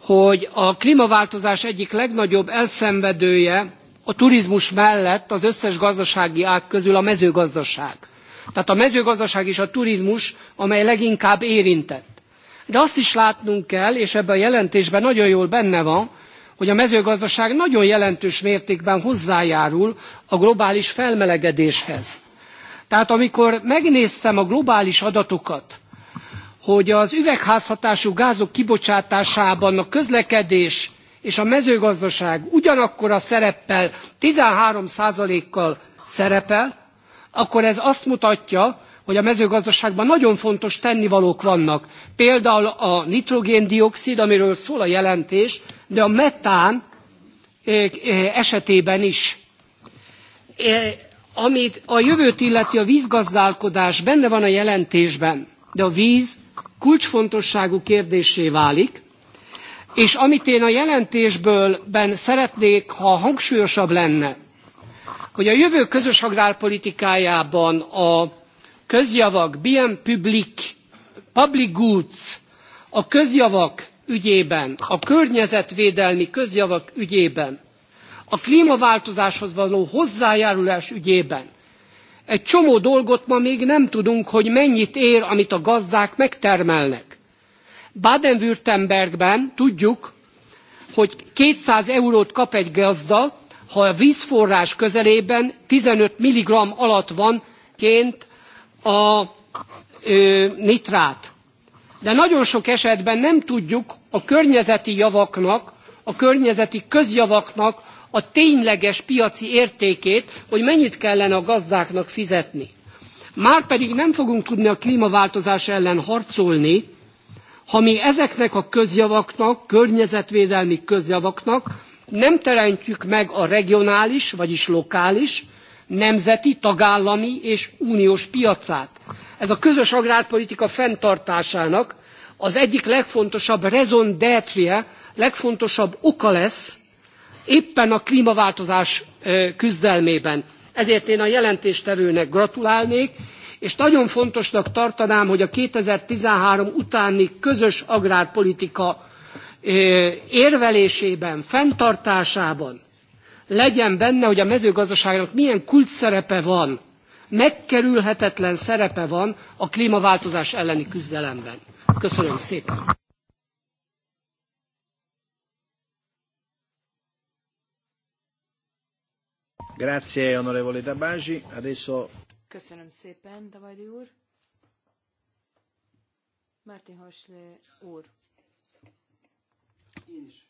hogy a klímaváltozás egyik legnagyobb elszenvedője a turizmus mellett az összes gazdasági ág közül a mezőgazdaság. Tehát a mezőgazdaság és a turizmus, amely leginkább érintett. De azt is látnunk kell, és ebben a jelentésben nagyon jól benne van, hogy a mezőgazdaság nagyon jelentős mértékben hozzájárul a globális felmelegedéshez. Tehát amikor megnéztem a globális adatokat, hogy az üvegházhatású gázok kibocsátásában a közlekedés és a mezőgazdaság ugyanakkor a szereppel 13%-kal szerepel, akkor ez azt mutatja, hogy a mezőgazdaságban nagyon fontos tennivalók vannak. Például a nitrogéndioxid, amiről szól a jelentés, de a metán eh, eh, esetében is. Eh, amit a jövőt illeti a vízgazdálkodás benne van a jelentésben, de a víz kulcsfontosságú kérdésé válik, és amit én a jelentésből ben szeretnék, ha hangsúlyosabb lenne, hogy a jövő közös agrárpolitikájában a közjavak bien public, public goods, a közjavak ügyében, a környezetvédelmi közjavak ügyében, a klímaváltozáshoz való hozzájárulás ügyében. Egy csomó dolgot ma még nem tudunk, hogy mennyit ér, amit a gazdák megtermelnek. Baden-Württembergben tudjuk, hogy 200 eurót kap egy gazda, ha a vízforrás közelében 15 mg alatt van ként a ö, nitrát. De nagyon sok esetben nem tudjuk a környezeti javaknak, a környezeti közjavaknak a tényleges piaci értékét, hogy mennyit kellene a gazdáknak fizetni. Márpedig nem fogunk tudni a klímaváltozás ellen harcolni, ha mi ezeknek a közjavaknak, környezetvédelmi közjavaknak nem teremtjük meg a regionális, vagyis lokális, nemzeti, tagállami és uniós piacát. Ez a közös agrárpolitika fenntartásának az egyik legfontosabb raison d'être, legfontosabb oka lesz éppen a klímaváltozás küzdelmében. Ezért én a jelentéstevőnek gratulálnék, és nagyon fontosnak tartanám, hogy a 2013 utáni közös agrárpolitika érvelésében, fenntartásában legyen benne, hogy a mezőgazdaságnak milyen kulcsszerepe van, megkerülhetetlen szerepe van a klímaváltozás elleni küzdelemben. Köszönöm szépen! Grazie, onorevole Tabasi. Adesso... Köszönöm szépen, Tabadi úr. Martin Hosle úr. Én is.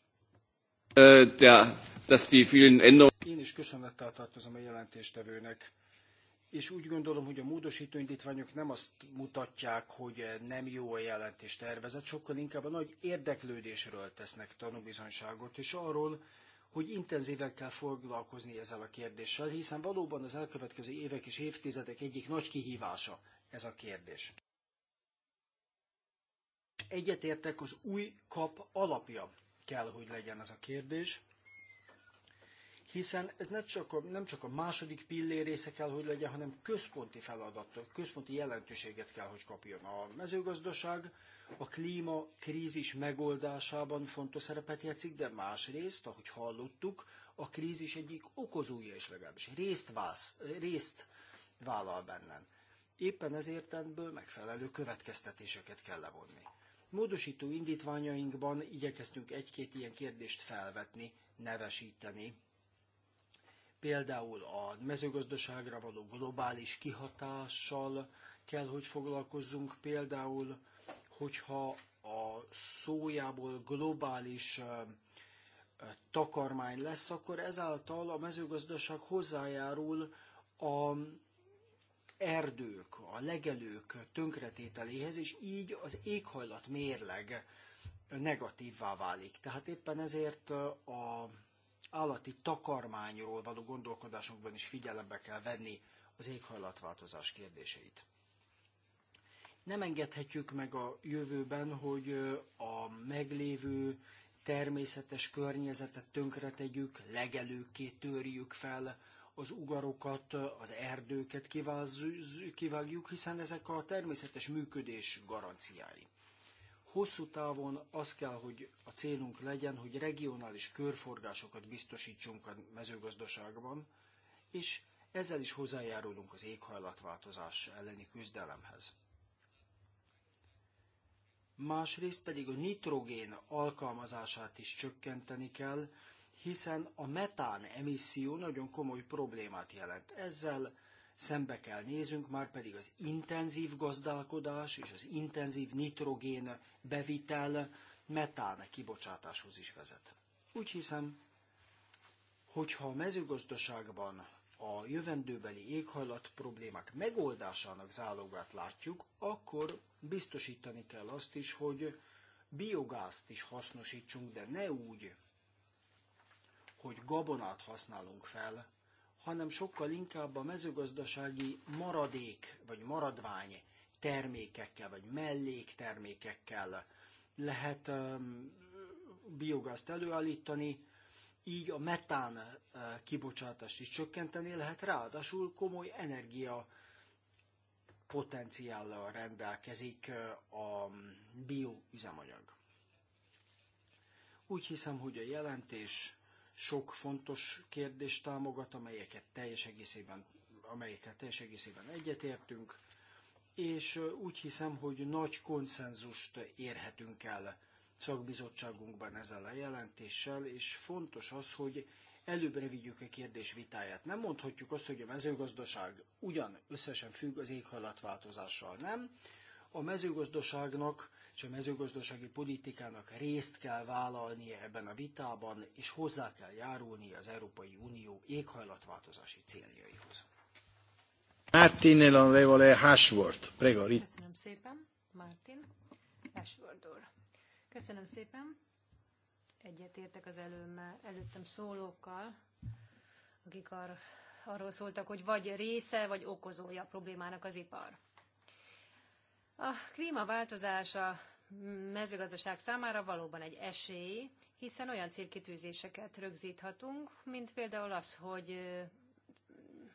Ö, ja dass die vielen Änderungen. Én is köszönettel tartozom a jelentéstevőnek, és úgy gondolom, hogy a módosító indítványok nem azt mutatják, hogy nem jó a jelentés tervezet, sokkal inkább a nagy érdeklődésről tesznek tanúbizonyságot, és arról, hogy intenzíven kell foglalkozni ezzel a kérdéssel, hiszen valóban az elkövetkező évek és évtizedek egyik nagy kihívása ez a kérdés. Egyetértek, az új kap alapja kell, hogy legyen ez a kérdés, hiszen ez nem csak, a, nem csak a második pillér része kell, hogy legyen, hanem központi feladat, központi jelentőséget kell, hogy kapjon. A mezőgazdaság a klíma krízis megoldásában fontos szerepet játszik, de másrészt, ahogy hallottuk, a krízis egyik okozója is legalábbis részt, válsz, részt vállal bennem. Éppen ezért ebből megfelelő következtetéseket kell levonni. Módosító indítványainkban igyekeztünk egy-két ilyen kérdést felvetni, nevesíteni, Például a mezőgazdaságra való globális kihatással kell, hogy foglalkozzunk. Például, hogyha a szójából globális takarmány lesz, akkor ezáltal a mezőgazdaság hozzájárul a erdők, a legelők tönkretételéhez, és így az éghajlat mérleg negatívvá válik. Tehát éppen ezért a állati takarmányról való gondolkodásunkban is figyelembe kell venni az éghajlatváltozás kérdéseit. Nem engedhetjük meg a jövőben, hogy a meglévő természetes környezetet tönkretegyük, legelőkké törjük fel, az ugarokat, az erdőket kivágjuk, hiszen ezek a természetes működés garanciái. Hosszú távon az kell, hogy a célunk legyen, hogy regionális körforgásokat biztosítsunk a mezőgazdaságban, és ezzel is hozzájárulunk az éghajlatváltozás elleni küzdelemhez. Másrészt pedig a nitrogén alkalmazását is csökkenteni kell, hiszen a metán emisszió nagyon komoly problémát jelent. Ezzel szembe kell nézünk, már pedig az intenzív gazdálkodás és az intenzív nitrogén bevitel metán kibocsátáshoz is vezet. Úgy hiszem, hogyha a mezőgazdaságban a jövendőbeli éghajlat problémák megoldásának zálogát látjuk, akkor biztosítani kell azt is, hogy biogázt is hasznosítsunk, de ne úgy, hogy gabonát használunk fel, hanem sokkal inkább a mezőgazdasági maradék vagy maradvány termékekkel vagy melléktermékekkel lehet um, biogázt előállítani, így a metán kibocsátást is csökkenteni lehet, ráadásul komoly energia potenciállal rendelkezik a bioüzemanyag. Úgy hiszem, hogy a jelentés sok fontos kérdést támogat, amelyeket teljes egészében, amelyeket teljes egészében egyetértünk, és úgy hiszem, hogy nagy konszenzust érhetünk el szakbizottságunkban ezzel a jelentéssel, és fontos az, hogy előbbre vigyük a kérdés vitáját. Nem mondhatjuk azt, hogy a mezőgazdaság ugyan összesen függ az éghajlatváltozással, nem. A mezőgazdaságnak és a mezőgazdasági politikának részt kell vállalnia ebben a vitában, és hozzá kell járulni az Európai Unió éghajlatváltozási céljaihoz. Martin, l'onorevole Hashworth, prego. Köszönöm szépen, Martin. Hashworth úr. Köszönöm szépen. Egyetértek az előmmel, előttem szólókkal, akik ar- arról szóltak, hogy vagy része, vagy okozója a problémának az ipar. A klímaváltozás a mezőgazdaság számára valóban egy esély, hiszen olyan célkitűzéseket rögzíthatunk, mint például az, hogy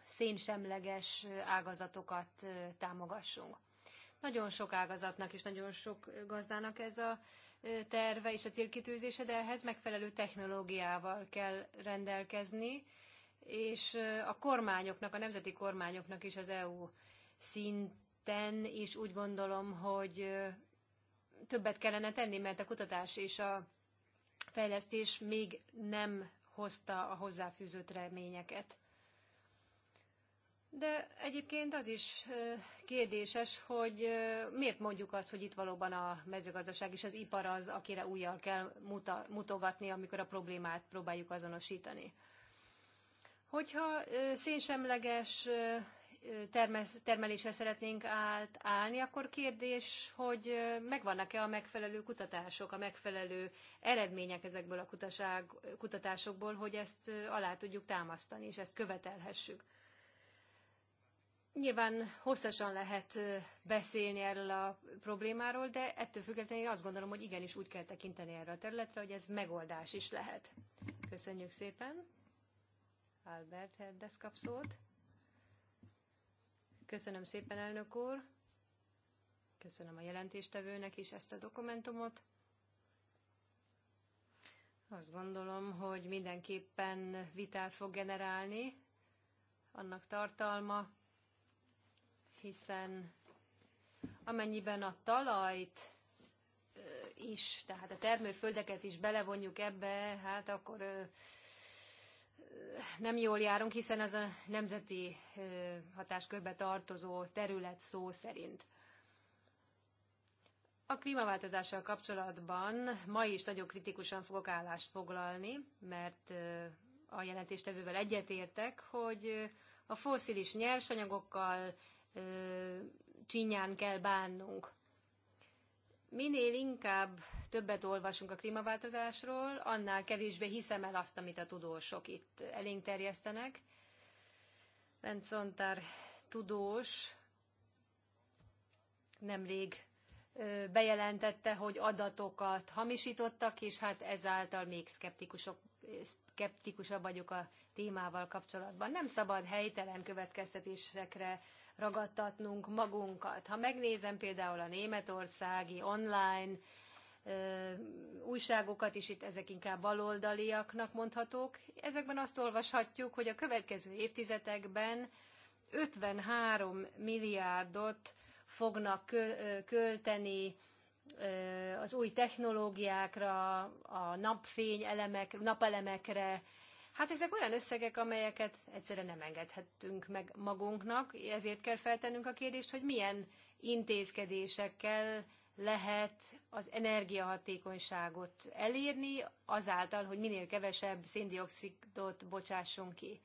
szénsemleges ágazatokat támogassunk. Nagyon sok ágazatnak és nagyon sok gazdának ez a terve és a célkitűzése, de ehhez megfelelő technológiával kell rendelkezni, és a kormányoknak, a nemzeti kormányoknak is az EU szint területen is úgy gondolom, hogy többet kellene tenni, mert a kutatás és a fejlesztés még nem hozta a hozzáfűzött reményeket. De egyébként az is kérdéses, hogy miért mondjuk azt, hogy itt valóban a mezőgazdaság és az ipar az, akire újjal kell mutogatni, amikor a problémát próbáljuk azonosítani. Hogyha szénsemleges termelésre szeretnénk állt, állni, akkor kérdés, hogy megvannak-e a megfelelő kutatások, a megfelelő eredmények ezekből a kutaság, kutatásokból, hogy ezt alá tudjuk támasztani, és ezt követelhessük. Nyilván hosszasan lehet beszélni erről a problémáról, de ettől függetlenül én azt gondolom, hogy igenis úgy kell tekinteni erre a területre, hogy ez megoldás is lehet. Köszönjük szépen. Albert Heddes kap Köszönöm szépen, elnök úr. Köszönöm a jelentéstevőnek is ezt a dokumentumot. Azt gondolom, hogy mindenképpen vitát fog generálni annak tartalma, hiszen amennyiben a talajt is, tehát a termőföldeket is belevonjuk ebbe, hát akkor nem jól járunk, hiszen ez a nemzeti hatáskörbe tartozó terület szó szerint. A klímaváltozással kapcsolatban ma is nagyon kritikusan fogok állást foglalni, mert a jelentéstevővel egyetértek, hogy a foszilis nyersanyagokkal csinyán kell bánnunk minél inkább többet olvasunk a klímaváltozásról, annál kevésbé hiszem el azt, amit a tudósok itt elénk terjesztenek. Bencontár tudós nemrég bejelentette, hogy adatokat hamisítottak, és hát ezáltal még szkeptikusok szkeptikusabb vagyok a témával kapcsolatban. Nem szabad helytelen következtetésekre ragadtatnunk magunkat. Ha megnézem például a németországi online ö, újságokat is, itt ezek inkább baloldaliaknak mondhatók, ezekben azt olvashatjuk, hogy a következő évtizedekben 53 milliárdot fognak költeni az új technológiákra, a napfény elemek, napelemekre. Hát ezek olyan összegek, amelyeket egyszerűen nem engedhetünk meg magunknak, ezért kell feltennünk a kérdést, hogy milyen intézkedésekkel lehet az energiahatékonyságot elérni, azáltal, hogy minél kevesebb széndiokszidot bocsássunk ki.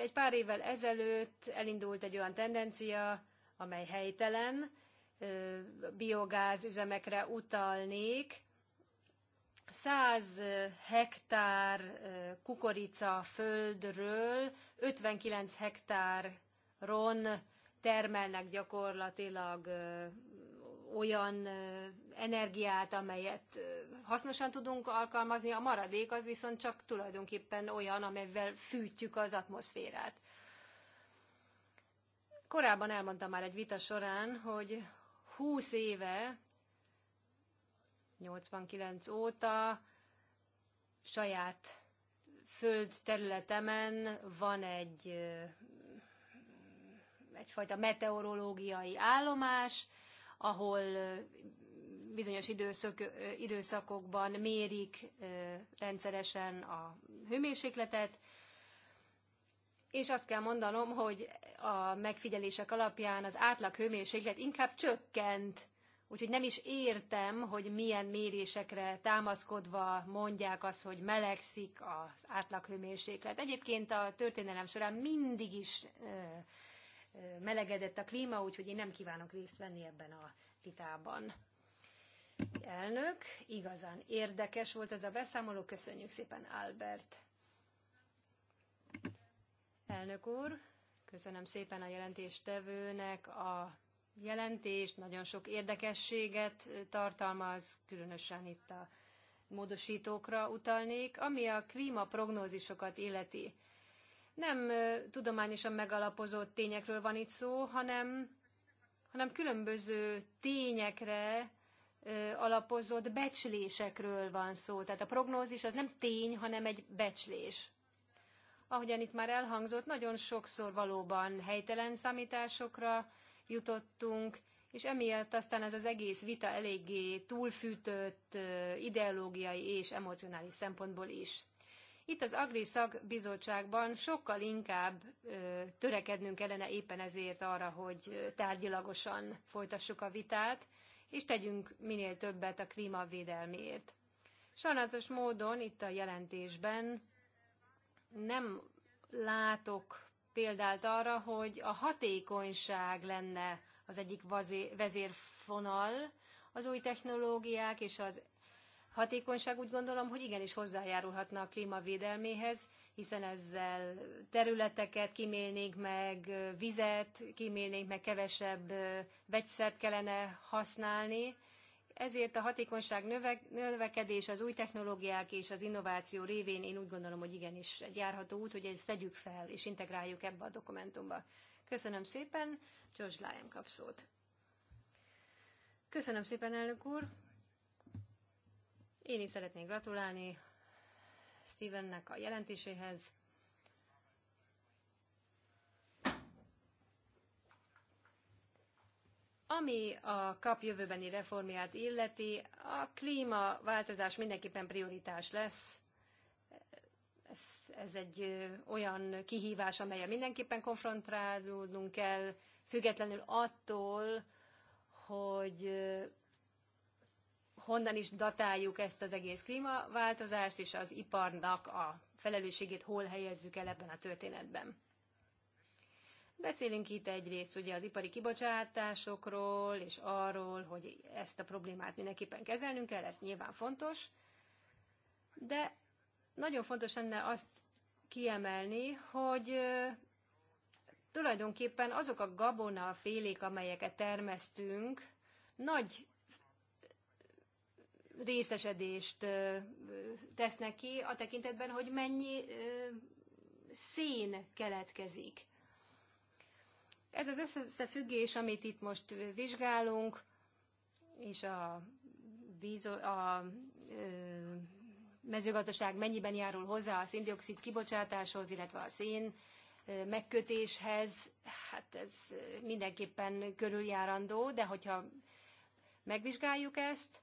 Egy pár évvel ezelőtt elindult egy olyan tendencia, amely helytelen, biogáz üzemekre utalnék. 100 hektár kukorica földről 59 hektáron termelnek gyakorlatilag olyan energiát, amelyet hasznosan tudunk alkalmazni, a maradék az viszont csak tulajdonképpen olyan, amivel fűtjük az atmoszférát. Korábban elmondtam már egy vita során, hogy 20 éve, 89 óta saját föld területemen van egy egyfajta meteorológiai állomás, ahol bizonyos időszök, időszakokban mérik rendszeresen a hőmérsékletet, és azt kell mondanom, hogy a megfigyelések alapján az átlag hőmérséklet inkább csökkent, úgyhogy nem is értem, hogy milyen mérésekre támaszkodva mondják azt, hogy melegszik az átlag hőmérséklet. Egyébként a történelem során mindig is melegedett a klíma, úgyhogy én nem kívánok részt venni ebben a vitában. Elnök, igazán érdekes volt ez a beszámoló, köszönjük szépen Albert. Elnök úr, köszönöm szépen a jelentéstevőnek a jelentést, nagyon sok érdekességet tartalmaz, különösen itt a módosítókra utalnék, ami a klímaprognózisokat illeti. Nem tudományosan megalapozott tényekről van itt szó, hanem, hanem különböző tényekre alapozott becslésekről van szó. Tehát a prognózis az nem tény, hanem egy becslés. Ahogyan itt már elhangzott, nagyon sokszor valóban helytelen számításokra jutottunk, és emiatt aztán ez az egész vita eléggé túlfűtött ideológiai és emocionális szempontból is. Itt az Agri Szakbizottságban sokkal inkább ö, törekednünk kellene éppen ezért arra, hogy tárgyilagosan folytassuk a vitát, és tegyünk minél többet a klímavédelmért. Sajnálatos módon itt a jelentésben nem látok példát arra, hogy a hatékonyság lenne az egyik vezérfonal, az új technológiák és az hatékonyság úgy gondolom, hogy igenis hozzájárulhatna a klímavédelméhez, hiszen ezzel területeket kimélnénk meg, vizet kimélnénk meg, kevesebb vegyszert kellene használni, ezért a hatékonyság növekedés, az új technológiák és az innováció révén én úgy gondolom, hogy igenis egy járható út, hogy ezt tegyük fel és integráljuk ebbe a dokumentumba. Köszönöm szépen, George Lyon kap szót. Köszönöm szépen, elnök úr. Én is szeretnék gratulálni Stevennek a jelentéséhez. Ami a kap jövőbeni reformját illeti, a klímaváltozás mindenképpen prioritás lesz. Ez, ez egy olyan kihívás, amelyen mindenképpen konfrontálódnunk kell, függetlenül attól, hogy honnan is datáljuk ezt az egész klímaváltozást, és az iparnak a felelősségét hol helyezzük el ebben a történetben. Beszélünk itt egyrészt ugye az ipari kibocsátásokról, és arról, hogy ezt a problémát mindenképpen kezelnünk kell, ez nyilván fontos, de nagyon fontos lenne azt kiemelni, hogy tulajdonképpen azok a gabona-félék, amelyeket termesztünk, nagy részesedést tesznek ki a tekintetben, hogy mennyi szén keletkezik. Ez az összefüggés, amit itt most vizsgálunk, és a, bízo, a ö, mezőgazdaság mennyiben járul hozzá a széndiokszid kibocsátáshoz, illetve a szén megkötéshez, hát ez mindenképpen körüljárandó, de hogyha megvizsgáljuk ezt,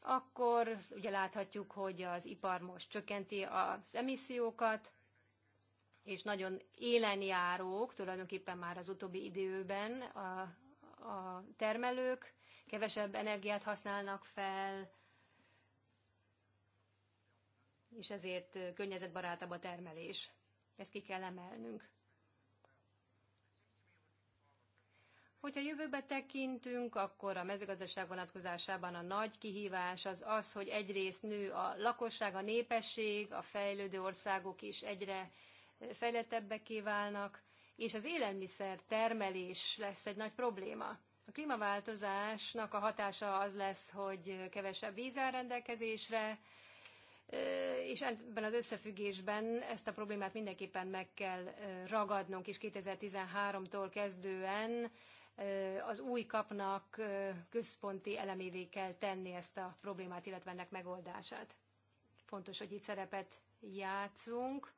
akkor ugye láthatjuk, hogy az ipar most csökkenti az emissziókat, és nagyon élenjárók tulajdonképpen már az utóbbi időben a, a termelők, kevesebb energiát használnak fel, és ezért környezetbarátabb a termelés. Ezt ki kell emelnünk. Hogyha jövőbe tekintünk, akkor a mezőgazdaság vonatkozásában a nagy kihívás az az, hogy egyrészt nő a lakosság, a népesség, a fejlődő országok is egyre fejlettebbeké válnak, és az élelmiszer termelés lesz egy nagy probléma. A klímaváltozásnak a hatása az lesz, hogy kevesebb víz áll rendelkezésre, és ebben az összefüggésben ezt a problémát mindenképpen meg kell ragadnunk, és 2013-tól kezdően az új kapnak központi elemévé kell tenni ezt a problémát, illetve ennek megoldását. Fontos, hogy itt szerepet játszunk,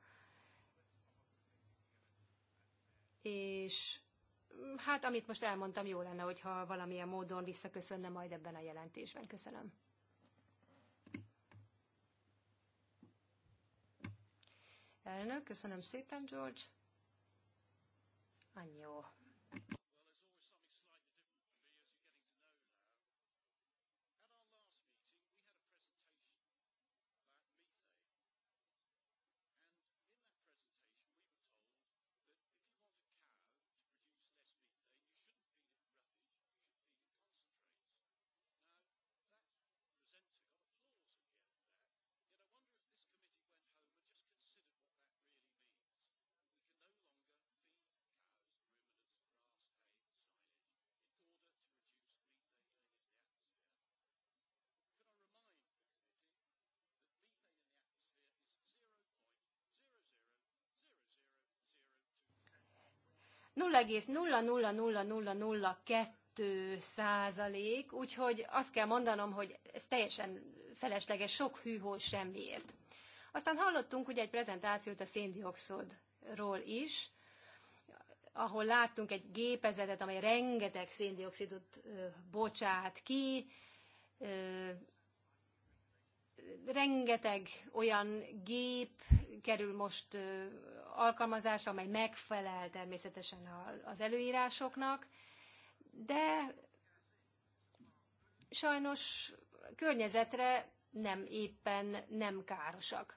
és mm, hát amit most elmondtam, jó lenne, hogyha valamilyen módon visszaköszönne majd ebben a jelentésben. Köszönöm. Elnök, köszönöm szépen, George. Annyi jó. 0,00002 százalék, úgyhogy azt kell mondanom, hogy ez teljesen felesleges, sok hűhó semmiért. Aztán hallottunk ugye egy prezentációt a széndiokszodról is, ahol láttunk egy gépezetet, amely rengeteg széndiokszidot bocsát ki, rengeteg olyan gép kerül most alkalmazása, amely megfelel természetesen az előírásoknak, de sajnos környezetre nem éppen nem károsak.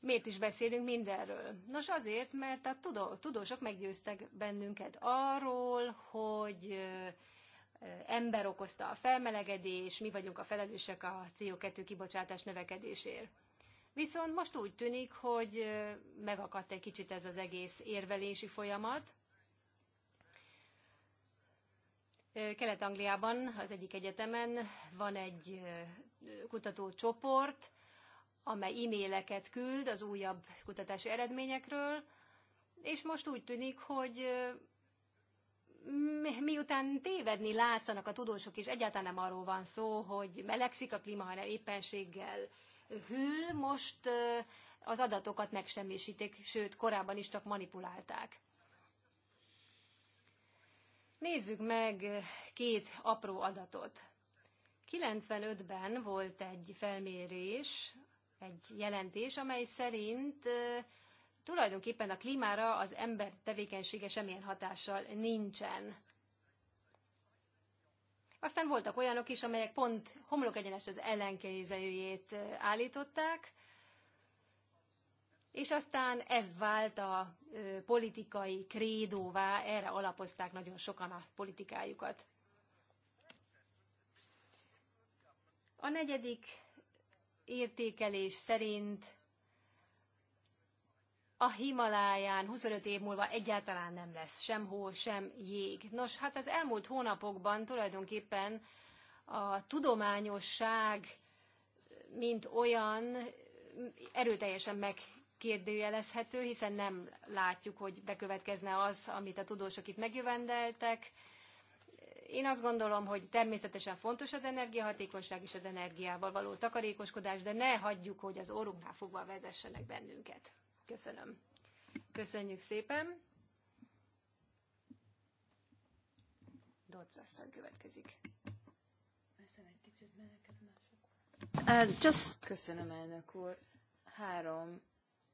Miért is beszélünk mindenről? Nos, azért, mert a tudósok meggyőztek bennünket arról, hogy ember okozta a felmelegedés, mi vagyunk a felelősek a CO2 kibocsátás növekedésért. Viszont most úgy tűnik, hogy megakadt egy kicsit ez az egész érvelési folyamat. Kelet-Angliában, az egyik egyetemen van egy kutatócsoport, amely e-maileket küld az újabb kutatási eredményekről, és most úgy tűnik, hogy miután tévedni látszanak a tudósok, és egyáltalán nem arról van szó, hogy melegszik a klíma, hanem éppenséggel hűl, most az adatokat megsemmisítik, sőt, korábban is csak manipulálták. Nézzük meg két apró adatot. 95-ben volt egy felmérés, egy jelentés, amely szerint tulajdonképpen a klímára az ember tevékenysége semmilyen hatással nincsen. Aztán voltak olyanok is, amelyek pont homlok egyenes az ellenkézőjét állították, és aztán ez vált a politikai krédóvá, erre alapozták nagyon sokan a politikájukat. A negyedik értékelés szerint a Himaláján 25 év múlva egyáltalán nem lesz sem hó, sem jég. Nos, hát az elmúlt hónapokban tulajdonképpen a tudományosság, mint olyan, erőteljesen megkérdőjelezhető, hiszen nem látjuk, hogy bekövetkezne az, amit a tudósok itt megjövendeltek. Én azt gondolom, hogy természetesen fontos az energiahatékonyság és az energiával való takarékoskodás, de ne hagyjuk, hogy az orrunknál fogva vezessenek bennünket. Köszönöm. Köszönjük szépen. asszony következik. Uh, just... Köszönöm, elnök úr. Három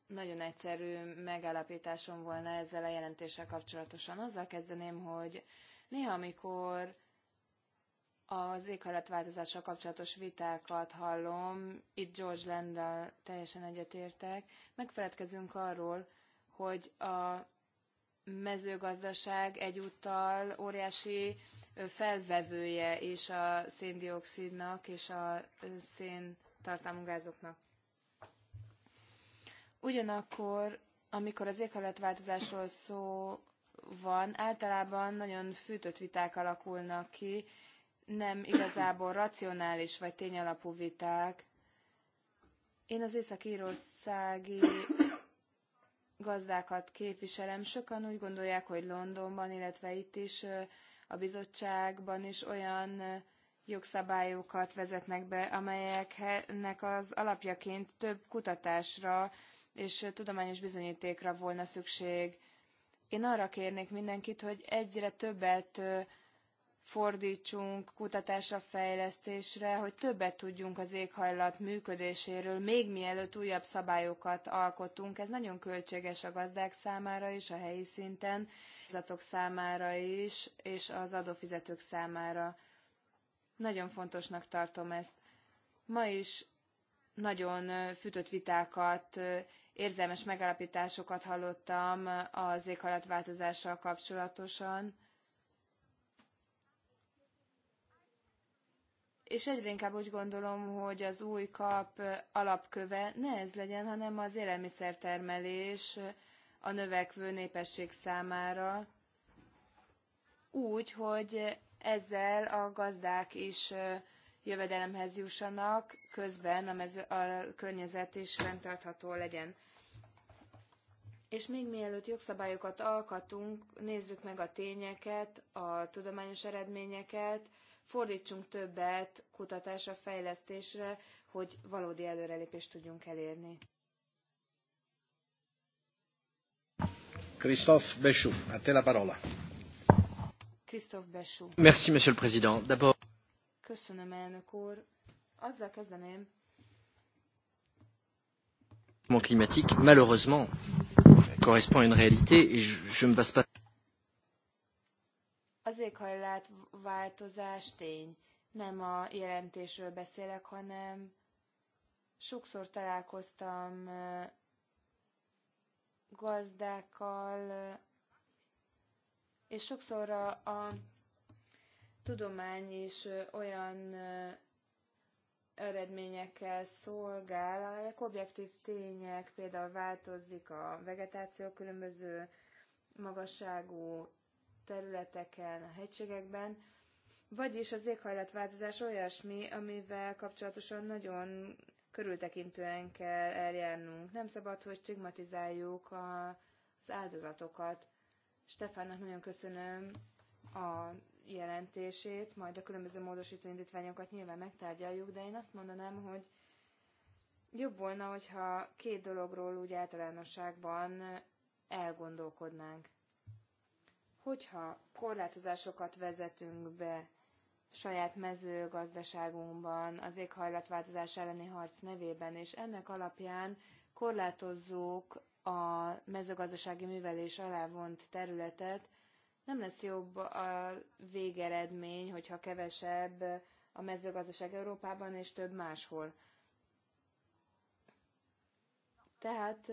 nagyon egyszerű megállapításom volna ezzel a jelentéssel kapcsolatosan. Azzal kezdeném, hogy néha, amikor az éghajlatváltozással kapcsolatos vitákat hallom, itt George Lendel teljesen egyetértek, megfeledkezünk arról, hogy a mezőgazdaság egyúttal óriási felvevője is a széndiokszidnak és a szén tartalmú gázoknak. Ugyanakkor, amikor az éghajlatváltozásról szó van, általában nagyon fűtött viták alakulnak ki, nem igazából racionális vagy tényalapú viták. Én az észak-írországi gazdákat képviselem. Sokan úgy gondolják, hogy Londonban, illetve itt is a bizottságban is olyan jogszabályokat vezetnek be, amelyeknek az alapjaként több kutatásra és tudományos bizonyítékra volna szükség. Én arra kérnék mindenkit, hogy egyre többet fordítsunk kutatásra, fejlesztésre, hogy többet tudjunk az éghajlat működéséről, még mielőtt újabb szabályokat alkotunk. Ez nagyon költséges a gazdák számára is, a helyi szinten, az számára is, és az adófizetők számára. Nagyon fontosnak tartom ezt. Ma is nagyon fűtött vitákat, érzelmes megállapításokat hallottam az éghajlatváltozással kapcsolatosan és egyre inkább úgy gondolom, hogy az új kap alapköve ne ez legyen, hanem az élelmiszertermelés a növekvő népesség számára, úgy, hogy ezzel a gazdák is jövedelemhez jussanak, közben a, mező, a környezet is fenntartható legyen. És még mielőtt jogszabályokat alkatunk, nézzük meg a tényeket, a tudományos eredményeket, fordítsunk többet kutatásra, fejlesztésre, hogy valódi előrelépést tudjunk elérni. Christophe Bessou, a te la parola. Christophe Bessou. Merci, Monsieur le Président. D'abord... Köszönöm, elnök úr. Azzal kezdeném. Mon climatique, malheureusement, correspond à une réalité et je, ne passe pas az változás tény. Nem a jelentésről beszélek, hanem sokszor találkoztam gazdákkal, és sokszor a, a tudomány is olyan eredményekkel szolgál, amelyek objektív tények, például változik a vegetáció, különböző magasságú területeken, a hegységekben, vagyis az éghajlatváltozás olyasmi, amivel kapcsolatosan nagyon körültekintően kell eljárnunk. Nem szabad, hogy stigmatizáljuk a, az áldozatokat. Stefánnak nagyon köszönöm a jelentését, majd a különböző módosító indítványokat nyilván megtárgyaljuk, de én azt mondanám, hogy jobb volna, hogyha két dologról úgy általánosságban elgondolkodnánk. Hogyha korlátozásokat vezetünk be saját mezőgazdaságunkban az éghajlatváltozás elleni harc nevében, és ennek alapján korlátozzuk a mezőgazdasági művelés alá vont területet, nem lesz jobb a végeredmény, hogyha kevesebb a mezőgazdaság Európában és több máshol. Tehát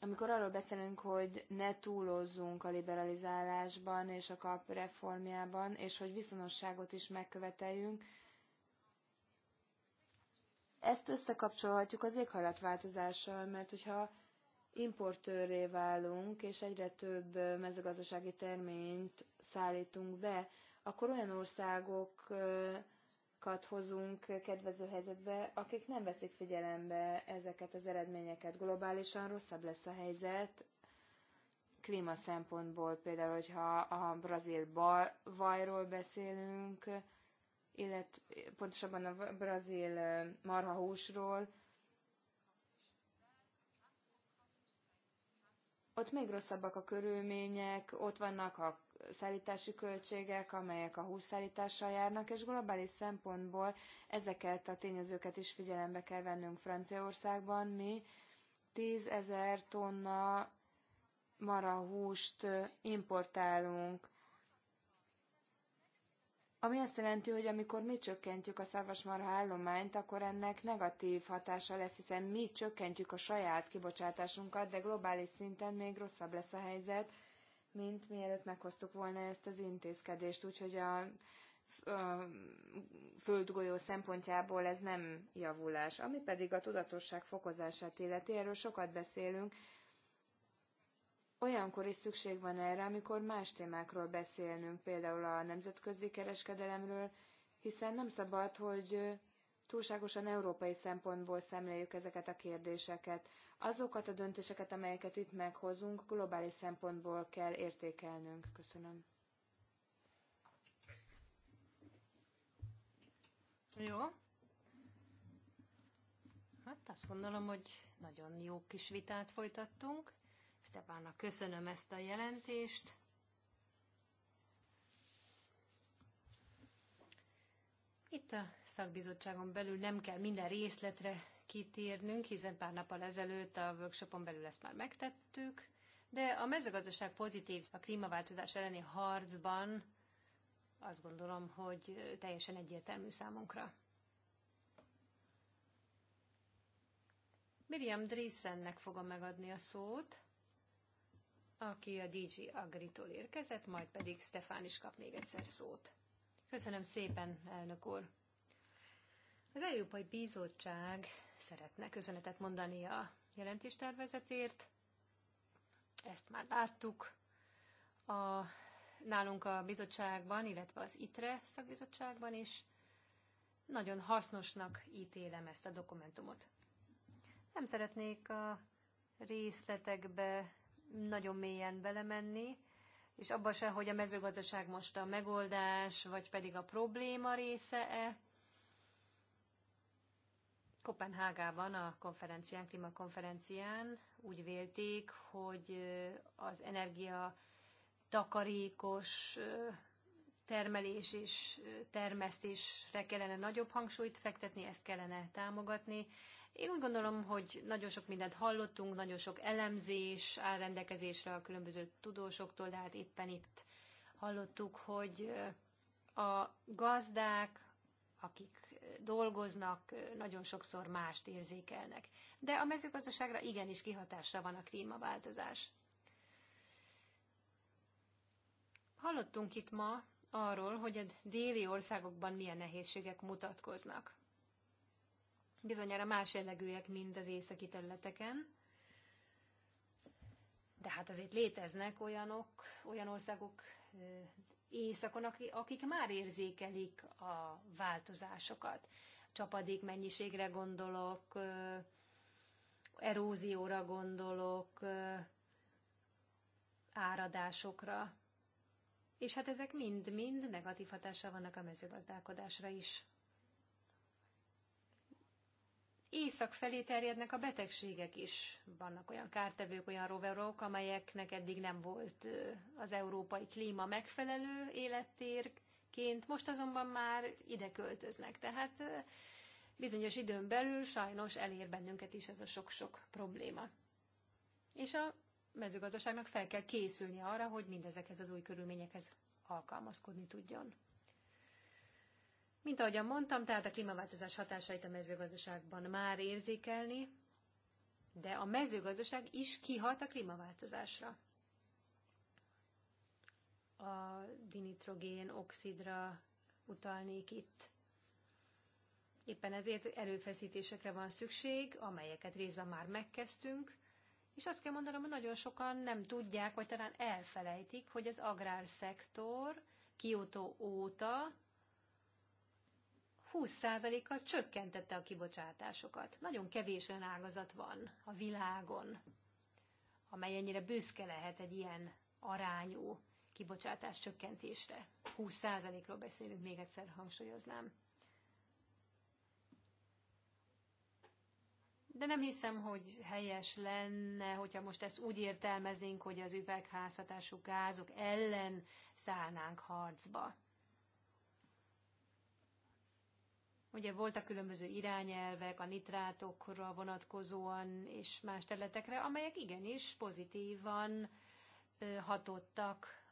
amikor arról beszélünk, hogy ne túlozzunk a liberalizálásban és a kap reformjában, és hogy viszonosságot is megköveteljünk, ezt összekapcsolhatjuk az éghajlatváltozással, mert hogyha importőré válunk, és egyre több mezőgazdasági terményt szállítunk be, akkor olyan országok azokat hozunk kedvező helyzetbe, akik nem veszik figyelembe ezeket az eredményeket. Globálisan rosszabb lesz a helyzet, klíma szempontból, például, hogyha a brazil vajról beszélünk, illetve pontosabban a brazil marhahúsról, ott még rosszabbak a körülmények, ott vannak a szállítási költségek, amelyek a hússzállítással járnak, és globális szempontból ezeket a tényezőket is figyelembe kell vennünk Franciaországban. Mi 10 ezer tonna marahúst importálunk ami azt jelenti, hogy amikor mi csökkentjük a szarvasmarha állományt, akkor ennek negatív hatása lesz, hiszen mi csökkentjük a saját kibocsátásunkat, de globális szinten még rosszabb lesz a helyzet, mint mielőtt meghoztuk volna ezt az intézkedést. Úgyhogy a, a földgolyó szempontjából ez nem javulás. Ami pedig a tudatosság fokozását illeti, erről sokat beszélünk, olyankor is szükség van erre, amikor más témákról beszélnünk, például a nemzetközi kereskedelemről, hiszen nem szabad, hogy túlságosan európai szempontból szemléljük ezeket a kérdéseket. Azokat a döntéseket, amelyeket itt meghozunk, globális szempontból kell értékelnünk. Köszönöm. Jó. Hát azt gondolom, hogy nagyon jó kis vitát folytattunk. Stepánnak köszönöm ezt a jelentést. Itt a szakbizottságon belül nem kell minden részletre kitérnünk, hiszen pár nappal ezelőtt a workshopon belül ezt már megtettük, de a mezőgazdaság pozitív a klímaváltozás elleni harcban azt gondolom, hogy teljesen egyértelmű számunkra. Miriam Driessennek fogom megadni a szót, aki a DJ Agritól érkezett, majd pedig Stefán is kap még egyszer szót. Köszönöm szépen, elnök úr! Az Európai Bizottság szeretne köszönetet mondani a jelentéstervezetért. Ezt már láttuk a, nálunk a bizottságban, illetve az ITRE szakbizottságban is. Nagyon hasznosnak ítélem ezt a dokumentumot. Nem szeretnék a részletekbe nagyon mélyen belemenni, és abba se, hogy a mezőgazdaság most a megoldás, vagy pedig a probléma része-e. Kopenhágában a konferencián, klímakonferencián úgy vélték, hogy az energia takarékos termelés és termesztésre kellene nagyobb hangsúlyt fektetni, ezt kellene támogatni. Én úgy gondolom, hogy nagyon sok mindent hallottunk, nagyon sok elemzés áll rendelkezésre a különböző tudósoktól, de hát éppen itt hallottuk, hogy a gazdák, akik dolgoznak, nagyon sokszor mást érzékelnek. De a mezőgazdaságra igenis kihatása van a klímaváltozás. Hallottunk itt ma arról, hogy a déli országokban milyen nehézségek mutatkoznak bizonyára más jellegűek, mint az északi területeken. De hát azért léteznek olyanok, olyan országok északon, akik már érzékelik a változásokat. Csapadék mennyiségre gondolok, erózióra gondolok, áradásokra. És hát ezek mind-mind negatív hatással vannak a mezőgazdálkodásra is észak felé terjednek a betegségek is. Vannak olyan kártevők, olyan roverok, amelyeknek eddig nem volt az európai klíma megfelelő élettérként, most azonban már ide költöznek. Tehát bizonyos időn belül sajnos elér bennünket is ez a sok-sok probléma. És a mezőgazdaságnak fel kell készülni arra, hogy mindezekhez az új körülményekhez alkalmazkodni tudjon. Mint ahogyan mondtam, tehát a klímaváltozás hatásait a mezőgazdaságban már érzékelni, de a mezőgazdaság is kihat a klímaváltozásra. A dinitrogén oxidra utalnék itt. Éppen ezért erőfeszítésekre van szükség, amelyeket részben már megkezdtünk, és azt kell mondanom, hogy nagyon sokan nem tudják, vagy talán elfelejtik, hogy az agrárszektor Kyoto óta 20%-kal csökkentette a kibocsátásokat. Nagyon kevés olyan ágazat van a világon, amely ennyire büszke lehet egy ilyen arányú kibocsátás csökkentésre. 20%-ról beszélünk, még egyszer hangsúlyoznám. De nem hiszem, hogy helyes lenne, hogyha most ezt úgy értelmeznénk, hogy az üvegházhatású gázok ellen szállnánk harcba. Ugye voltak különböző irányelvek a nitrátokra vonatkozóan és más területekre, amelyek igenis pozitívan hatottak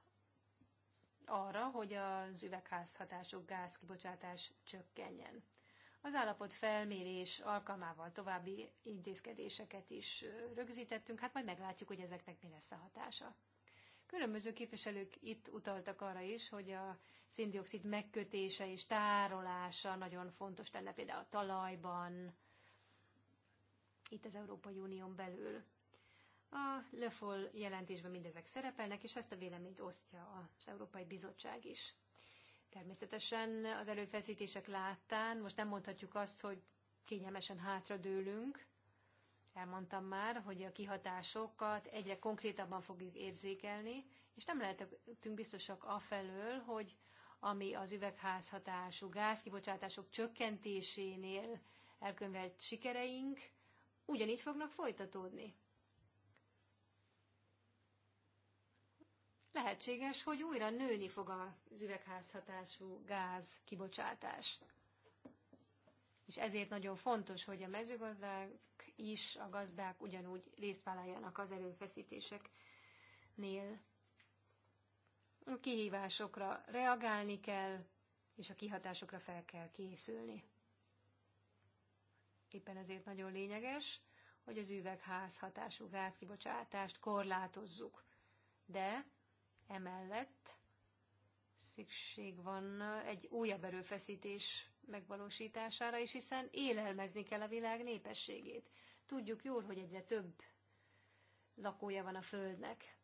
arra, hogy az üvegházhatású gázkibocsátás csökkenjen. Az állapot felmérés alkalmával további intézkedéseket is rögzítettünk, hát majd meglátjuk, hogy ezeknek mi lesz a hatása. Különböző képviselők itt utaltak arra is, hogy a széndiokszid megkötése és tárolása nagyon fontos lenne például a talajban, itt az Európai Unión belül. A Lefol jelentésben mindezek szerepelnek, és ezt a véleményt osztja az Európai Bizottság is. Természetesen az előfeszítések láttán most nem mondhatjuk azt, hogy kényelmesen hátradőlünk, elmondtam már, hogy a kihatásokat egyre konkrétabban fogjuk érzékelni, és nem lehetünk biztosak afelől, hogy ami az üvegházhatású gázkibocsátások csökkentésénél elkönyvelt sikereink, ugyanígy fognak folytatódni. Lehetséges, hogy újra nőni fog az üvegházhatású gáz kibocsátás és ezért nagyon fontos, hogy a mezőgazdák is, a gazdák ugyanúgy részt vállaljanak az erőfeszítéseknél. A kihívásokra reagálni kell, és a kihatásokra fel kell készülni. Éppen ezért nagyon lényeges, hogy az üvegház hatású gázkibocsátást korlátozzuk. De emellett szükség van egy újabb erőfeszítés megvalósítására is, hiszen élelmezni kell a világ népességét. Tudjuk jól, hogy egyre több lakója van a Földnek.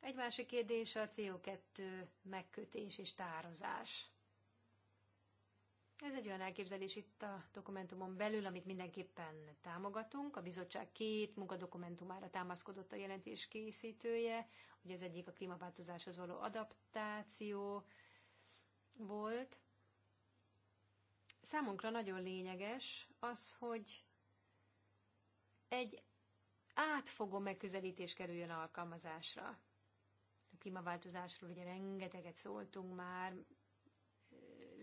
Egy másik kérdés a CO2 megkötés és tározás. Ez egy olyan elképzelés itt a dokumentumon belül, amit mindenképpen támogatunk. A bizottság két munkadokumentumára támaszkodott a jelentés készítője, hogy az egyik a klímaváltozáshoz való adaptáció volt, Számunkra nagyon lényeges az, hogy egy átfogó megközelítés kerüljön alkalmazásra. A klímaváltozásról ugye rengeteget szóltunk már,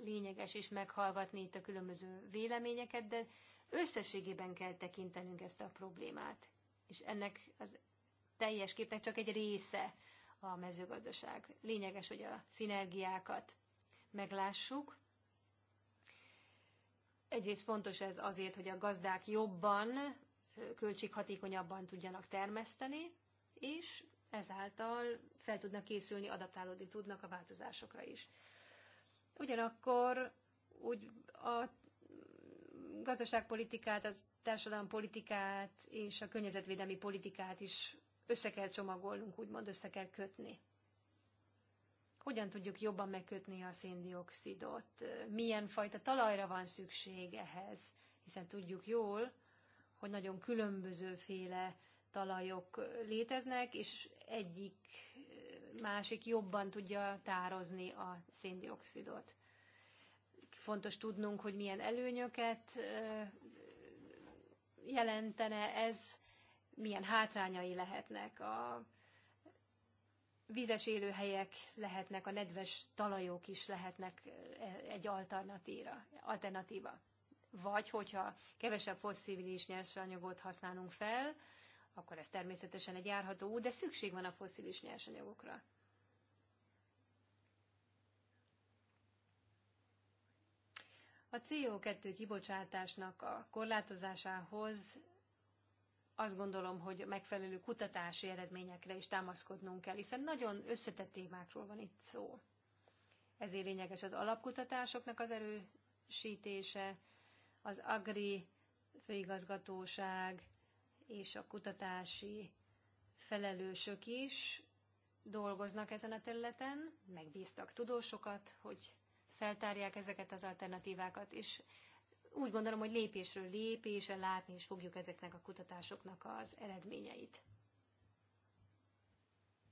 lényeges is meghallgatni itt a különböző véleményeket, de összességében kell tekintenünk ezt a problémát. És ennek az teljes képnek csak egy része a mezőgazdaság. Lényeges, hogy a szinergiákat meglássuk, Egyrészt fontos ez azért, hogy a gazdák jobban, költséghatékonyabban tudjanak termeszteni, és ezáltal fel tudnak készülni, adaptálódni tudnak a változásokra is. Ugyanakkor úgy a gazdaságpolitikát, a politikát és a környezetvédelmi politikát is össze kell csomagolnunk, úgymond össze kell kötni hogyan tudjuk jobban megkötni a széndiokszidot, milyen fajta talajra van szükség ehhez, hiszen tudjuk jól, hogy nagyon különbözőféle talajok léteznek, és egyik másik jobban tudja tározni a széndiokszidot. Fontos tudnunk, hogy milyen előnyöket jelentene ez, milyen hátrányai lehetnek a vizes élőhelyek lehetnek, a nedves talajok is lehetnek e, egy alternatíra, alternatíva. Vagy hogyha kevesebb fosszilis nyersanyagot használunk fel, akkor ez természetesen egy járható út, de szükség van a fosszilis nyersanyagokra. A CO2 kibocsátásnak a korlátozásához azt gondolom, hogy megfelelő kutatási eredményekre is támaszkodnunk kell, hiszen nagyon összetett témákról van itt szó. Ezért lényeges az alapkutatásoknak az erősítése, az agri főigazgatóság és a kutatási felelősök is dolgoznak ezen a területen, megbíztak tudósokat, hogy feltárják ezeket az alternatívákat, és úgy gondolom, hogy lépésről lépésre látni is fogjuk ezeknek a kutatásoknak az eredményeit.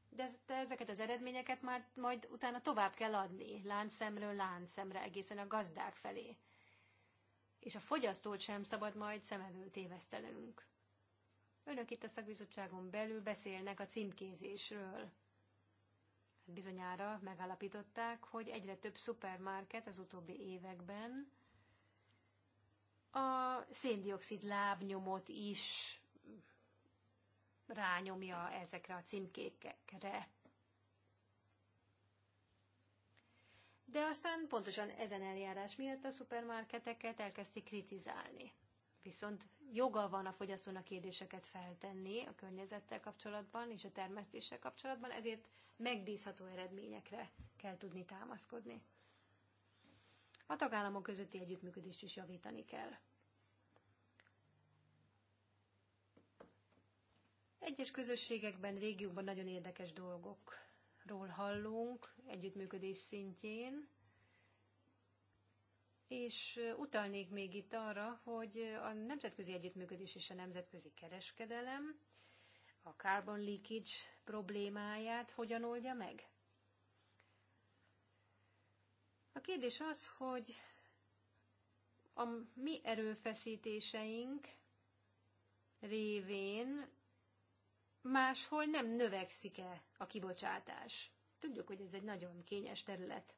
De ezeket az eredményeket már majd utána tovább kell adni, láncszemről láncszemre, egészen a gazdák felé. És a fogyasztót sem szabad majd szem előtt tévesztelenünk. Önök itt a szakbizottságon belül beszélnek a címkézésről. Hát bizonyára megállapították, hogy egyre több szupermarket az utóbbi években a széndiokszid lábnyomot is rányomja ezekre a címkékekre. De aztán pontosan ezen eljárás miatt a szupermarketeket elkezdték kritizálni. Viszont joga van a fogyasztónak kérdéseket feltenni a környezettel kapcsolatban és a termesztéssel kapcsolatban, ezért megbízható eredményekre kell tudni támaszkodni. A tagállamok közötti együttműködést is javítani kell. Egyes közösségekben, régiókban nagyon érdekes dolgokról hallunk együttműködés szintjén, és utalnék még itt arra, hogy a nemzetközi együttműködés és a nemzetközi kereskedelem a carbon leakage problémáját hogyan oldja meg? A kérdés az, hogy a mi erőfeszítéseink révén máshol nem növekszik-e a kibocsátás. Tudjuk, hogy ez egy nagyon kényes terület,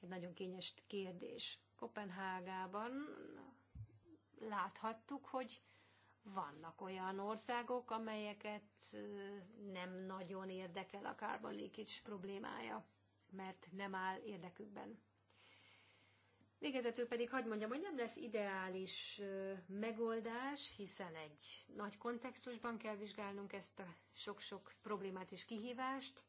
egy nagyon kényes kérdés. Kopenhágában láthattuk, hogy vannak olyan országok, amelyeket nem nagyon érdekel a carbon leakage problémája mert nem áll érdekükben. Végezetül pedig hagyd mondjam, hogy nem lesz ideális megoldás, hiszen egy nagy kontextusban kell vizsgálnunk ezt a sok-sok problémát és kihívást,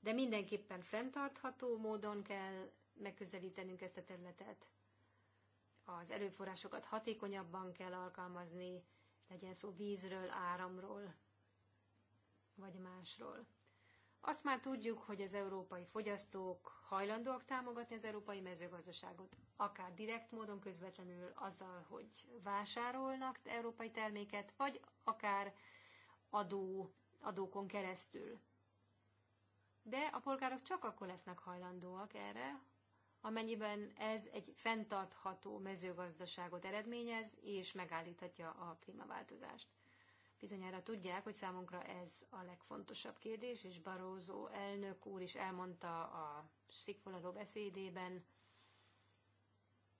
de mindenképpen fenntartható módon kell megközelítenünk ezt a területet. Az erőforrásokat hatékonyabban kell alkalmazni, legyen szó vízről, áramról, vagy másról. Azt már tudjuk, hogy az európai fogyasztók hajlandóak támogatni az európai mezőgazdaságot, akár direkt módon közvetlenül azzal, hogy vásárolnak európai terméket, vagy akár adó, adókon keresztül. De a polgárok csak akkor lesznek hajlandóak erre, amennyiben ez egy fenntartható mezőgazdaságot eredményez és megállíthatja a klímaváltozást. Bizonyára tudják, hogy számunkra ez a legfontosabb kérdés, és Barózó elnök úr is elmondta a szikfolaló beszédében,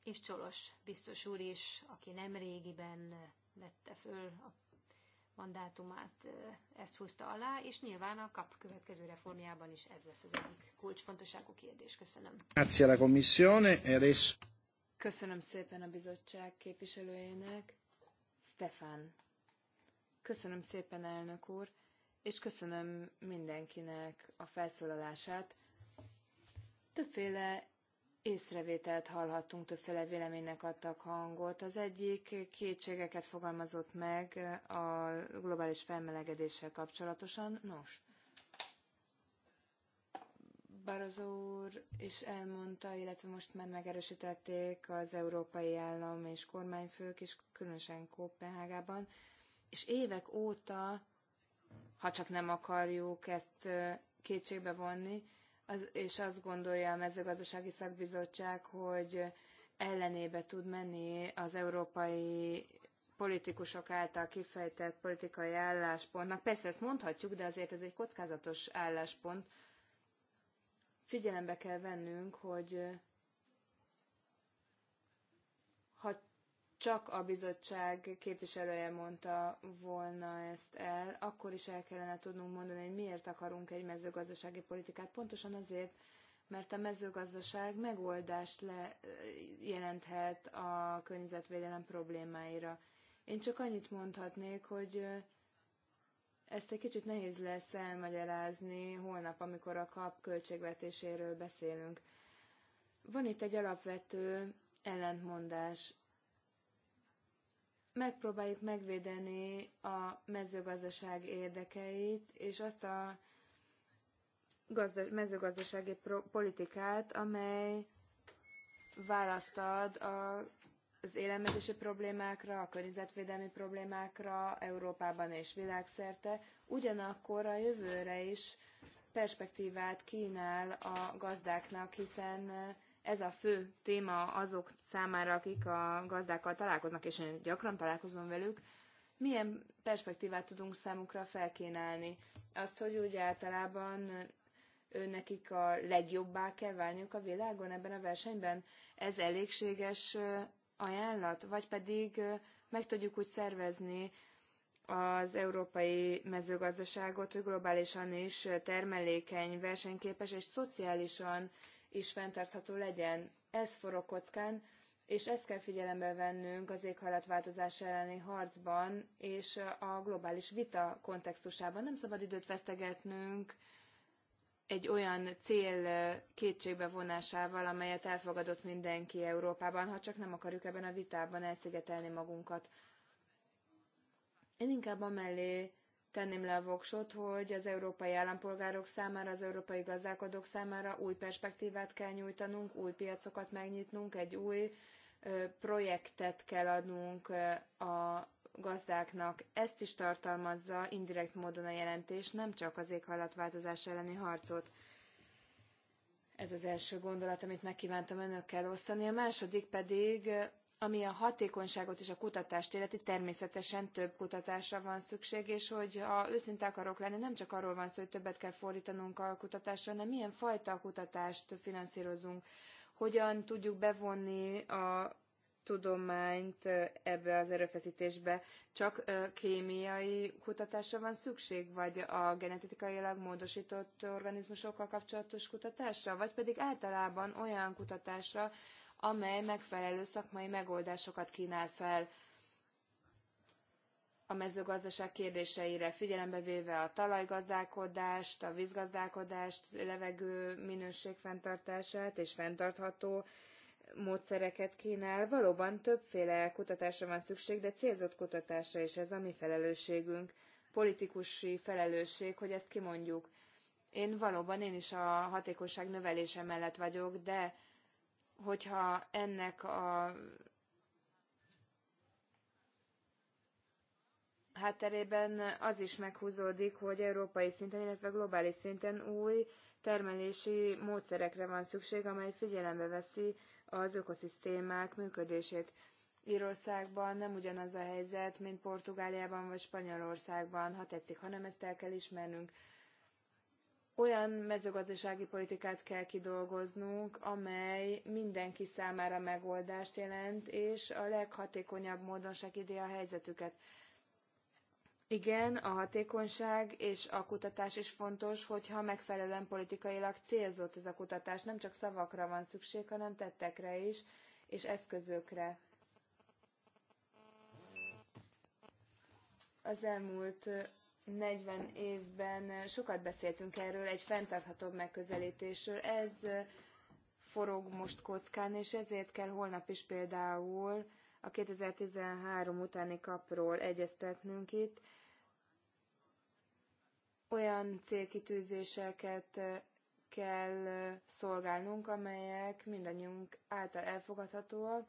és Csolos biztos úr is, aki nem régiben vette föl a mandátumát, ezt húzta alá, és nyilván a KAP következő reformjában is ez lesz az egyik kulcsfontosságú kérdés. Köszönöm. Commissione e Köszönöm szépen a bizottság képviselőjének. Stefan Köszönöm szépen, elnök úr, és köszönöm mindenkinek a felszólalását. Többféle észrevételt hallhattunk, többféle véleménynek adtak hangot. Az egyik kétségeket fogalmazott meg a globális felmelegedéssel kapcsolatosan. Nos, Barozó úr is elmondta, illetve most már megerősítették az európai állam és kormányfők is, különösen Kopenhágában, és évek óta, ha csak nem akarjuk ezt kétségbe vonni, az, és azt gondolja a mezőgazdasági szakbizottság, hogy ellenébe tud menni az európai politikusok által kifejtett politikai álláspontnak. Persze ezt mondhatjuk, de azért ez egy kockázatos álláspont. Figyelembe kell vennünk, hogy csak a bizottság képviselője mondta volna ezt el, akkor is el kellene tudnunk mondani, hogy miért akarunk egy mezőgazdasági politikát. Pontosan azért, mert a mezőgazdaság megoldást le, jelenthet a környezetvédelem problémáira. Én csak annyit mondhatnék, hogy ezt egy kicsit nehéz lesz elmagyarázni holnap, amikor a kap költségvetéséről beszélünk. Van itt egy alapvető ellentmondás megpróbáljuk megvédeni a mezőgazdaság érdekeit, és azt a gazda, mezőgazdasági politikát, amely választ ad a, az élelmezési problémákra, a környezetvédelmi problémákra Európában és világszerte, ugyanakkor a jövőre is perspektívát kínál a gazdáknak, hiszen ez a fő téma azok számára, akik a gazdákkal találkoznak, és én gyakran találkozom velük, milyen perspektívát tudunk számukra felkínálni. Azt, hogy úgy általában ő nekik a legjobbá kell válniuk a világon ebben a versenyben, ez elégséges ajánlat, vagy pedig meg tudjuk úgy szervezni az európai mezőgazdaságot, hogy globálisan is termelékeny, versenyképes és szociálisan is fenntartható legyen. Ez forog kockán, és ezt kell figyelembe vennünk az éghajlatváltozás elleni harcban és a globális vita kontextusában. Nem szabad időt vesztegetnünk egy olyan cél kétségbe vonásával, amelyet elfogadott mindenki Európában, ha csak nem akarjuk ebben a vitában elszigetelni magunkat. Én inkább amellé tenném le a voksot, hogy az európai állampolgárok számára, az európai gazdálkodók számára új perspektívát kell nyújtanunk, új piacokat megnyitnunk, egy új projektet kell adnunk a gazdáknak. Ezt is tartalmazza indirekt módon a jelentés, nem csak az éghajlatváltozás elleni harcot. Ez az első gondolat, amit megkívántam önökkel osztani. A második pedig ami a hatékonyságot és a kutatást illeti, természetesen több kutatásra van szükség, és hogy őszinte akarok lenni, nem csak arról van szó, hogy többet kell fordtanunk a kutatásra, hanem milyen fajta kutatást finanszrozunk hogyan tudjuk bevonni a tudományt ebbe az erőfeszítésbe. Csak kémiai kutatásra van szükség, vagy a genetikailag módosított organizmusokkal kapcsolatos kutatásra, vagy pedig általában olyan kutatásra, amely megfelelő szakmai megoldásokat kínál fel a mezőgazdaság kérdéseire, figyelembe véve a talajgazdálkodást, a vízgazdálkodást, levegő minőség fenntartását és fenntartható módszereket kínál. Valóban többféle kutatásra van szükség, de célzott kutatásra is ez a mi felelősségünk, politikusi felelősség, hogy ezt kimondjuk. Én valóban én is a hatékonyság növelése mellett vagyok, de hogyha ennek a hátterében az is meghúzódik, hogy európai szinten, illetve globális szinten új termelési módszerekre van szükség, amely figyelembe veszi az ökoszisztémák működését. Írországban nem ugyanaz a helyzet, mint Portugáliában vagy Spanyolországban, ha tetszik, hanem ezt el kell ismernünk olyan mezőgazdasági politikát kell kidolgoznunk, amely mindenki számára megoldást jelent, és a leghatékonyabb módon segíti a helyzetüket. Igen, a hatékonyság és a kutatás is fontos, hogyha megfelelően politikailag célzott ez a kutatás. Nem csak szavakra van szükség, hanem tettekre is, és eszközökre. Az elmúlt 40 évben sokat beszéltünk erről, egy fenntarthatóbb megközelítésről. Ez forog most kockán, és ezért kell holnap is például a 2013 utáni kapról egyeztetnünk itt. Olyan célkitűzéseket kell szolgálnunk, amelyek mindannyiunk által elfogadhatóak,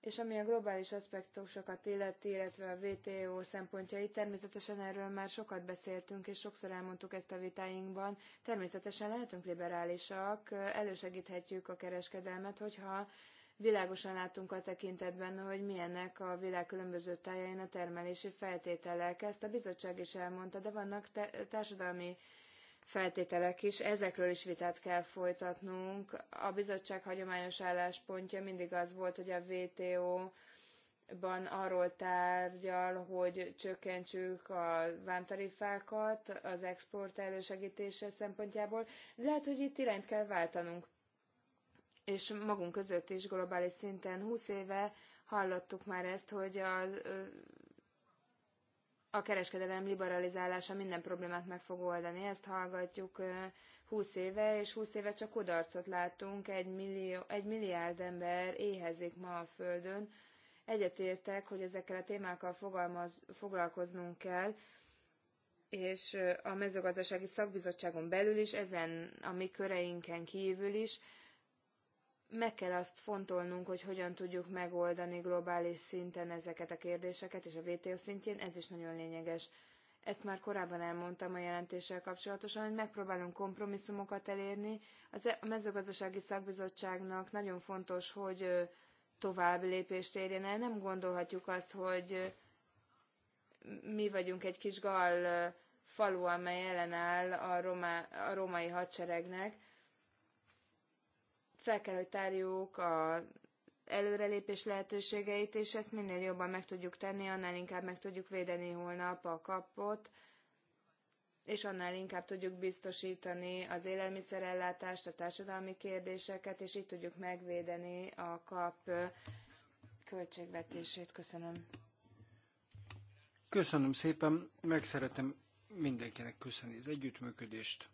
és ami a globális aspektusokat illeti, illetve a WTO szempontjai, természetesen erről már sokat beszéltünk, és sokszor elmondtuk ezt a vitáinkban. Természetesen lehetünk liberálisak, elősegíthetjük a kereskedelmet, hogyha világosan látunk a tekintetben, hogy milyenek a világ különböző tájain a termelési feltételek. Ezt a bizottság is elmondta, de vannak társadalmi feltételek is, ezekről is vitát kell folytatnunk. A bizottság hagyományos álláspontja mindig az volt, hogy a WTO ban arról tárgyal, hogy csökkentsük a vámtarifákat az export elősegítése szempontjából. Lehet, hogy itt irányt kell váltanunk. És magunk között is globális szinten 20 éve hallottuk már ezt, hogy a a kereskedelem liberalizálása minden problémát meg fog oldani. Ezt hallgatjuk 20 éve, és 20 éve csak kudarcot láttunk. Egy, millió, egy milliárd ember éhezik ma a Földön. Egyetértek, hogy ezekkel a témákkal fogalmaz, foglalkoznunk kell, és a mezőgazdasági szakbizottságon belül is, ezen a mi köreinken kívül is, meg kell azt fontolnunk, hogy hogyan tudjuk megoldani globális szinten ezeket a kérdéseket, és a WTO szintjén ez is nagyon lényeges. Ezt már korábban elmondtam a jelentéssel kapcsolatosan, hogy megpróbálunk kompromisszumokat elérni. E- a mezőgazdasági szakbizottságnak nagyon fontos, hogy tovább lépést érjen el. Nem gondolhatjuk azt, hogy mi vagyunk egy kis gal falu, amely ellenáll a, romá, a római hadseregnek, fel kell, hogy tárjuk a előrelépés lehetőségeit, és ezt minél jobban meg tudjuk tenni, annál inkább meg tudjuk védeni holnap a kapot, és annál inkább tudjuk biztosítani az élelmiszerellátást, a társadalmi kérdéseket, és így tudjuk megvédeni a kap költségvetését. Köszönöm. Köszönöm szépen, meg szeretem mindenkinek köszönni az együttműködést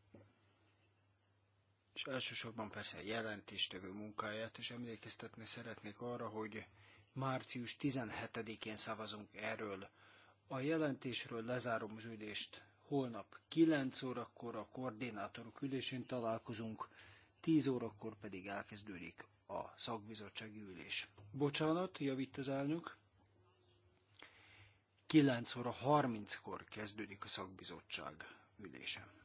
és elsősorban persze a jelentéstevő munkáját, és emlékeztetni szeretnék arra, hogy március 17-én szavazunk erről. A jelentésről lezárom az ülést. Holnap 9 órakor a koordinátorok ülésén találkozunk, 10 órakor pedig elkezdődik a szakbizottsági ülés. Bocsánat, javít az elnök. 9 óra 30-kor kezdődik a szakbizottság ülése.